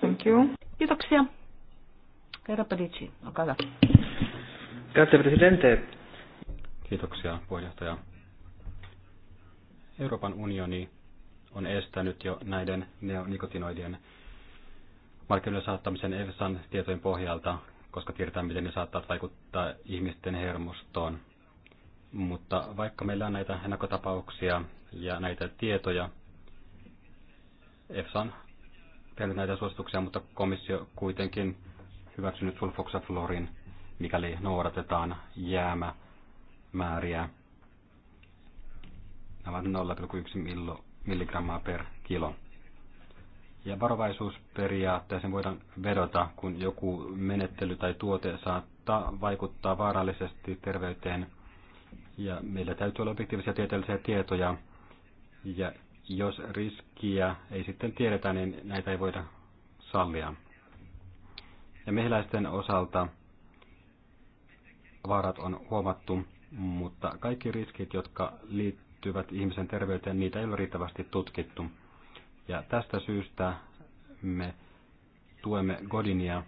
Thank you. Kiitoksia. Herra Pedici, olkaa hyvä. Grazie Presidente. Kiitoksia puheenjohtaja. Euroopan unioni on estänyt jo näiden neonikotinoidien markkinoille saattamisen EFSAn tietojen pohjalta, koska tiedetään, miten ne saattavat vaikuttaa ihmisten hermostoon. Mutta vaikka meillä on näitä ennakkotapauksia ja näitä tietoja, EFSA on tehnyt näitä suosituksia, mutta komissio kuitenkin hyväksynyt sulfoxaflorin, mikäli noudatetaan jäämä määriä. Nämä ovat 0,1 milligrammaa per kilo. Ja varovaisuusperiaatteeseen voidaan vedota, kun joku menettely tai tuote saattaa vaikuttaa vaarallisesti terveyteen. Ja meillä täytyy olla objektiivisia tieteellisiä tietoja. Ja jos riskiä ei sitten tiedetä, niin näitä ei voida sallia. Ja mehiläisten osalta vaarat on huomattu mutta kaikki riskit, jotka liittyvät ihmisen terveyteen, niitä ei ole riittävästi tutkittu. Ja tästä syystä me tuemme Godinia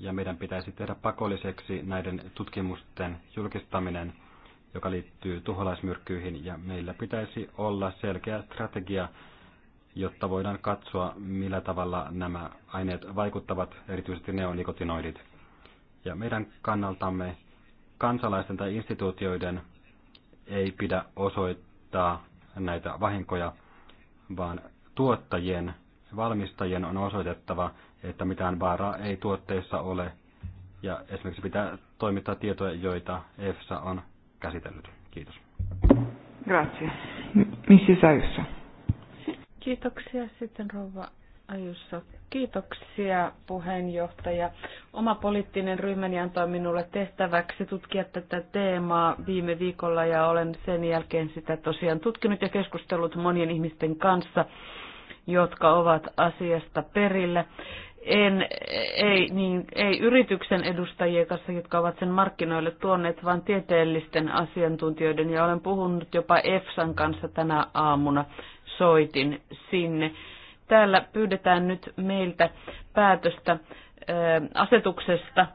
ja meidän pitäisi tehdä pakolliseksi näiden tutkimusten julkistaminen, joka liittyy tuholaismyrkkyihin, ja meillä pitäisi olla selkeä strategia, jotta voidaan katsoa, millä tavalla nämä aineet vaikuttavat, erityisesti neonikotinoidit. Ja meidän kannaltamme kansalaisten tai instituutioiden ei pidä osoittaa näitä vahinkoja, vaan tuottajien, valmistajien on osoitettava, että mitään vaaraa ei tuotteissa ole, ja esimerkiksi pitää toimittaa tietoja, joita EFSA on käsitellyt. Kiitos. Grazie. Missä Ajussa. Kiitoksia. Sitten rouva Ajussa. Kiitoksia puheenjohtaja. Oma poliittinen ryhmäni antoi minulle tehtäväksi tutkia tätä teemaa viime viikolla ja olen sen jälkeen sitä tosiaan tutkinut ja keskustellut monien ihmisten kanssa, jotka ovat asiasta perillä. En, ei, niin, ei yrityksen edustajien kanssa, jotka ovat sen markkinoille tuoneet, vaan tieteellisten asiantuntijoiden. Ja olen puhunut jopa EFSAn kanssa tänä aamuna. Soitin sinne Täällä pyydetään nyt meiltä päätöstä asetuksesta,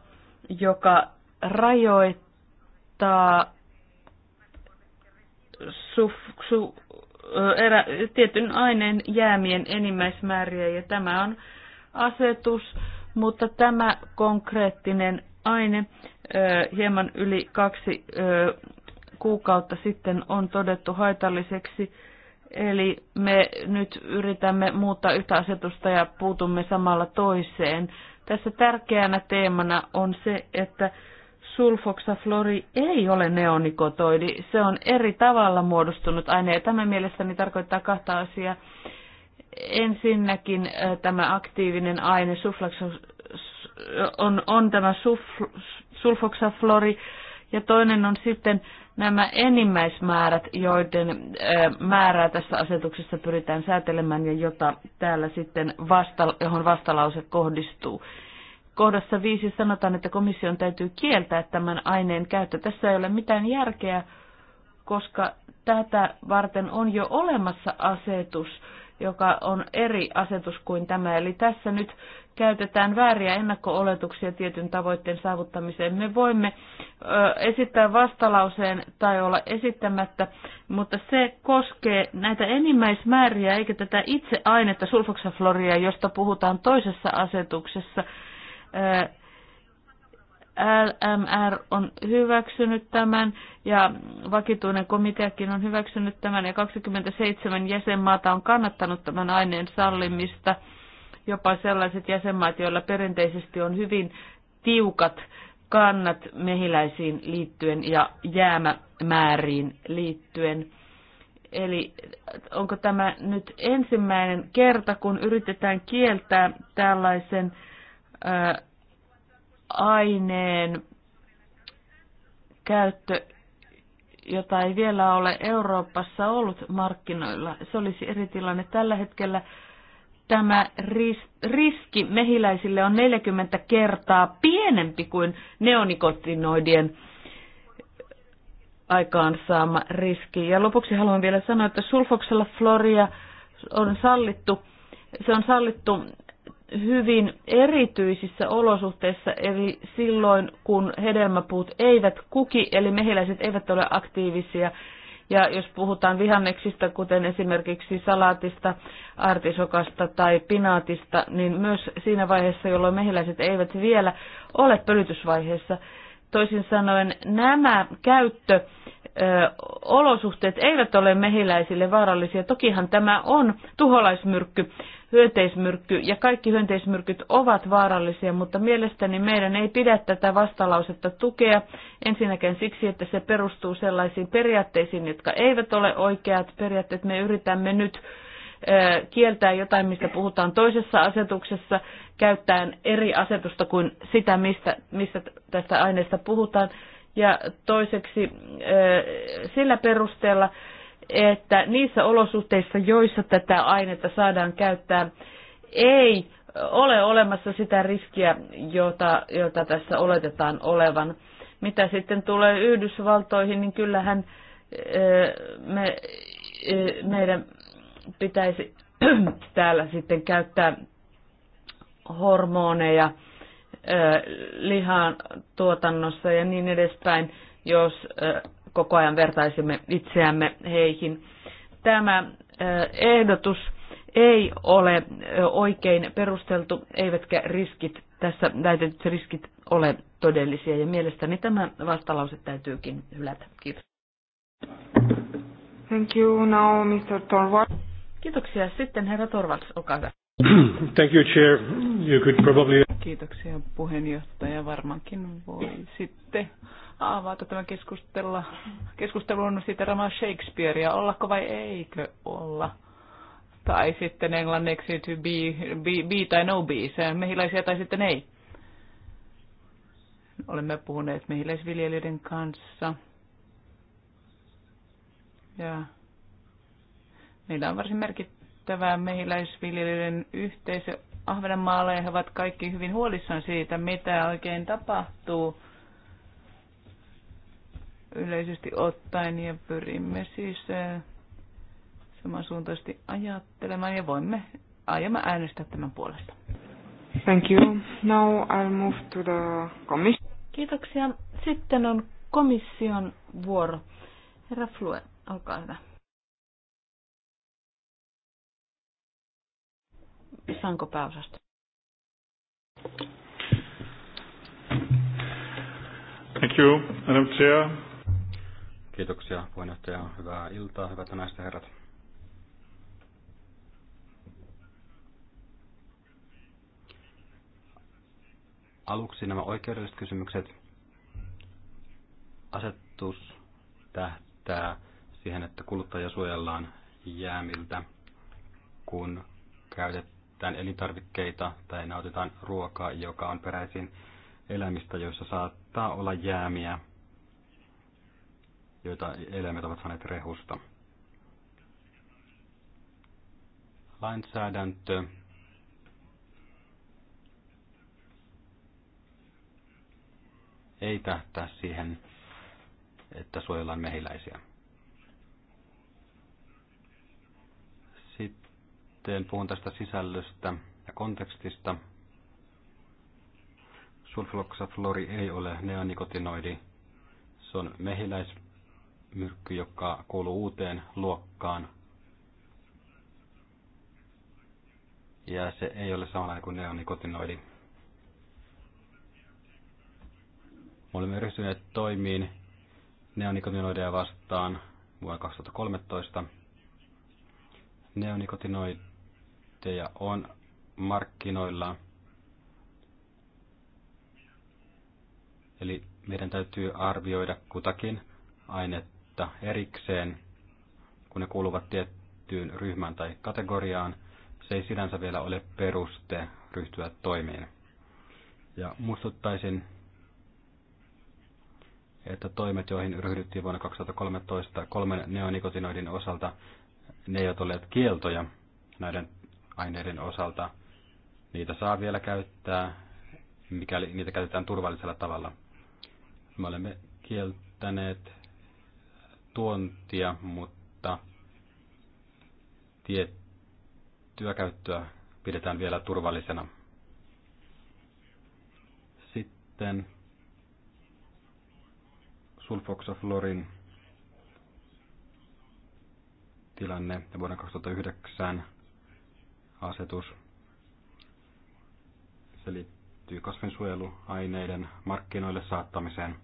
joka rajoittaa suf, su, erä, tietyn aineen jäämien enimmäismääriä ja tämä on asetus, mutta tämä konkreettinen aine hieman yli kaksi kuukautta sitten on todettu haitalliseksi Eli me nyt yritämme muuttaa yhtä asetusta ja puutumme samalla toiseen. Tässä tärkeänä teemana on se, että sulfoksaflori ei ole neonikotoidi. Se on eri tavalla muodostunut aine ja tämä mielestäni tarkoittaa kahta asiaa. Ensinnäkin äh, tämä aktiivinen aine on, on tämä sulfoksaflori ja toinen on sitten nämä enimmäismäärät, joiden määrää tässä asetuksessa pyritään säätelemään ja jota täällä sitten vasta, johon vastalause kohdistuu. Kohdassa viisi sanotaan, että komission täytyy kieltää tämän aineen käyttö. Tässä ei ole mitään järkeä, koska tätä varten on jo olemassa asetus, joka on eri asetus kuin tämä. Eli tässä nyt käytetään vääriä ennakko-oletuksia tietyn tavoitteen saavuttamiseen. Me voimme esittää vastalauseen tai olla esittämättä, mutta se koskee näitä enimmäismääriä eikä tätä itse ainetta sulfoksafloria, josta puhutaan toisessa asetuksessa. LMR on hyväksynyt tämän ja vakituinen komiteakin on hyväksynyt tämän ja 27 jäsenmaata on kannattanut tämän aineen sallimista jopa sellaiset jäsenmaat, joilla perinteisesti on hyvin tiukat kannat mehiläisiin liittyen ja jäämämääriin liittyen. Eli onko tämä nyt ensimmäinen kerta, kun yritetään kieltää tällaisen ää, aineen käyttö, jota ei vielä ole Euroopassa ollut markkinoilla? Se olisi eri tilanne tällä hetkellä tämä riski mehiläisille on 40 kertaa pienempi kuin neonikotinoidien aikaansaama riski. Ja lopuksi haluan vielä sanoa, että sulfoksella floria on sallittu, se on sallittu hyvin erityisissä olosuhteissa, eli silloin kun hedelmäpuut eivät kuki, eli mehiläiset eivät ole aktiivisia ja jos puhutaan vihanneksista, kuten esimerkiksi salaatista, artisokasta tai pinaatista, niin myös siinä vaiheessa, jolloin mehiläiset eivät vielä ole pölytysvaiheessa, toisin sanoen nämä käyttö olosuhteet eivät ole mehiläisille vaarallisia. Tokihan tämä on tuholaismyrkky, hyönteismyrkky ja kaikki hyönteismyrkyt ovat vaarallisia, mutta mielestäni meidän ei pidä tätä vastalausetta tukea ensinnäkin siksi, että se perustuu sellaisiin periaatteisiin, jotka eivät ole oikeat periaatteet. Me yritämme nyt kieltää jotain, mistä puhutaan toisessa asetuksessa, käyttäen eri asetusta kuin sitä, mistä, mistä tästä aineesta puhutaan ja toiseksi sillä perusteella, että niissä olosuhteissa, joissa tätä ainetta saadaan käyttää, ei ole olemassa sitä riskiä, jota, jota tässä oletetaan olevan. Mitä sitten tulee Yhdysvaltoihin, niin kyllähän me, meidän pitäisi täällä sitten käyttää hormoneja – lihan tuotannossa ja niin edespäin, jos koko ajan vertaisimme itseämme heihin. Tämä ehdotus ei ole oikein perusteltu, eivätkä riskit, tässä väitetyt riskit ole todellisia. Ja mielestäni tämä vastalause täytyykin hylätä. Kiitos. Thank you. Now, Mr. Torvalds. Kiitoksia. Sitten herra Torvalds, olkaa hyvä. Thank you, Chair. You could probably... Kiitoksia puheenjohtaja. Varmaankin voi sitten avata tämän keskustella. keskustelun siteramaan Shakespearea. Ollako vai eikö olla? Tai sitten englanniksi to be, be, be tai no be. Se mehiläisiä tai sitten ei. Olemme puhuneet mehiläisviljelijöiden kanssa. Ja meillä on varsin merkittävä ystävää mehiläisviljelijöiden yhteisö Ahvenanmaalla ja he ovat kaikki hyvin huolissaan siitä, mitä oikein tapahtuu yleisesti ottaen ja pyrimme siis eh, samansuuntaisesti ajattelemaan ja voimme aiemmin äänestää tämän puolesta. Thank you. Now I'll move to the commission. Kiitoksia. Sitten on komission vuoro. Herra Flue, olkaa hyvä. Sanko Pääosasta. Thank you, Madam Chair. Kiitoksia puheenjohtaja. Hyvää iltaa, hyvät naiset ja herrat. Aluksi nämä oikeudelliset kysymykset. Asetus tähtää siihen, että kuluttaja suojellaan jäämiltä, kun käytetään käytetään elintarvikkeita tai nautitaan ruokaa, joka on peräisin eläimistä, joissa saattaa olla jäämiä, joita eläimet ovat saaneet rehusta. Lainsäädäntö ei tähtää siihen, että suojellaan mehiläisiä. teen puhun tästä sisällöstä ja kontekstista. Sulfloxaflori ei ole neonikotinoidi. Se on mehiläismyrkky, joka kuuluu uuteen luokkaan. Ja se ei ole samanlainen kuin neonikotinoidi. Me olemme ryhtyneet toimiin neonikotinoideja vastaan vuonna 2013 Neonikotinoidi konflikteja on markkinoilla. Eli meidän täytyy arvioida kutakin ainetta erikseen, kun ne kuuluvat tiettyyn ryhmään tai kategoriaan. Se ei sinänsä vielä ole peruste ryhtyä toimiin. Ja muistuttaisin, että toimet, joihin ryhdyttiin vuonna 2013 kolmen neonikotinoidin osalta, ne eivät olleet kieltoja näiden aineiden osalta. Niitä saa vielä käyttää, mikäli niitä käytetään turvallisella tavalla. Me olemme kieltäneet tuontia, mutta tiettyä käyttöä pidetään vielä turvallisena. Sitten sulfoxaflorin tilanne vuonna 2009 asetus. Se liittyy kasvinsuojeluaineiden markkinoille saattamiseen.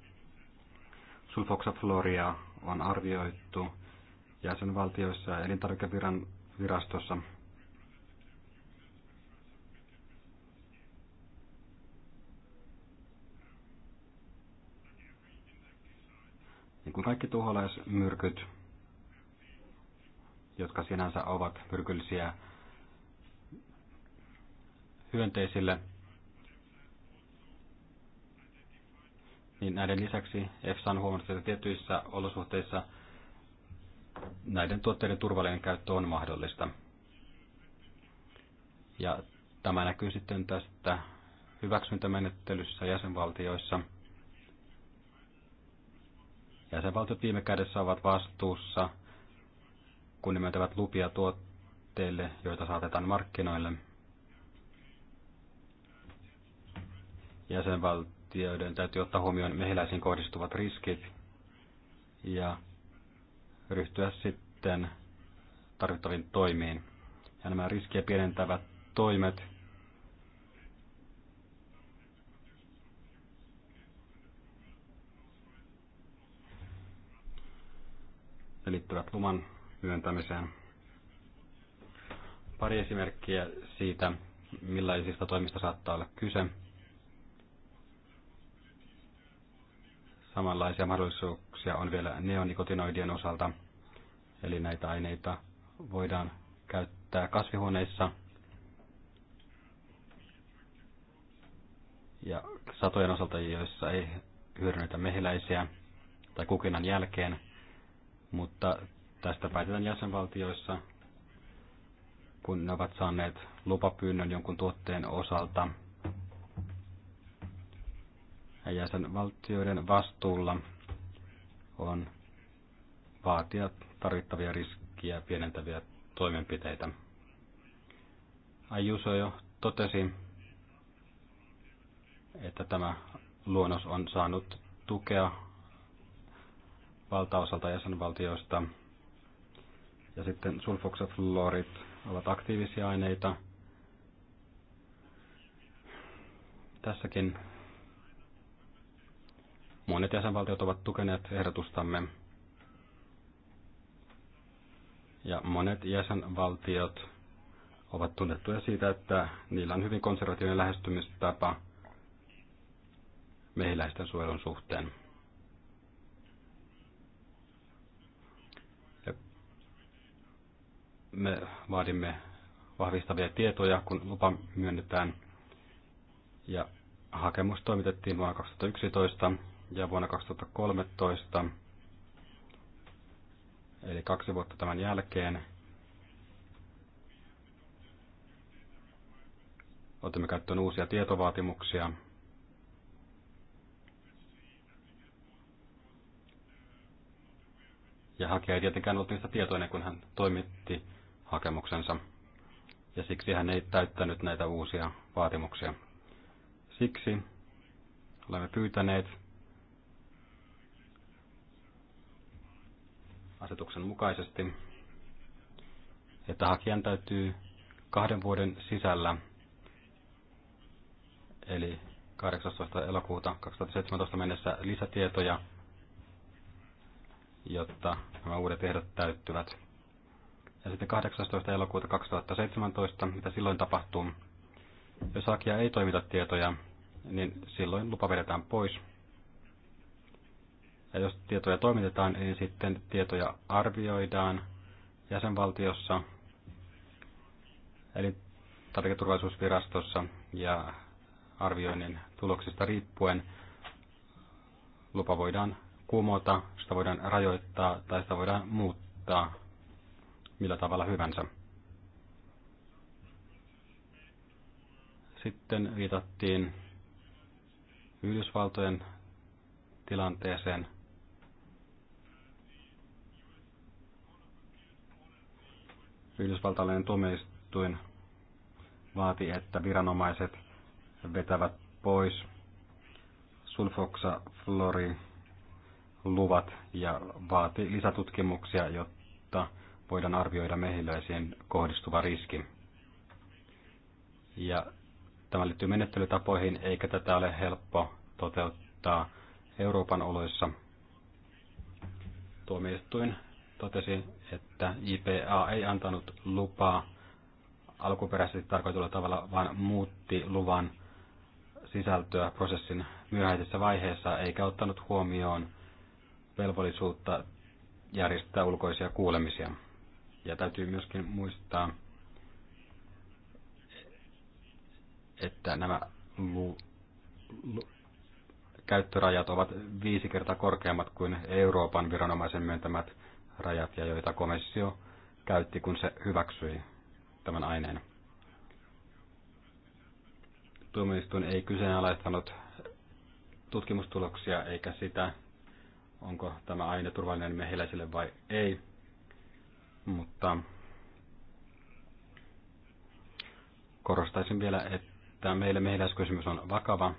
Sulfoxafloria on arvioitu jäsenvaltioissa ja elintarvikevirastossa. Niin kuin kaikki tuholaismyrkyt, jotka sinänsä ovat myrkyllisiä hyönteisille, niin näiden lisäksi EFSA on huomannut, että tietyissä olosuhteissa näiden tuotteiden turvallinen käyttö on mahdollista. Ja tämä näkyy sitten tästä hyväksyntämenettelyssä jäsenvaltioissa. Jäsenvaltiot viime kädessä ovat vastuussa, kun ne myöntävät lupia tuotteille, joita saatetaan markkinoille – jäsenvaltioiden täytyy ottaa huomioon mehiläisiin kohdistuvat riskit ja ryhtyä sitten tarvittaviin toimiin. Ja nämä riskiä pienentävät toimet liittyvät luman myöntämiseen. Pari esimerkkiä siitä, millaisista toimista saattaa olla kyse. Samanlaisia mahdollisuuksia on vielä neonikotinoidien osalta, eli näitä aineita voidaan käyttää kasvihuoneissa ja satojen osalta, joissa ei hyödynnetä mehiläisiä tai kukinan jälkeen, mutta tästä päätetään jäsenvaltioissa, kun ne ovat saaneet lupapyynnön jonkun tuotteen osalta – ja jäsenvaltioiden vastuulla on vaatia tarvittavia riskiä pienentäviä toimenpiteitä. Ajuso jo totesi, että tämä luonnos on saanut tukea valtaosalta jäsenvaltioista. Ja sitten sulfoksafluorit ovat aktiivisia aineita. Tässäkin Monet jäsenvaltiot ovat tukeneet ehdotustamme. Ja monet jäsenvaltiot ovat tunnettuja siitä, että niillä on hyvin konservatiivinen lähestymistapa mehiläisten suojelun suhteen. Ja me vaadimme vahvistavia tietoja, kun lupa myönnetään. Ja hakemus toimitettiin vuonna 2011 ja vuonna 2013, eli kaksi vuotta tämän jälkeen, otimme käyttöön uusia tietovaatimuksia. Ja hakija ei tietenkään ollut niistä tietoinen, kun hän toimitti hakemuksensa. Ja siksi hän ei täyttänyt näitä uusia vaatimuksia. Siksi olemme pyytäneet asetuksen mukaisesti, että hakijan täytyy kahden vuoden sisällä, eli 18. elokuuta 2017 mennessä lisätietoja, jotta nämä uudet ehdot täyttyvät. Ja sitten 18. elokuuta 2017, mitä silloin tapahtuu, jos hakija ei toimita tietoja, niin silloin lupa vedetään pois ja jos tietoja toimitetaan, niin sitten tietoja arvioidaan jäsenvaltiossa, eli tarviketurvallisuusvirastossa ja arvioinnin tuloksista riippuen lupa voidaan kumota, sitä voidaan rajoittaa tai sitä voidaan muuttaa millä tavalla hyvänsä. Sitten viitattiin Yhdysvaltojen tilanteeseen. Yhdysvaltalainen tuomioistuin vaati, että viranomaiset vetävät pois sulfoksa flori luvat ja vaati lisätutkimuksia, jotta voidaan arvioida mehiläisiin kohdistuva riski. Ja tämä liittyy menettelytapoihin, eikä tätä ole helppo toteuttaa Euroopan oloissa. Tuomioistuin totesi, että IPA ei antanut lupaa alkuperäisesti tarkoitulla tavalla, vaan muutti luvan sisältöä prosessin myöhäisessä vaiheessa, eikä ottanut huomioon velvollisuutta järjestää ulkoisia kuulemisia. Ja täytyy myöskin muistaa, että nämä lu, lu, käyttörajat ovat viisi kertaa korkeammat kuin Euroopan viranomaisen myöntämät rajat ja joita komissio käytti, kun se hyväksyi tämän aineen. Tuomioistuin ei kyseenalaistanut tutkimustuloksia eikä sitä, onko tämä aine turvallinen mehiläisille vai ei, mutta korostaisin vielä, että meille mehiläiskysymys on vakava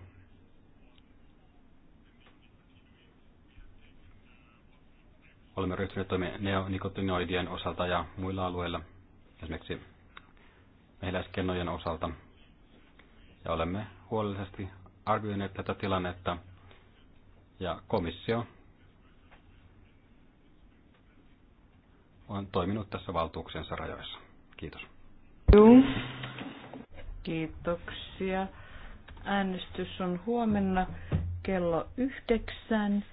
Olemme ryhtyneet toimia neonikotinoidien osalta ja muilla alueilla, esimerkiksi mehiläiskennojen osalta. Ja olemme huolellisesti arvioineet tätä tilannetta ja komissio on toiminut tässä valtuuksensa rajoissa. Kiitos. Kiitoksia. Äänestys on huomenna kello yhdeksän.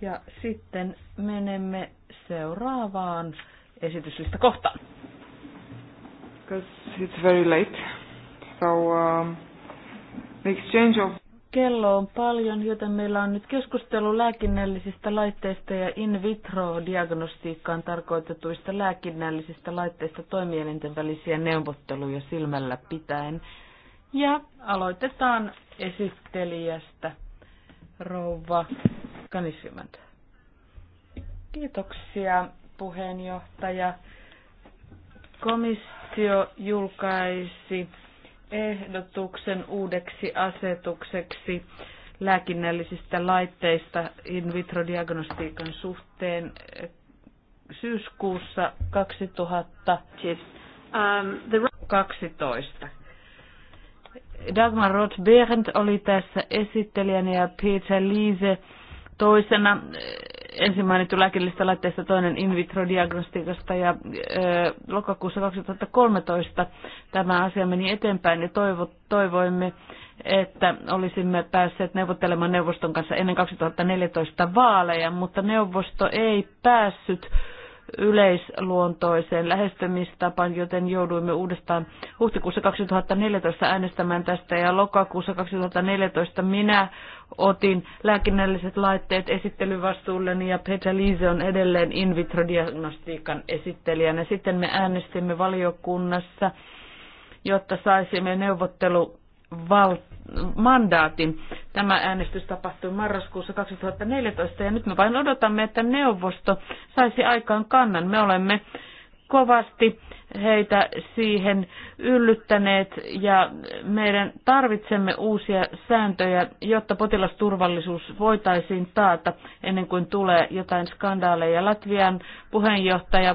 Ja sitten menemme seuraavaan esityslistä kohtaan. Because it's very late. So, um, the exchange of... Kello on paljon, joten meillä on nyt keskustelu lääkinnällisistä laitteista ja in vitro-diagnostiikkaan tarkoitetuista lääkinnällisistä laitteista toimielinten välisiä neuvotteluja silmällä pitäen. Ja aloitetaan esittelijästä, rouva Kanissiment. Kiitoksia puheenjohtaja. Komissio julkaisi ehdotuksen uudeksi asetukseksi lääkinnällisistä laitteista in vitro-diagnostiikan suhteen syyskuussa 2012. Um, Dagmar Roth-Behrendt oli tässä esittelijänä ja Peter Liese Toisena eh, ensin mainittu lääkinnällisistä laitteista, toinen in vitro diagnostiikasta ja ö, eh, lokakuussa 2013 tämä asia meni eteenpäin ja toivo, toivoimme, että olisimme päässeet neuvottelemaan neuvoston kanssa ennen 2014 vaaleja, mutta neuvosto ei päässyt yleisluontoiseen lähestymistapaan, joten jouduimme uudestaan huhtikuussa 2014 äänestämään tästä ja lokakuussa 2014 minä otin lääkinnälliset laitteet esittelyvastuulleni ja Petra Liise on edelleen in vitro-diagnostiikan esittelijänä. Sitten me äänestimme valiokunnassa, jotta saisimme neuvotteluvaltaa mandaatin. Tämä äänestys tapahtui marraskuussa 2014 ja nyt me vain odotamme, että neuvosto saisi aikaan kannan. Me olemme kovasti heitä siihen yllyttäneet ja meidän tarvitsemme uusia sääntöjä, jotta potilasturvallisuus voitaisiin taata ennen kuin tulee jotain skandaaleja. Latvian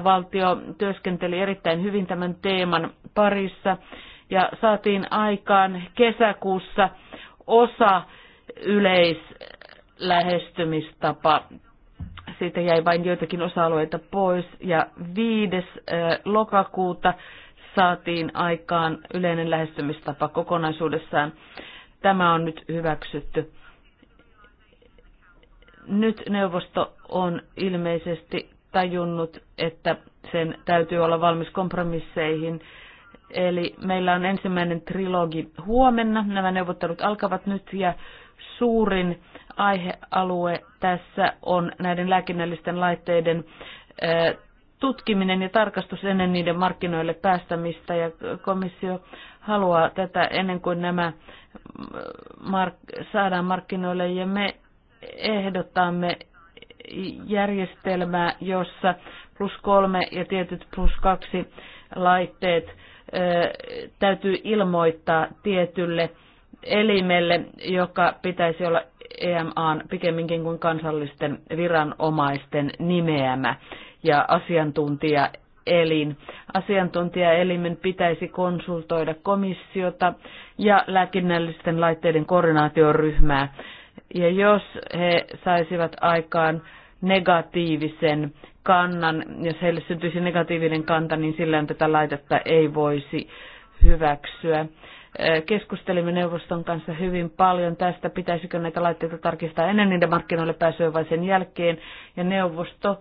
valtio työskenteli erittäin hyvin tämän teeman parissa ja saatiin aikaan kesäkuussa osa yleislähestymistapa. Siitä jäi vain joitakin osa-alueita pois ja 5. lokakuuta saatiin aikaan yleinen lähestymistapa kokonaisuudessaan. Tämä on nyt hyväksytty. Nyt neuvosto on ilmeisesti tajunnut, että sen täytyy olla valmis kompromisseihin Eli meillä on ensimmäinen trilogi huomenna. Nämä neuvottelut alkavat nyt ja suurin aihealue tässä on näiden lääkinnällisten laitteiden tutkiminen ja tarkastus ennen niiden markkinoille päästämistä ja komissio haluaa tätä ennen kuin nämä mm, mark- saadaan markkinoille ja me ehdottamme järjestelmää, jossa plus kolme ja tietyt plus kaksi laitteet täytyy ilmoittaa tietylle elimelle, joka pitäisi olla EMA pikemminkin kuin kansallisten viranomaisten nimeämä ja asiantuntija elin. Asiantuntijaelimen pitäisi konsultoida komissiota ja lääkinnällisten laitteiden koordinaatioryhmää. Ja jos he saisivat aikaan negatiivisen kannan, jos heille syntyisi negatiivinen kanta, niin silloin tätä laitetta ei voisi hyväksyä. Keskustelimme neuvoston kanssa hyvin paljon tästä, pitäisikö näitä laitteita tarkistaa ennen niiden markkinoille pääsyä vai sen jälkeen. Ja neuvosto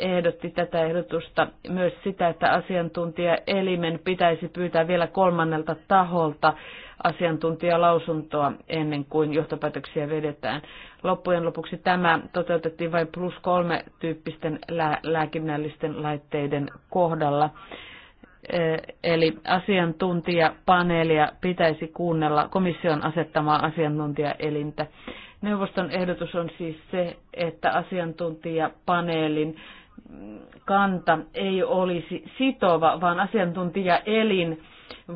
ehdotti tätä ehdotusta myös sitä, että asiantuntijaelimen pitäisi pyytää vielä kolmannelta taholta asiantuntijalausuntoa ennen kuin johtopäätöksiä vedetään. Loppujen lopuksi tämä toteutettiin vain plus kolme tyyppisten lääkinnällisten laitteiden kohdalla. Eli asiantuntijapaneelia pitäisi kuunnella komission asettamaa asiantuntijaelintä. Neuvoston ehdotus on siis se, että asiantuntijapaneelin kanta ei olisi sitova, vaan asiantuntijaelin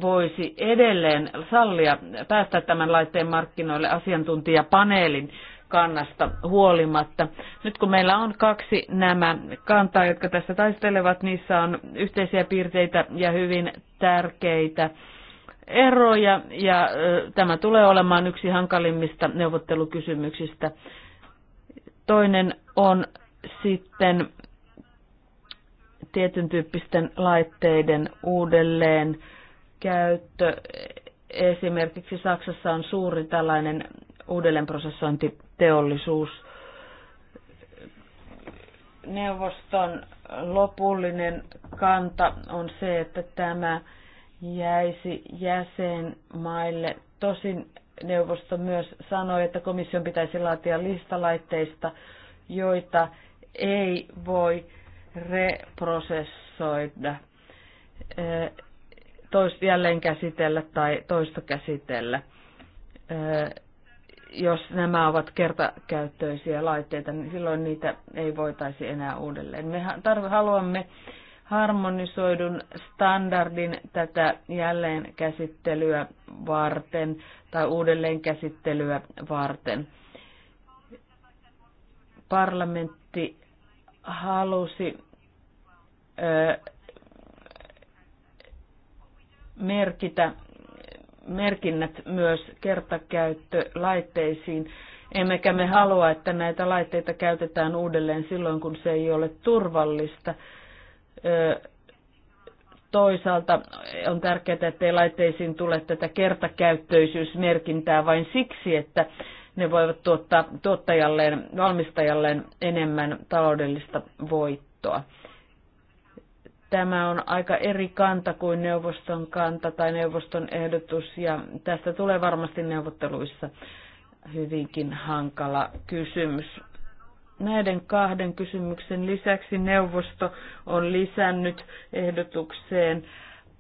voisi edelleen sallia päästä tämän laitteen markkinoille asiantuntijapaneelin kannasta huolimatta. Nyt kun meillä on kaksi nämä kantaa, jotka tässä taistelevat, niissä on yhteisiä piirteitä ja hyvin tärkeitä eroja, ja tämä tulee olemaan yksi hankalimmista neuvottelukysymyksistä. Toinen on sitten tietyn tyyppisten laitteiden uudelleen käyttö. Esimerkiksi Saksassa on suuri tällainen uudelleenprosessointiteollisuus. Neuvoston lopullinen kanta on se, että tämä jäisi jäsenmaille. Tosin neuvosto myös sanoi, että komission pitäisi laatia listalaitteista, joita ei voi reprosessoida tois, jälleen käsitellä tai toista käsitellä. Jos nämä ovat kertakäyttöisiä laitteita, niin silloin niitä ei voitaisi enää uudelleen. Me haluamme harmonisoidun standardin tätä jälleen käsittelyä varten tai uudelleen käsittelyä varten. Parlamentti halusi merkitä merkinnät myös kertakäyttölaitteisiin. Emmekä me halua, että näitä laitteita käytetään uudelleen silloin, kun se ei ole turvallista. Toisaalta on tärkeää, että laitteisiin tule tätä kertakäyttöisyysmerkintää vain siksi, että ne voivat tuottaa tuottajalleen, valmistajalleen enemmän taloudellista voittoa. Tämä on aika eri kanta kuin neuvoston kanta tai neuvoston ehdotus ja tästä tulee varmasti neuvotteluissa hyvinkin hankala kysymys. Näiden kahden kysymyksen lisäksi neuvosto on lisännyt ehdotukseen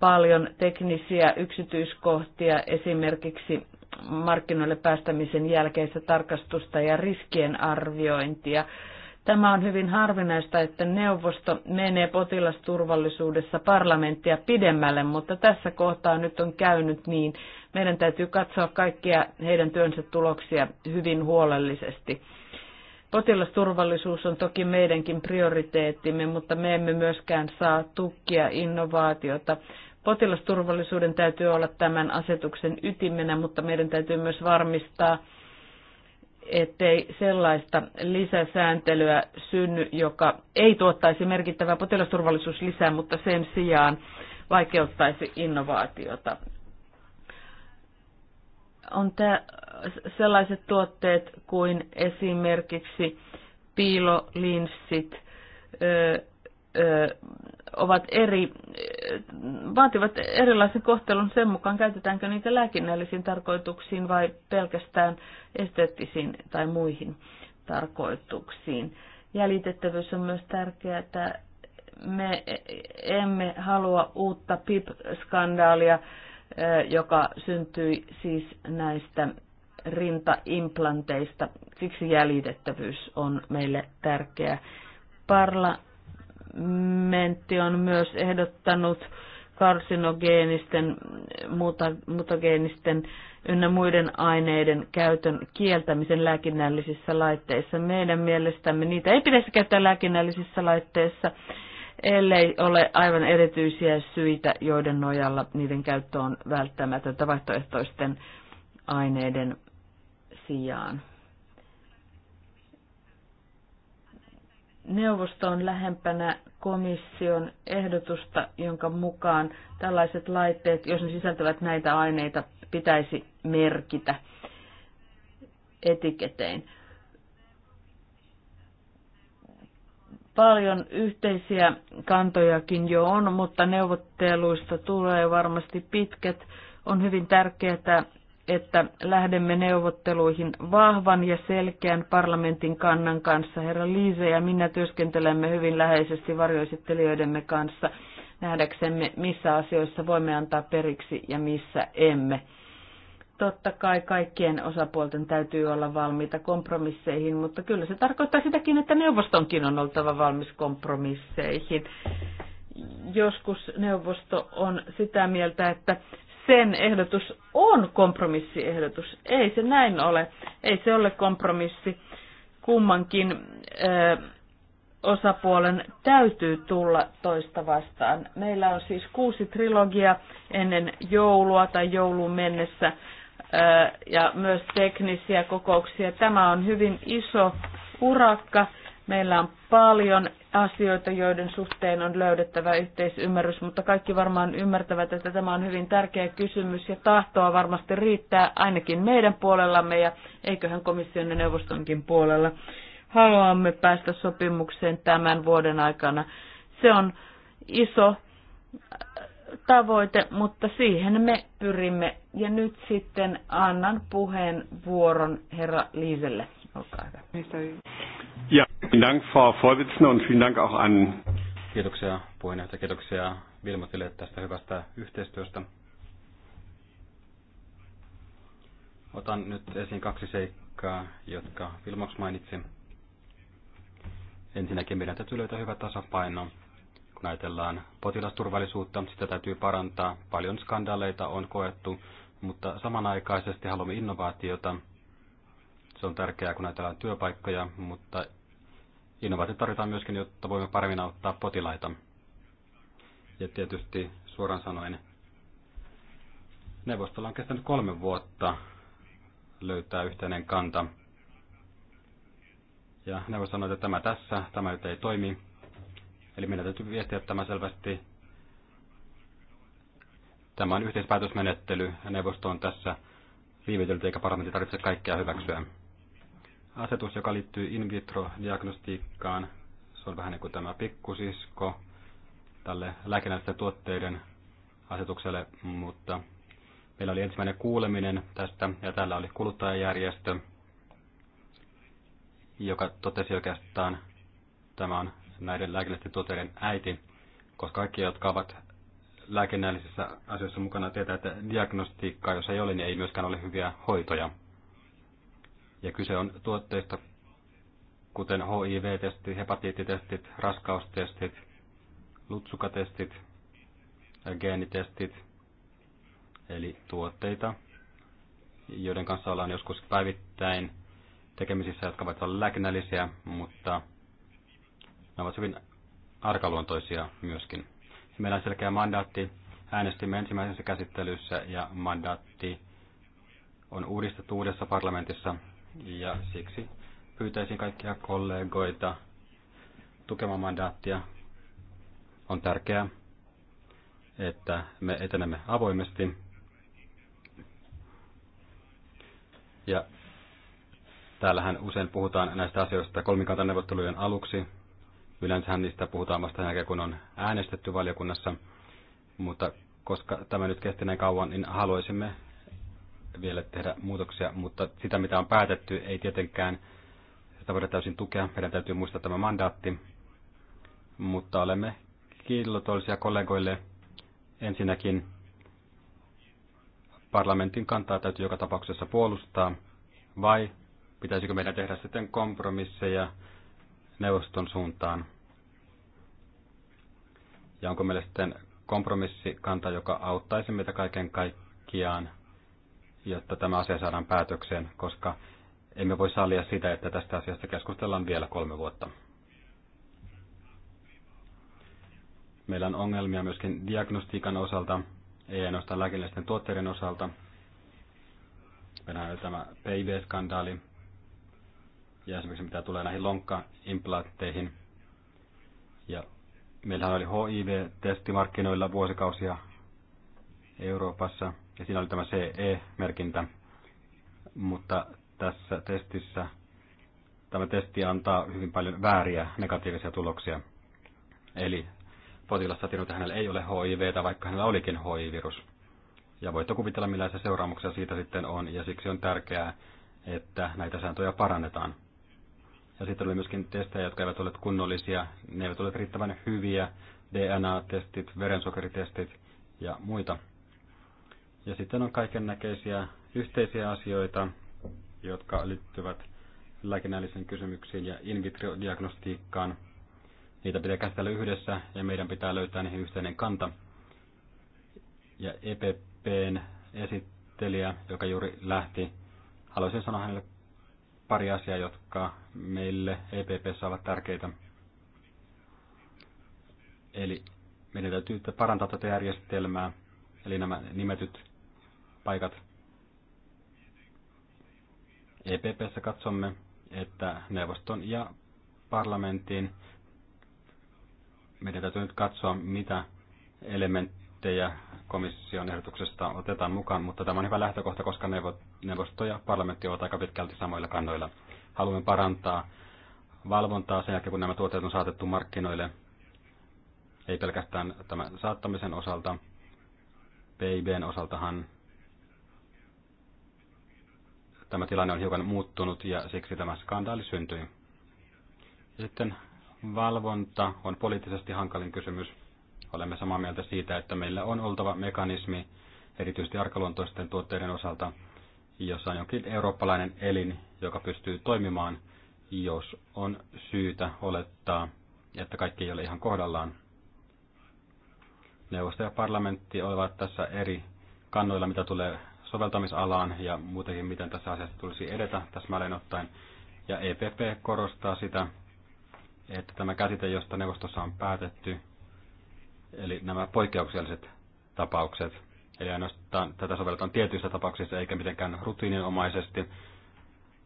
paljon teknisiä yksityiskohtia, esimerkiksi markkinoille päästämisen jälkeistä tarkastusta ja riskien arviointia. Tämä on hyvin harvinaista, että neuvosto menee potilasturvallisuudessa parlamenttia pidemmälle, mutta tässä kohtaa nyt on käynyt niin. Meidän täytyy katsoa kaikkia heidän työnsä tuloksia hyvin huolellisesti. Potilasturvallisuus on toki meidänkin prioriteettimme, mutta me emme myöskään saa tukkia innovaatiota. Potilasturvallisuuden täytyy olla tämän asetuksen ytimenä, mutta meidän täytyy myös varmistaa, ettei sellaista lisäsääntelyä synny, joka ei tuottaisi merkittävää potilasturvallisuuslisää, mutta sen sijaan vaikeuttaisi innovaatiota. On tää sellaiset tuotteet kuin esimerkiksi piilolinssit, ovat eri, vaativat erilaisen kohtelun sen mukaan, käytetäänkö niitä lääkinnällisiin tarkoituksiin vai pelkästään esteettisiin tai muihin tarkoituksiin. Jäljitettävyys on myös tärkeää, että me emme halua uutta PIP-skandaalia, joka syntyi siis näistä rintaimplanteista. Siksi jäljitettävyys on meille tärkeä. Parla Mentti on myös ehdottanut karsinogeenisten, mutageenisten ynnä muiden aineiden käytön kieltämisen lääkinnällisissä laitteissa. Meidän mielestämme niitä ei pitäisi käyttää lääkinnällisissä laitteissa, ellei ole aivan erityisiä syitä, joiden nojalla niiden käyttö on välttämätöntä vaihtoehtoisten aineiden sijaan. Neuvosto on lähempänä komission ehdotusta, jonka mukaan tällaiset laitteet, jos ne sisältävät näitä aineita, pitäisi merkitä etiketein. Paljon yhteisiä kantojakin jo on, mutta neuvotteluista tulee varmasti pitkät. On hyvin tärkeää, että lähdemme neuvotteluihin vahvan ja selkeän parlamentin kannan kanssa. Herra Liise ja minä työskentelemme hyvin läheisesti varjoesittelijöidemme kanssa nähdäksemme, missä asioissa voimme antaa periksi ja missä emme. Totta kai kaikkien osapuolten täytyy olla valmiita kompromisseihin, mutta kyllä se tarkoittaa sitäkin, että neuvostonkin on oltava valmis kompromisseihin joskus neuvosto on sitä mieltä, että sen ehdotus on kompromissiehdotus. Ei se näin ole. Ei se ole kompromissi. Kummankin ö, osapuolen täytyy tulla toista vastaan. Meillä on siis kuusi trilogia ennen joulua tai joulun mennessä ja myös teknisiä kokouksia. Tämä on hyvin iso urakka Meillä on paljon asioita, joiden suhteen on löydettävä yhteisymmärrys, mutta kaikki varmaan ymmärtävät, että tämä on hyvin tärkeä kysymys ja tahtoa varmasti riittää ainakin meidän puolellamme ja eiköhän komission ja neuvostonkin puolella. Haluamme päästä sopimukseen tämän vuoden aikana. Se on iso äh, tavoite, mutta siihen me pyrimme. Ja nyt sitten annan puheenvuoron herra Liiselle. Olkaa hyvä. Ja, dank Frau Vorsitzende und vielen Dank auch an... Kiitoksia puheenjohtaja, kiitoksia Vilmatille tästä hyvästä yhteistyöstä. Otan nyt esiin kaksi seikkaa, jotka Vilmoks mainitsi. Ensinnäkin meidän täytyy löytää hyvä tasapaino, kun ajatellaan potilasturvallisuutta. Sitä täytyy parantaa. Paljon skandaaleita on koettu, mutta samanaikaisesti haluamme innovaatiota – se on tärkeää, kun ajatellaan työpaikkoja, mutta innovaatiot tarvitaan myöskin, jotta voimme paremmin auttaa potilaita. Ja tietysti suoraan sanoen, neuvostolla on kestänyt kolme vuotta löytää yhteinen kanta. Ja neuvosto sanoi, että tämä tässä, tämä nyt ei toimi. Eli meidän täytyy viestiä tämä selvästi. Tämä on yhteispäätösmenettely ja neuvosto on tässä viivytelty eikä parlamentti tarvitse kaikkea hyväksyä asetus, joka liittyy in vitro-diagnostiikkaan. Se on vähän niin kuin tämä pikkusisko tälle lääkinnällisten tuotteiden asetukselle, mutta meillä oli ensimmäinen kuuleminen tästä ja täällä oli kuluttajajärjestö, joka totesi oikeastaan tämä on näiden lääkinnällisten tuotteiden äiti, koska kaikki, jotka ovat lääkinnällisissä asioissa mukana, tietää, että diagnostiikkaa, jos ei ole, niin ei myöskään ole hyviä hoitoja. Ja kyse on tuotteista, kuten HIV-testit, hepatiittitestit, raskaustestit, lutsukatestit, geenitestit, eli tuotteita, joiden kanssa ollaan joskus päivittäin tekemisissä, jotka ovat olla lääkinnällisiä, mutta ne ovat hyvin arkaluontoisia myöskin. Meillä on selkeä mandaatti. Äänestimme ensimmäisessä käsittelyssä ja mandaatti on uudistettu uudessa parlamentissa ja siksi pyytäisin kaikkia kollegoita tukemaan mandaattia. On tärkeää, että me etenemme avoimesti ja täällähän usein puhutaan näistä asioista kolmikantaneuvottelujen aluksi. Yleensähän niistä puhutaan vasta sen jälkeen, kun on äänestetty valiokunnassa, mutta koska tämä nyt kesti näin kauan, niin haluaisimme vielä tehdä muutoksia, mutta sitä mitä on päätetty ei tietenkään sitä voida täysin tukea. Meidän täytyy muistaa tämä mandaatti, mutta olemme kiitollisia kollegoille ensinnäkin parlamentin kantaa täytyy joka tapauksessa puolustaa, vai pitäisikö meidän tehdä sitten kompromisseja neuvoston suuntaan? Ja onko meillä sitten kompromissikanta, joka auttaisi meitä kaiken kaikkiaan – jotta tämä asia saadaan päätökseen, koska emme voi sallia sitä, että tästä asiasta keskustellaan vielä kolme vuotta. Meillä on ongelmia myöskin diagnostiikan osalta, ei ainoastaan lääkinnällisten tuotteiden osalta. Meillä on tämä PIV-skandaali ja esimerkiksi mitä tulee näihin lonkkaimplaatteihin. Ja meillähän oli HIV-testimarkkinoilla vuosikausia Euroopassa, ja siinä oli tämä CE-merkintä, mutta tässä testissä tämä testi antaa hyvin paljon vääriä negatiivisia tuloksia. Eli potilas saa että hänellä ei ole HIV, vaikka hänellä olikin HIV-virus. Ja voitte kuvitella, millaisia seuraamuksia siitä sitten on, ja siksi on tärkeää, että näitä sääntöjä parannetaan. Ja sitten oli myöskin testejä, jotka eivät ole kunnollisia, ne eivät ole riittävän hyviä, DNA-testit, verensokeritestit ja muita. Ja sitten on kaiken näköisiä yhteisiä asioita, jotka liittyvät lääkinnällisiin kysymyksiin ja in vitro-diagnostiikkaan. Niitä pitää käsitellä yhdessä ja meidän pitää löytää niihin yhteinen kanta. Ja EPPn esittelijä, joka juuri lähti, haluaisin sanoa hänelle pari asiaa, jotka meille EPPssä ovat tärkeitä. Eli meidän täytyy parantaa tätä järjestelmää, eli nämä nimetyt paikat. EPPssä katsomme, että neuvoston ja parlamentin meidän täytyy nyt katsoa, mitä elementtejä komission ehdotuksesta otetaan mukaan, mutta tämä on hyvä lähtökohta, koska neuvosto ja parlamentti ovat aika pitkälti samoilla kannoilla. Haluamme parantaa valvontaa sen jälkeen, kun nämä tuotteet on saatettu markkinoille, ei pelkästään tämän saattamisen osalta. PIBn osaltahan tämä tilanne on hiukan muuttunut ja siksi tämä skandaali syntyi. Ja sitten valvonta on poliittisesti hankalin kysymys. Olemme samaa mieltä siitä, että meillä on oltava mekanismi erityisesti arkaluontoisten tuotteiden osalta, jossa on jokin eurooppalainen elin, joka pystyy toimimaan, jos on syytä olettaa, että kaikki ei ole ihan kohdallaan. Neuvosto ja parlamentti ovat tässä eri kannoilla, mitä tulee soveltamisalaan ja muutenkin, miten tässä asiassa tulisi edetä täsmälleen ottaen. Ja EPP korostaa sitä, että tämä käsite, josta neuvostossa on päätetty, eli nämä poikkeukselliset tapaukset, eli ainoastaan tätä sovelletaan tietyissä tapauksissa eikä mitenkään rutiininomaisesti,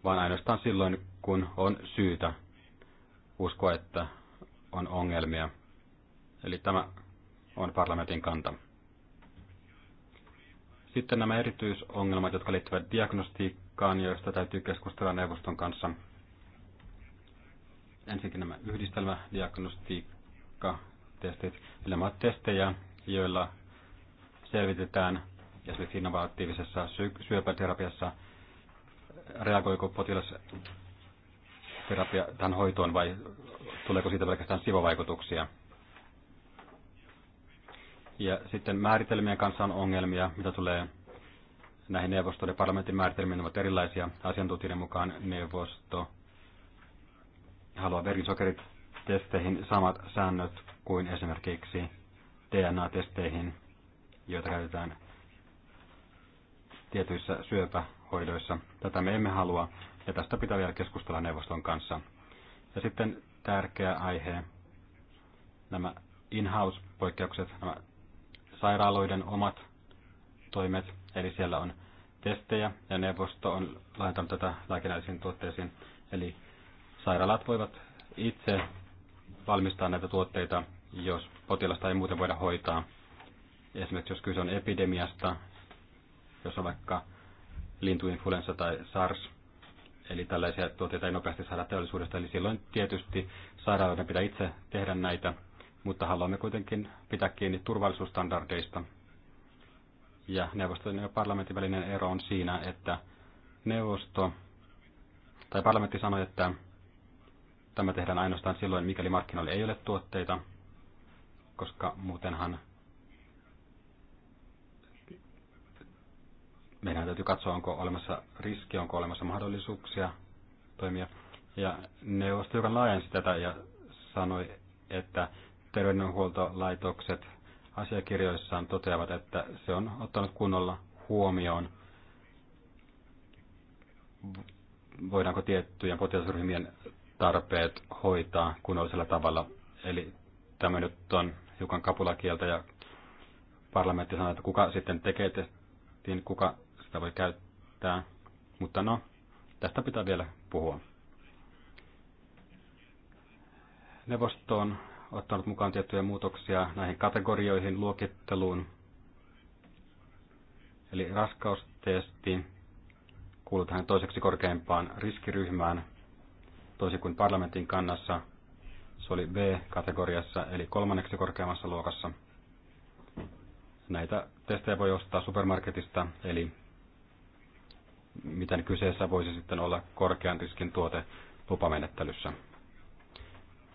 vaan ainoastaan silloin, kun on syytä uskoa, että on ongelmia. Eli tämä on parlamentin kanta. Sitten nämä erityisongelmat, jotka liittyvät diagnostiikkaan, joista täytyy keskustella neuvoston kanssa. Ensinnäkin nämä yhdistelmädiagnostiikkatestit. Nämä testejä, joilla selvitetään esimerkiksi innovaatiivisessa syöpäterapiassa, reagoiko potilas terapia, tähän hoitoon vai tuleeko siitä pelkästään sivuvaikutuksia. Ja sitten määritelmien kanssa on ongelmia, mitä tulee näihin neuvoston ja parlamentin määritelmiin, ne ovat erilaisia. Asiantuntijoiden mukaan neuvosto haluaa verisokerit testeihin samat säännöt kuin esimerkiksi DNA-testeihin, joita käytetään tietyissä syöpähoidoissa. Tätä me emme halua, ja tästä pitää vielä keskustella neuvoston kanssa. Ja sitten tärkeä aihe, nämä in-house-poikkeukset, nämä sairaaloiden omat toimet, eli siellä on testejä ja neuvosto on laajentanut tätä lääkinnällisiin tuotteisiin. Eli sairaalat voivat itse valmistaa näitä tuotteita, jos potilasta ei muuten voida hoitaa. Esimerkiksi jos kyse on epidemiasta, jos on vaikka lintuinfluenssa tai SARS, eli tällaisia tuotteita ei nopeasti saada teollisuudesta, eli silloin tietysti sairaaloiden pitää itse tehdä näitä mutta haluamme kuitenkin pitää kiinni turvallisuusstandardeista. Ja neuvoston ja parlamentin välinen ero on siinä, että neuvosto tai parlamentti sanoi, että tämä tehdään ainoastaan silloin, mikäli markkinoilla ei ole tuotteita, koska muutenhan meidän täytyy katsoa, onko olemassa riski, onko olemassa mahdollisuuksia toimia. Ja neuvosto, joka laajensi tätä ja sanoi, että terveydenhuoltolaitokset asiakirjoissaan toteavat, että se on ottanut kunnolla huomioon, voidaanko tiettyjen potilasryhmien tarpeet hoitaa kunnollisella tavalla. Eli tämä nyt on hiukan kapulakieltä ja parlamentti sanoo, että kuka sitten tekee testin, kuka sitä voi käyttää. Mutta no, tästä pitää vielä puhua. Neuvostoon ottanut mukaan tiettyjä muutoksia näihin kategorioihin, luokitteluun. Eli raskaustesti kuuluu tähän toiseksi korkeimpaan riskiryhmään, toisin kuin parlamentin kannassa. Se oli B-kategoriassa, eli kolmanneksi korkeammassa luokassa. Näitä testejä voi ostaa supermarketista, eli miten kyseessä voisi sitten olla korkean riskin tuote lupamenettelyssä.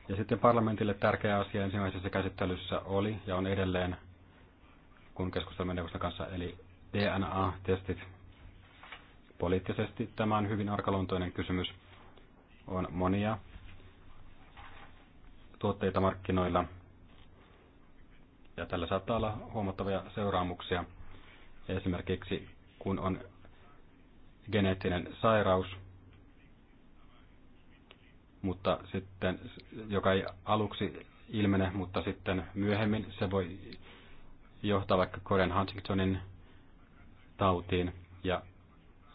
Ja sitten parlamentille tärkeä asia ensimmäisessä käsittelyssä oli ja on edelleen, kun keskustelemme neuvoston kanssa, eli DNA-testit. Poliittisesti tämä on hyvin arkaluontoinen kysymys. On monia tuotteita markkinoilla, ja tällä saattaa olla huomattavia seuraamuksia. Esimerkiksi kun on geneettinen sairaus, mutta sitten, joka ei aluksi ilmene, mutta sitten myöhemmin se voi johtaa vaikka Korean Huntingtonin tautiin. Ja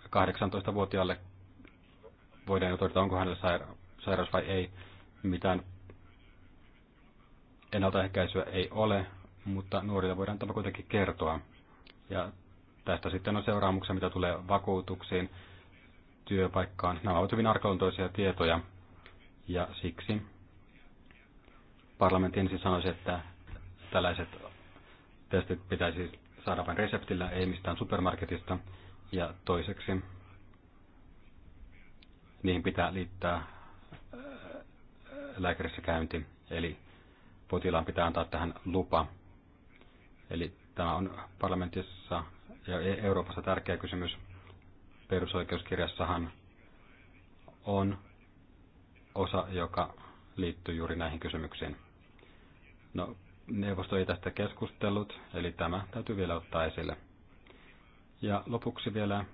18-vuotiaalle voidaan jo todeta, onko hänellä sairaus vai ei. Mitään ennaltaehkäisyä ei ole, mutta nuorille voidaan tämä kuitenkin kertoa. Ja tästä sitten on seuraamuksia, mitä tulee vakuutuksiin, työpaikkaan. Nämä ovat hyvin arkaluontoisia tietoja, ja siksi parlamentti ensin sanoisi, että tällaiset testit pitäisi saada vain reseptillä, ei mistään supermarketista. Ja toiseksi niihin pitää liittää äh, lääkärissä käynti, eli potilaan pitää antaa tähän lupa. Eli tämä on parlamentissa ja e- Euroopassa tärkeä kysymys. Perusoikeuskirjassahan on osa, joka liittyy juuri näihin kysymyksiin. No, neuvosto ei tästä keskustellut, eli tämä täytyy vielä ottaa esille. Ja lopuksi vielä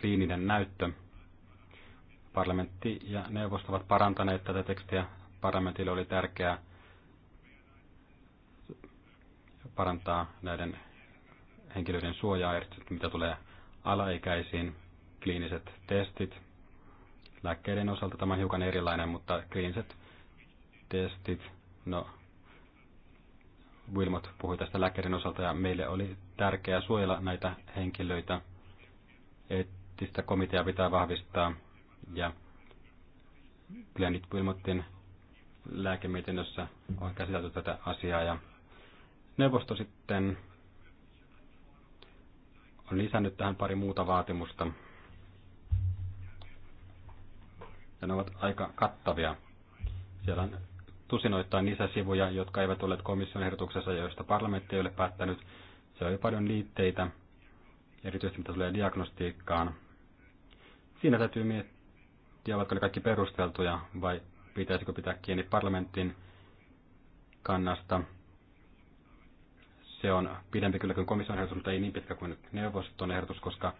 kliininen näyttö. Parlamentti ja neuvosto ovat parantaneet tätä tekstiä. Parlamentille oli tärkeää parantaa näiden henkilöiden suojaa, erityisesti mitä tulee alaikäisiin, kliiniset testit, Lääkkeiden osalta tämä on hiukan erilainen, mutta kliiniset testit, no Wilmot puhui tästä lääkärin osalta ja meille oli tärkeää suojella näitä henkilöitä. Eettistä komitea pitää vahvistaa ja Glenit Wilmotin lääkemietinnössä on käsitelty tätä asiaa ja neuvosto sitten on lisännyt tähän pari muuta vaatimusta. ja ne ovat aika kattavia. Siellä on tusinoittain lisäsivuja, jotka eivät ole komission ehdotuksessa ja joista parlamentti ei ole päättänyt. Siellä oli paljon liitteitä, erityisesti mitä tulee diagnostiikkaan. Siinä täytyy miettiä, ovatko ne kaikki perusteltuja vai pitäisikö pitää kiinni parlamentin kannasta. Se on pidempi kyllä kuin komission ehdotus, mutta ei niin pitkä kuin neuvoston ehdotus, koska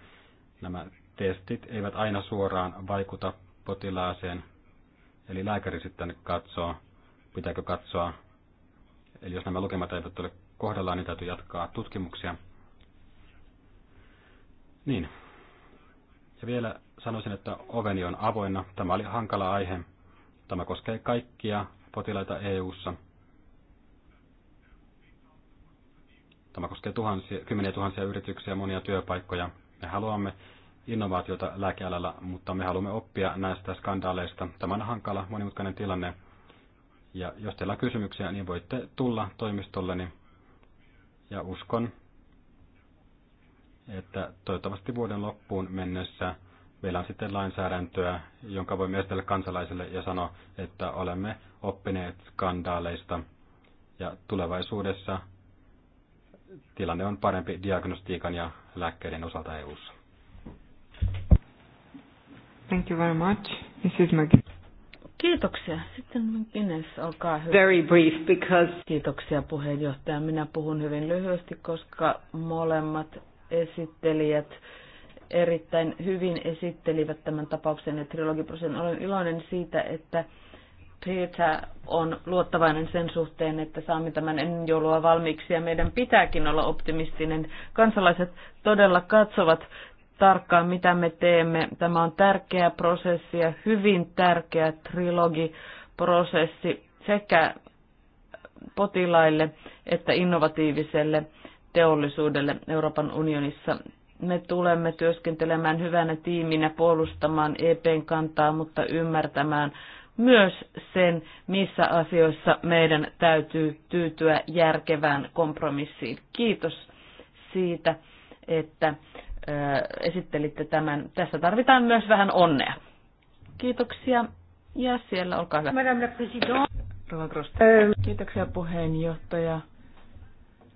nämä testit eivät aina suoraan vaikuta potilaaseen. Eli lääkäri sitten katsoo, pitääkö katsoa. Eli jos nämä lukemat eivät ole kohdallaan, niin täytyy jatkaa tutkimuksia. Niin. Ja vielä sanoisin, että oveni on avoinna. Tämä oli hankala aihe. Tämä koskee kaikkia potilaita EU-ssa. Tämä koskee tuhansia, kymmeniä tuhansia yrityksiä, monia työpaikkoja. Me haluamme innovaatiota lääkealalla, mutta me haluamme oppia näistä skandaaleista. Tämä on hankala, monimutkainen tilanne. Ja jos teillä on kysymyksiä, niin voitte tulla toimistolleni. Ja uskon, että toivottavasti vuoden loppuun mennessä meillä on sitten lainsäädäntöä, jonka voimme esitellä kansalaisille ja sanoa, että olemme oppineet skandaaleista. Ja tulevaisuudessa tilanne on parempi diagnostiikan ja lääkkeiden osalta EU:ssa. Thank you very much. Mrs. McGuinness. Kiitoksia. Sitten McGuinness, olkaa hyvä. Very brief because... Kiitoksia puheenjohtaja. Minä puhun hyvin lyhyesti, koska molemmat esittelijät erittäin hyvin esittelivät tämän tapauksen ja trilogiprosen. Olen iloinen siitä, että Peter on luottavainen sen suhteen, että saamme tämän ennen joulua valmiiksi ja meidän pitääkin olla optimistinen. Kansalaiset todella katsovat tarkkaan, mitä me teemme. Tämä on tärkeä prosessi ja hyvin tärkeä trilogiprosessi sekä potilaille että innovatiiviselle teollisuudelle Euroopan unionissa. Me tulemme työskentelemään hyvänä tiiminä puolustamaan EPn kantaa, mutta ymmärtämään myös sen, missä asioissa meidän täytyy tyytyä järkevään kompromissiin. Kiitos siitä, että esittelitte tämän. Tässä tarvitaan myös vähän onnea. Kiitoksia. Ja siellä, olkaa hyvä. Madame la Présidente. Kiitoksia puheenjohtaja.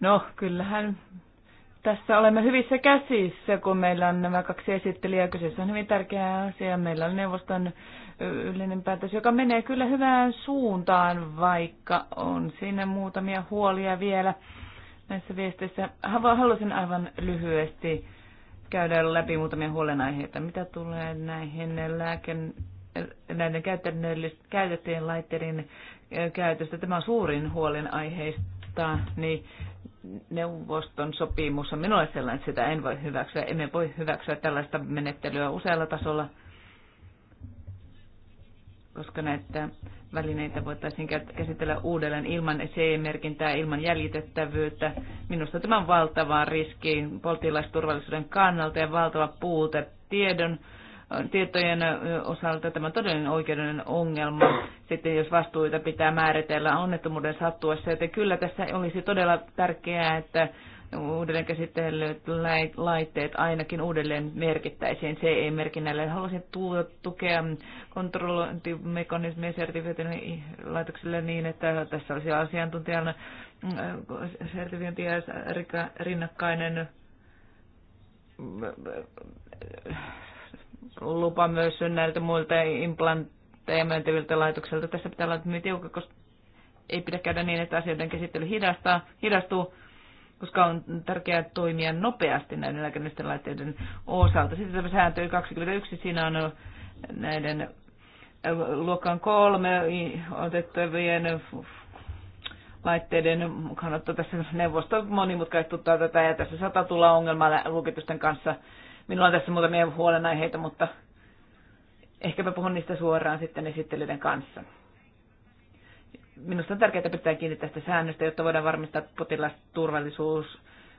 No, kyllähän tässä olemme hyvissä käsissä, kun meillä on nämä kaksi esittelijää. Kyseessä on hyvin tärkeä asia. Meillä on neuvoston yleinen päätös, joka menee kyllä hyvään suuntaan, vaikka on siinä muutamia huolia vielä näissä viesteissä. Haluaisin aivan lyhyesti Käydään läpi muutamia huolenaiheita. Mitä tulee näihin lääken, näiden käytettyjen laitteiden käytöstä? Tämä on suurin huolenaiheista, niin neuvoston sopimus on minulle sellainen, että sitä en voi hyväksyä. Emme voi hyväksyä tällaista menettelyä usealla tasolla – koska näitä välineitä voitaisiin käsitellä uudelleen ilman CE-merkintää, ilman jäljitettävyyttä. Minusta tämä on valtava riski poltilaisturvallisuuden kannalta ja valtava puute tiedon tietojen osalta tämä on todellinen oikeudellinen ongelma. Sitten jos vastuuita pitää määritellä onnettomuuden sattuessa, joten kyllä tässä olisi todella tärkeää, että uudelleen käsitellyt laitteet ainakin uudelleen merkittäisiin CE-merkinnälle. Haluaisin tukea kontrollointimekanismien sertifioitin laitokselle niin, että tässä olisi asiantuntijana äh, sertifiointi ja rinnakkainen äh, lupa myös näiltä muilta implantteja myöntäviltä laitokselta. Tässä pitää olla hyvin tiukka, koska ei pidä käydä niin, että asioiden käsittely hidastaa, hidastuu koska on tärkeää toimia nopeasti näiden lääkinnällisten laitteiden osalta. Sitten tämä sääntö 21, siinä on näiden luokan kolme otettavien laitteiden kannattaa tässä neuvosto monimutkaistuttaa tätä ja tässä sata tulla ongelmaa lukitusten kanssa. Minulla on tässä muutamia huolenaiheita, mutta ehkäpä puhun niistä suoraan sitten esittelyiden kanssa. Minusta on tärkeää pitää kiinni tästä säännöstä, jotta voidaan varmistaa potilasturvallisuus,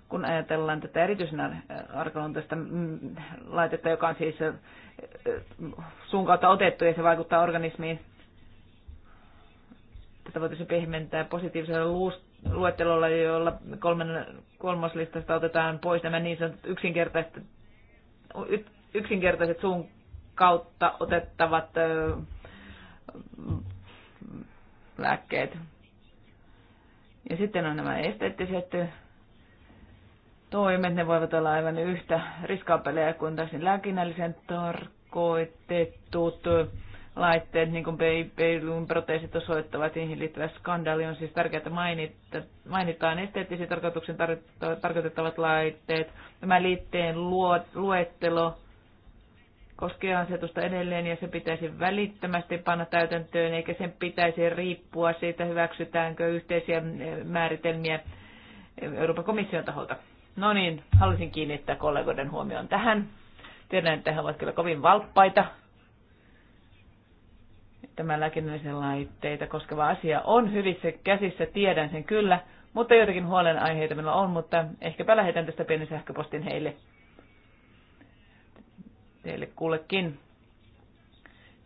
kun ajatellaan tätä erityisenä äh, arkaluontoista mm, laitetta, joka on siis äh, suun kautta otettu ja se vaikuttaa organismiin. Tätä voitaisiin pehmentää positiivisella luettelolla, jolla kolmen, kolmoslistasta otetaan pois nämä niin sanotut yksinkertaiset, yksinkertaiset suun kautta otettavat äh, lääkkeet. Ja sitten on nämä esteettiset toimet, ne voivat olla aivan yhtä riskaapeleja kuin täysin lääkinnällisen tarkoitetut laitteet, niin kuin peilun proteesit osoittavat, niihin liittyvä skandaali on siis tärkeää että mainitaan esteettisiin tarkoituksen tarkoitettavat laitteet. Tämä liitteen luettelo koskee asetusta edelleen ja se pitäisi välittömästi panna täytäntöön, eikä sen pitäisi riippua siitä, hyväksytäänkö yhteisiä eh, määritelmiä eh, Euroopan komission taholta. No niin, halusin kiinnittää kollegoiden huomioon tähän. Tiedän, että he ovat kyllä kovin valppaita. Tämä lääkinnällisen laitteita koskeva asia on hyvissä käsissä, tiedän sen kyllä, mutta joitakin huolenaiheita meillä on, mutta ehkäpä lähetän tästä pienen sähköpostin heille teille kullekin.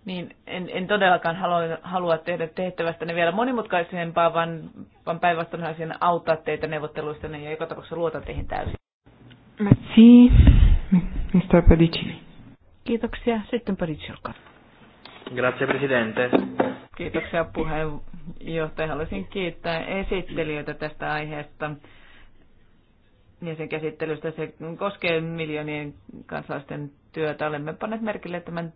Niin en, en todellakaan halua, halua tehdä tehtävästäne vielä monimutkaisempaa, vaan, vaan päinvastoin haluaisin auttaa teitä neuvotteluista ja joka tapauksessa luota teihin täysin. Merci, Mr. Pericini. Kiitoksia. Sitten Padici, olkaa. Grazie, Presidente. Kiitoksia puheenjohtaja. Haluaisin kiittää esittelijöitä tästä aiheesta ja sen käsittelystä. Se koskee miljoonien kansalaisten työtä. Olemme panneet merkille tämän,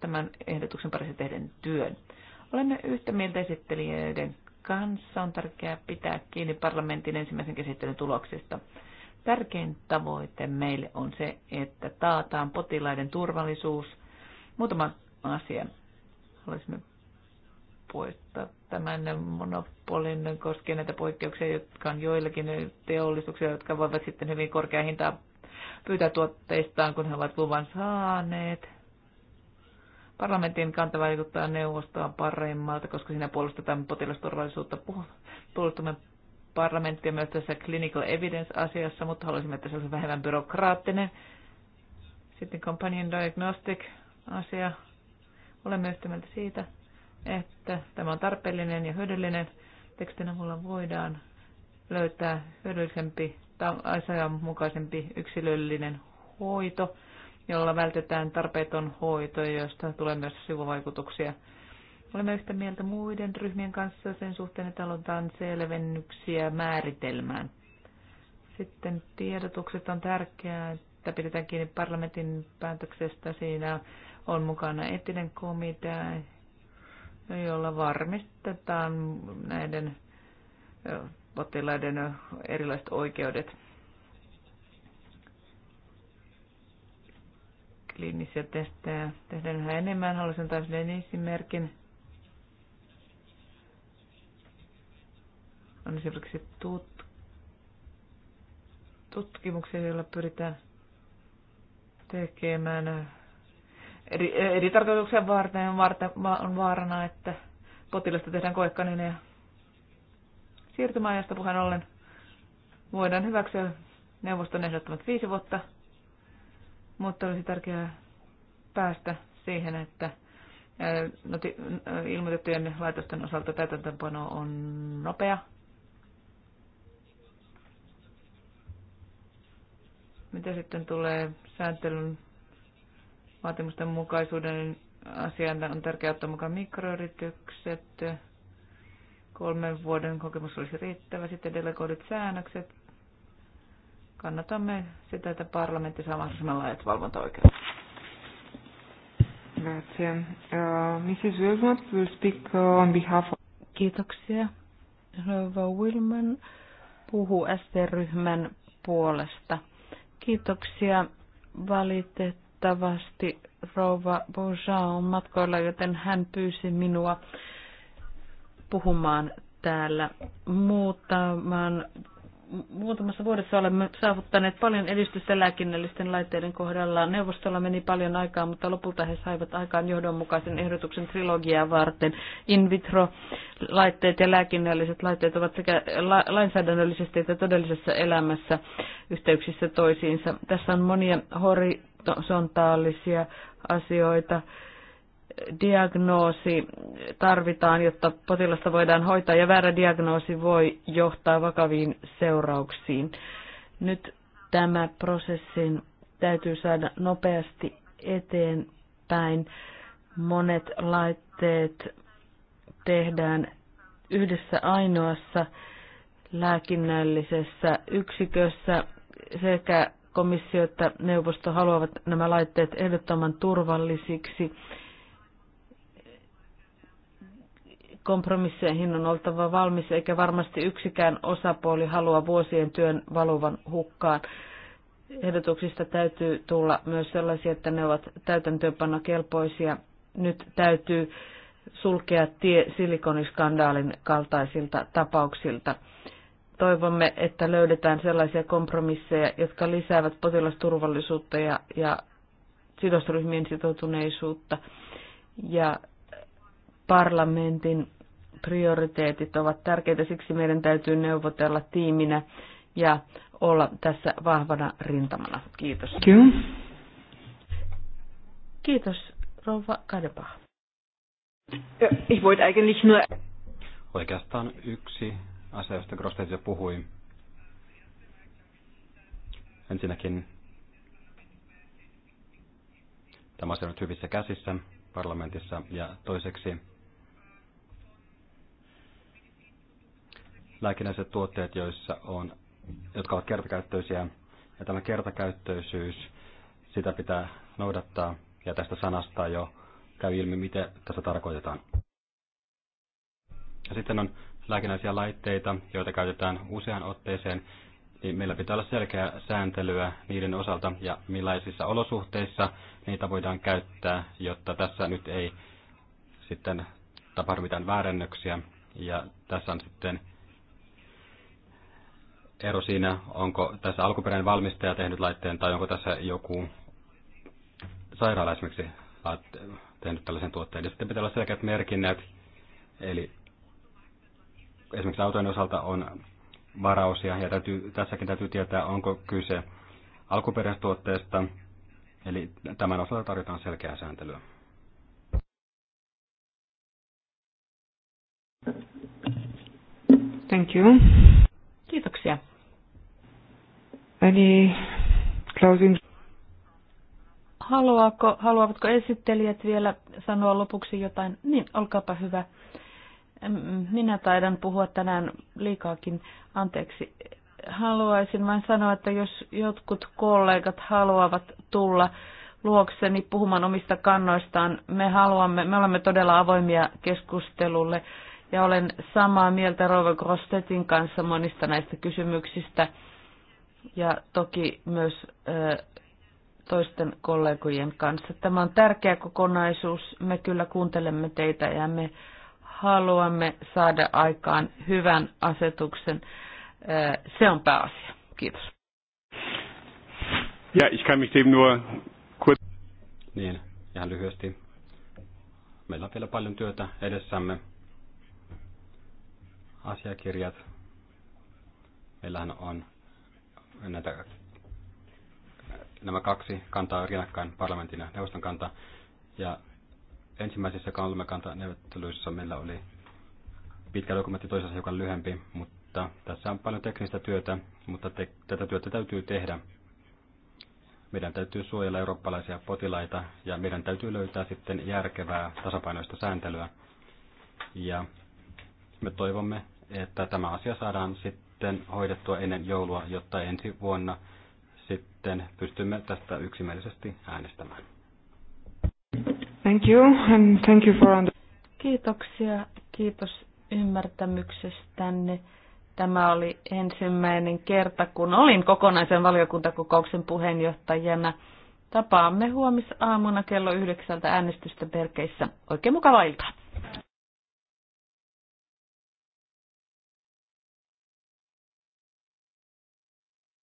tämän ehdotuksen parissa tehden työn. Olemme yhtä mieltä esittelijöiden kanssa. On tärkeää pitää kiinni parlamentin ensimmäisen käsittelyn tuloksista. Tärkein tavoite meille on se, että taataan potilaiden turvallisuus. Muutama asia. Haluaisimme poistaa tämän monopolin koskien näitä poikkeuksia, jotka on joillakin teollisuuksia, jotka voivat sitten hyvin korkea hintaa pyytää tuotteistaan, kun he ovat luvan saaneet. Parlamentin kanta vaikuttaa neuvostoa paremmalta, koska siinä puolustetaan potilasturvallisuutta. Puolustamme parlamenttia myös tässä clinical evidence-asiassa, mutta haluaisimme, että se olisi vähemmän byrokraattinen. Sitten companion diagnostic-asia. Olemme yhtä mieltä siitä että tämä on tarpeellinen ja hyödyllinen. Tekstin avulla voidaan löytää hyödyllisempi tai mukaisempi yksilöllinen hoito, jolla vältetään tarpeeton hoito, josta tulee myös sivuvaikutuksia. Olemme yhtä mieltä muiden ryhmien kanssa sen suhteen, että aloitetaan selvennyksiä määritelmään. Sitten tiedotukset on tärkeää, että pidetään kiinni parlamentin päätöksestä. Siinä on mukana etinen komitea jolla varmistetaan näiden potilaiden erilaiset oikeudet. kliinisiä testejä tehdään yhä enemmän. Haluaisin taas yhden esimerkin. On esimerkiksi tut- tutkimuksia, joilla pyritään tekemään eri, eri tarkoituksia varten on, varten, on vaarana, että potilasta tehdään koekkanina ja siirtymäajasta puheen ollen voidaan hyväksyä neuvoston ehdottomat viisi vuotta, mutta olisi tärkeää päästä siihen, että ilmoitettujen laitosten osalta täytäntöönpano on nopea. Mitä sitten tulee sääntelyn vaatimusten mukaisuuden asian on tärkeää ottaa mukaan mikroyritykset. Kolmen vuoden kokemus olisi riittävä. Sitten delegoidut säännökset. Kannatamme sitä, että parlamentti saa mahdollisimman laajat valvontaoikeudet. Grazie. Uh, Mrs. Wilmot will speak uh, on behalf of... Kiitoksia. Rova Wilman puhuu ST-ryhmän puolesta. Kiitoksia. valitettavasti. Valitettavasti rouva Bourgeois on matkoilla, joten hän pyysi minua puhumaan täällä. Muutaman, muutamassa vuodessa olemme saavuttaneet paljon edistystä lääkinnällisten laitteiden kohdalla. Neuvostolla meni paljon aikaa, mutta lopulta he saivat aikaan johdonmukaisen ehdotuksen trilogiaa varten. In vitro-laitteet ja lääkinnälliset laitteet ovat sekä lainsäädännöllisesti että todellisessa elämässä yhteyksissä toisiinsa. Tässä on monia hori horisontaalisia asioita. Diagnoosi tarvitaan, jotta potilasta voidaan hoitaa, ja väärä diagnoosi voi johtaa vakaviin seurauksiin. Nyt tämä prosessin täytyy saada nopeasti eteenpäin. Monet laitteet tehdään yhdessä ainoassa lääkinnällisessä yksikössä sekä komissio että neuvosto haluavat nämä laitteet ehdottoman turvallisiksi. Kompromisseihin on oltava valmis, eikä varmasti yksikään osapuoli halua vuosien työn valuvan hukkaan. Ehdotuksista täytyy tulla myös sellaisia, että ne ovat täytäntöönpanokelpoisia. Nyt täytyy sulkea tie silikoniskandaalin kaltaisilta tapauksilta toivomme, että löydetään sellaisia kompromisseja, jotka lisäävät potilasturvallisuutta ja, ja sidosryhmien sitoutuneisuutta. Ja parlamentin prioriteetit ovat tärkeitä, siksi meidän täytyy neuvotella tiiminä ja olla tässä vahvana rintamana. Kiitos. Kyllä. Kiitos, rouva Kadepah. Ich wollte eigentlich nur... Oikeastaan yksi asia, josta Grosteis jo puhui. Ensinnäkin tämä asia on nyt hyvissä käsissä parlamentissa ja toiseksi lääkinnäiset tuotteet, joissa on, jotka ovat kertakäyttöisiä ja tämä kertakäyttöisyys, sitä pitää noudattaa ja tästä sanasta jo käy ilmi, miten tässä tarkoitetaan. Ja sitten on lääkinnällisiä laitteita, joita käytetään usean otteeseen, niin meillä pitää olla selkeää sääntelyä niiden osalta ja millaisissa olosuhteissa niitä voidaan käyttää, jotta tässä nyt ei sitten tapahdu mitään väärännöksiä. Ja tässä on sitten ero siinä, onko tässä alkuperäinen valmistaja tehnyt laitteen tai onko tässä joku sairaala esimerkiksi tehnyt tällaisen tuotteen. Ja sitten pitää olla selkeät merkinnät, eli esimerkiksi autojen osalta on varausia ja täytyy, tässäkin täytyy tietää, onko kyse alkuperäistuotteesta, eli tämän osalta tarjotaan selkeää sääntelyä. Thank you. Kiitoksia. Any closing? Haluaako, haluavatko esittelijät vielä sanoa lopuksi jotain? Niin, olkaapa hyvä. Minä taidan puhua tänään liikaakin. Anteeksi. Haluaisin vain sanoa, että jos jotkut kollegat haluavat tulla luokseni puhumaan omista kannoistaan, me haluamme, me olemme todella avoimia keskustelulle ja olen samaa mieltä Rova Grostetin kanssa monista näistä kysymyksistä ja toki myös ö, toisten kollegojen kanssa. Tämä on tärkeä kokonaisuus. Me kyllä kuuntelemme teitä ja me haluamme saada aikaan hyvän asetuksen. Se on pääasia. Kiitos. Ja, ich kann mich dem nur kurz... Niin, ihan lyhyesti. Meillä on vielä paljon työtä edessämme. Asiakirjat. Meillähän on näitä, nämä kaksi kantaa rinnakkain, parlamentin ja neuvoston kantaa Ja ensimmäisissä kolmekantaneuvotteluissa meillä oli pitkä dokumentti toisessa joka lyhempi, mutta tässä on paljon teknistä työtä, mutta te, tätä työtä täytyy tehdä. Meidän täytyy suojella eurooppalaisia potilaita ja meidän täytyy löytää sitten järkevää tasapainoista sääntelyä. Ja me toivomme, että tämä asia saadaan sitten hoidettua ennen joulua, jotta ensi vuonna sitten pystymme tästä yksimielisesti äänestämään. Thank you and thank you for Kiitoksia, kiitos ymmärtämyksestänne. Tämä oli ensimmäinen kerta, kun olin kokonaisen valiokuntakokouksen puheenjohtajana. Tapaamme huomisaamuna kello yhdeksältä äänestysten perkeissä. Oikein mukavaa iltaa!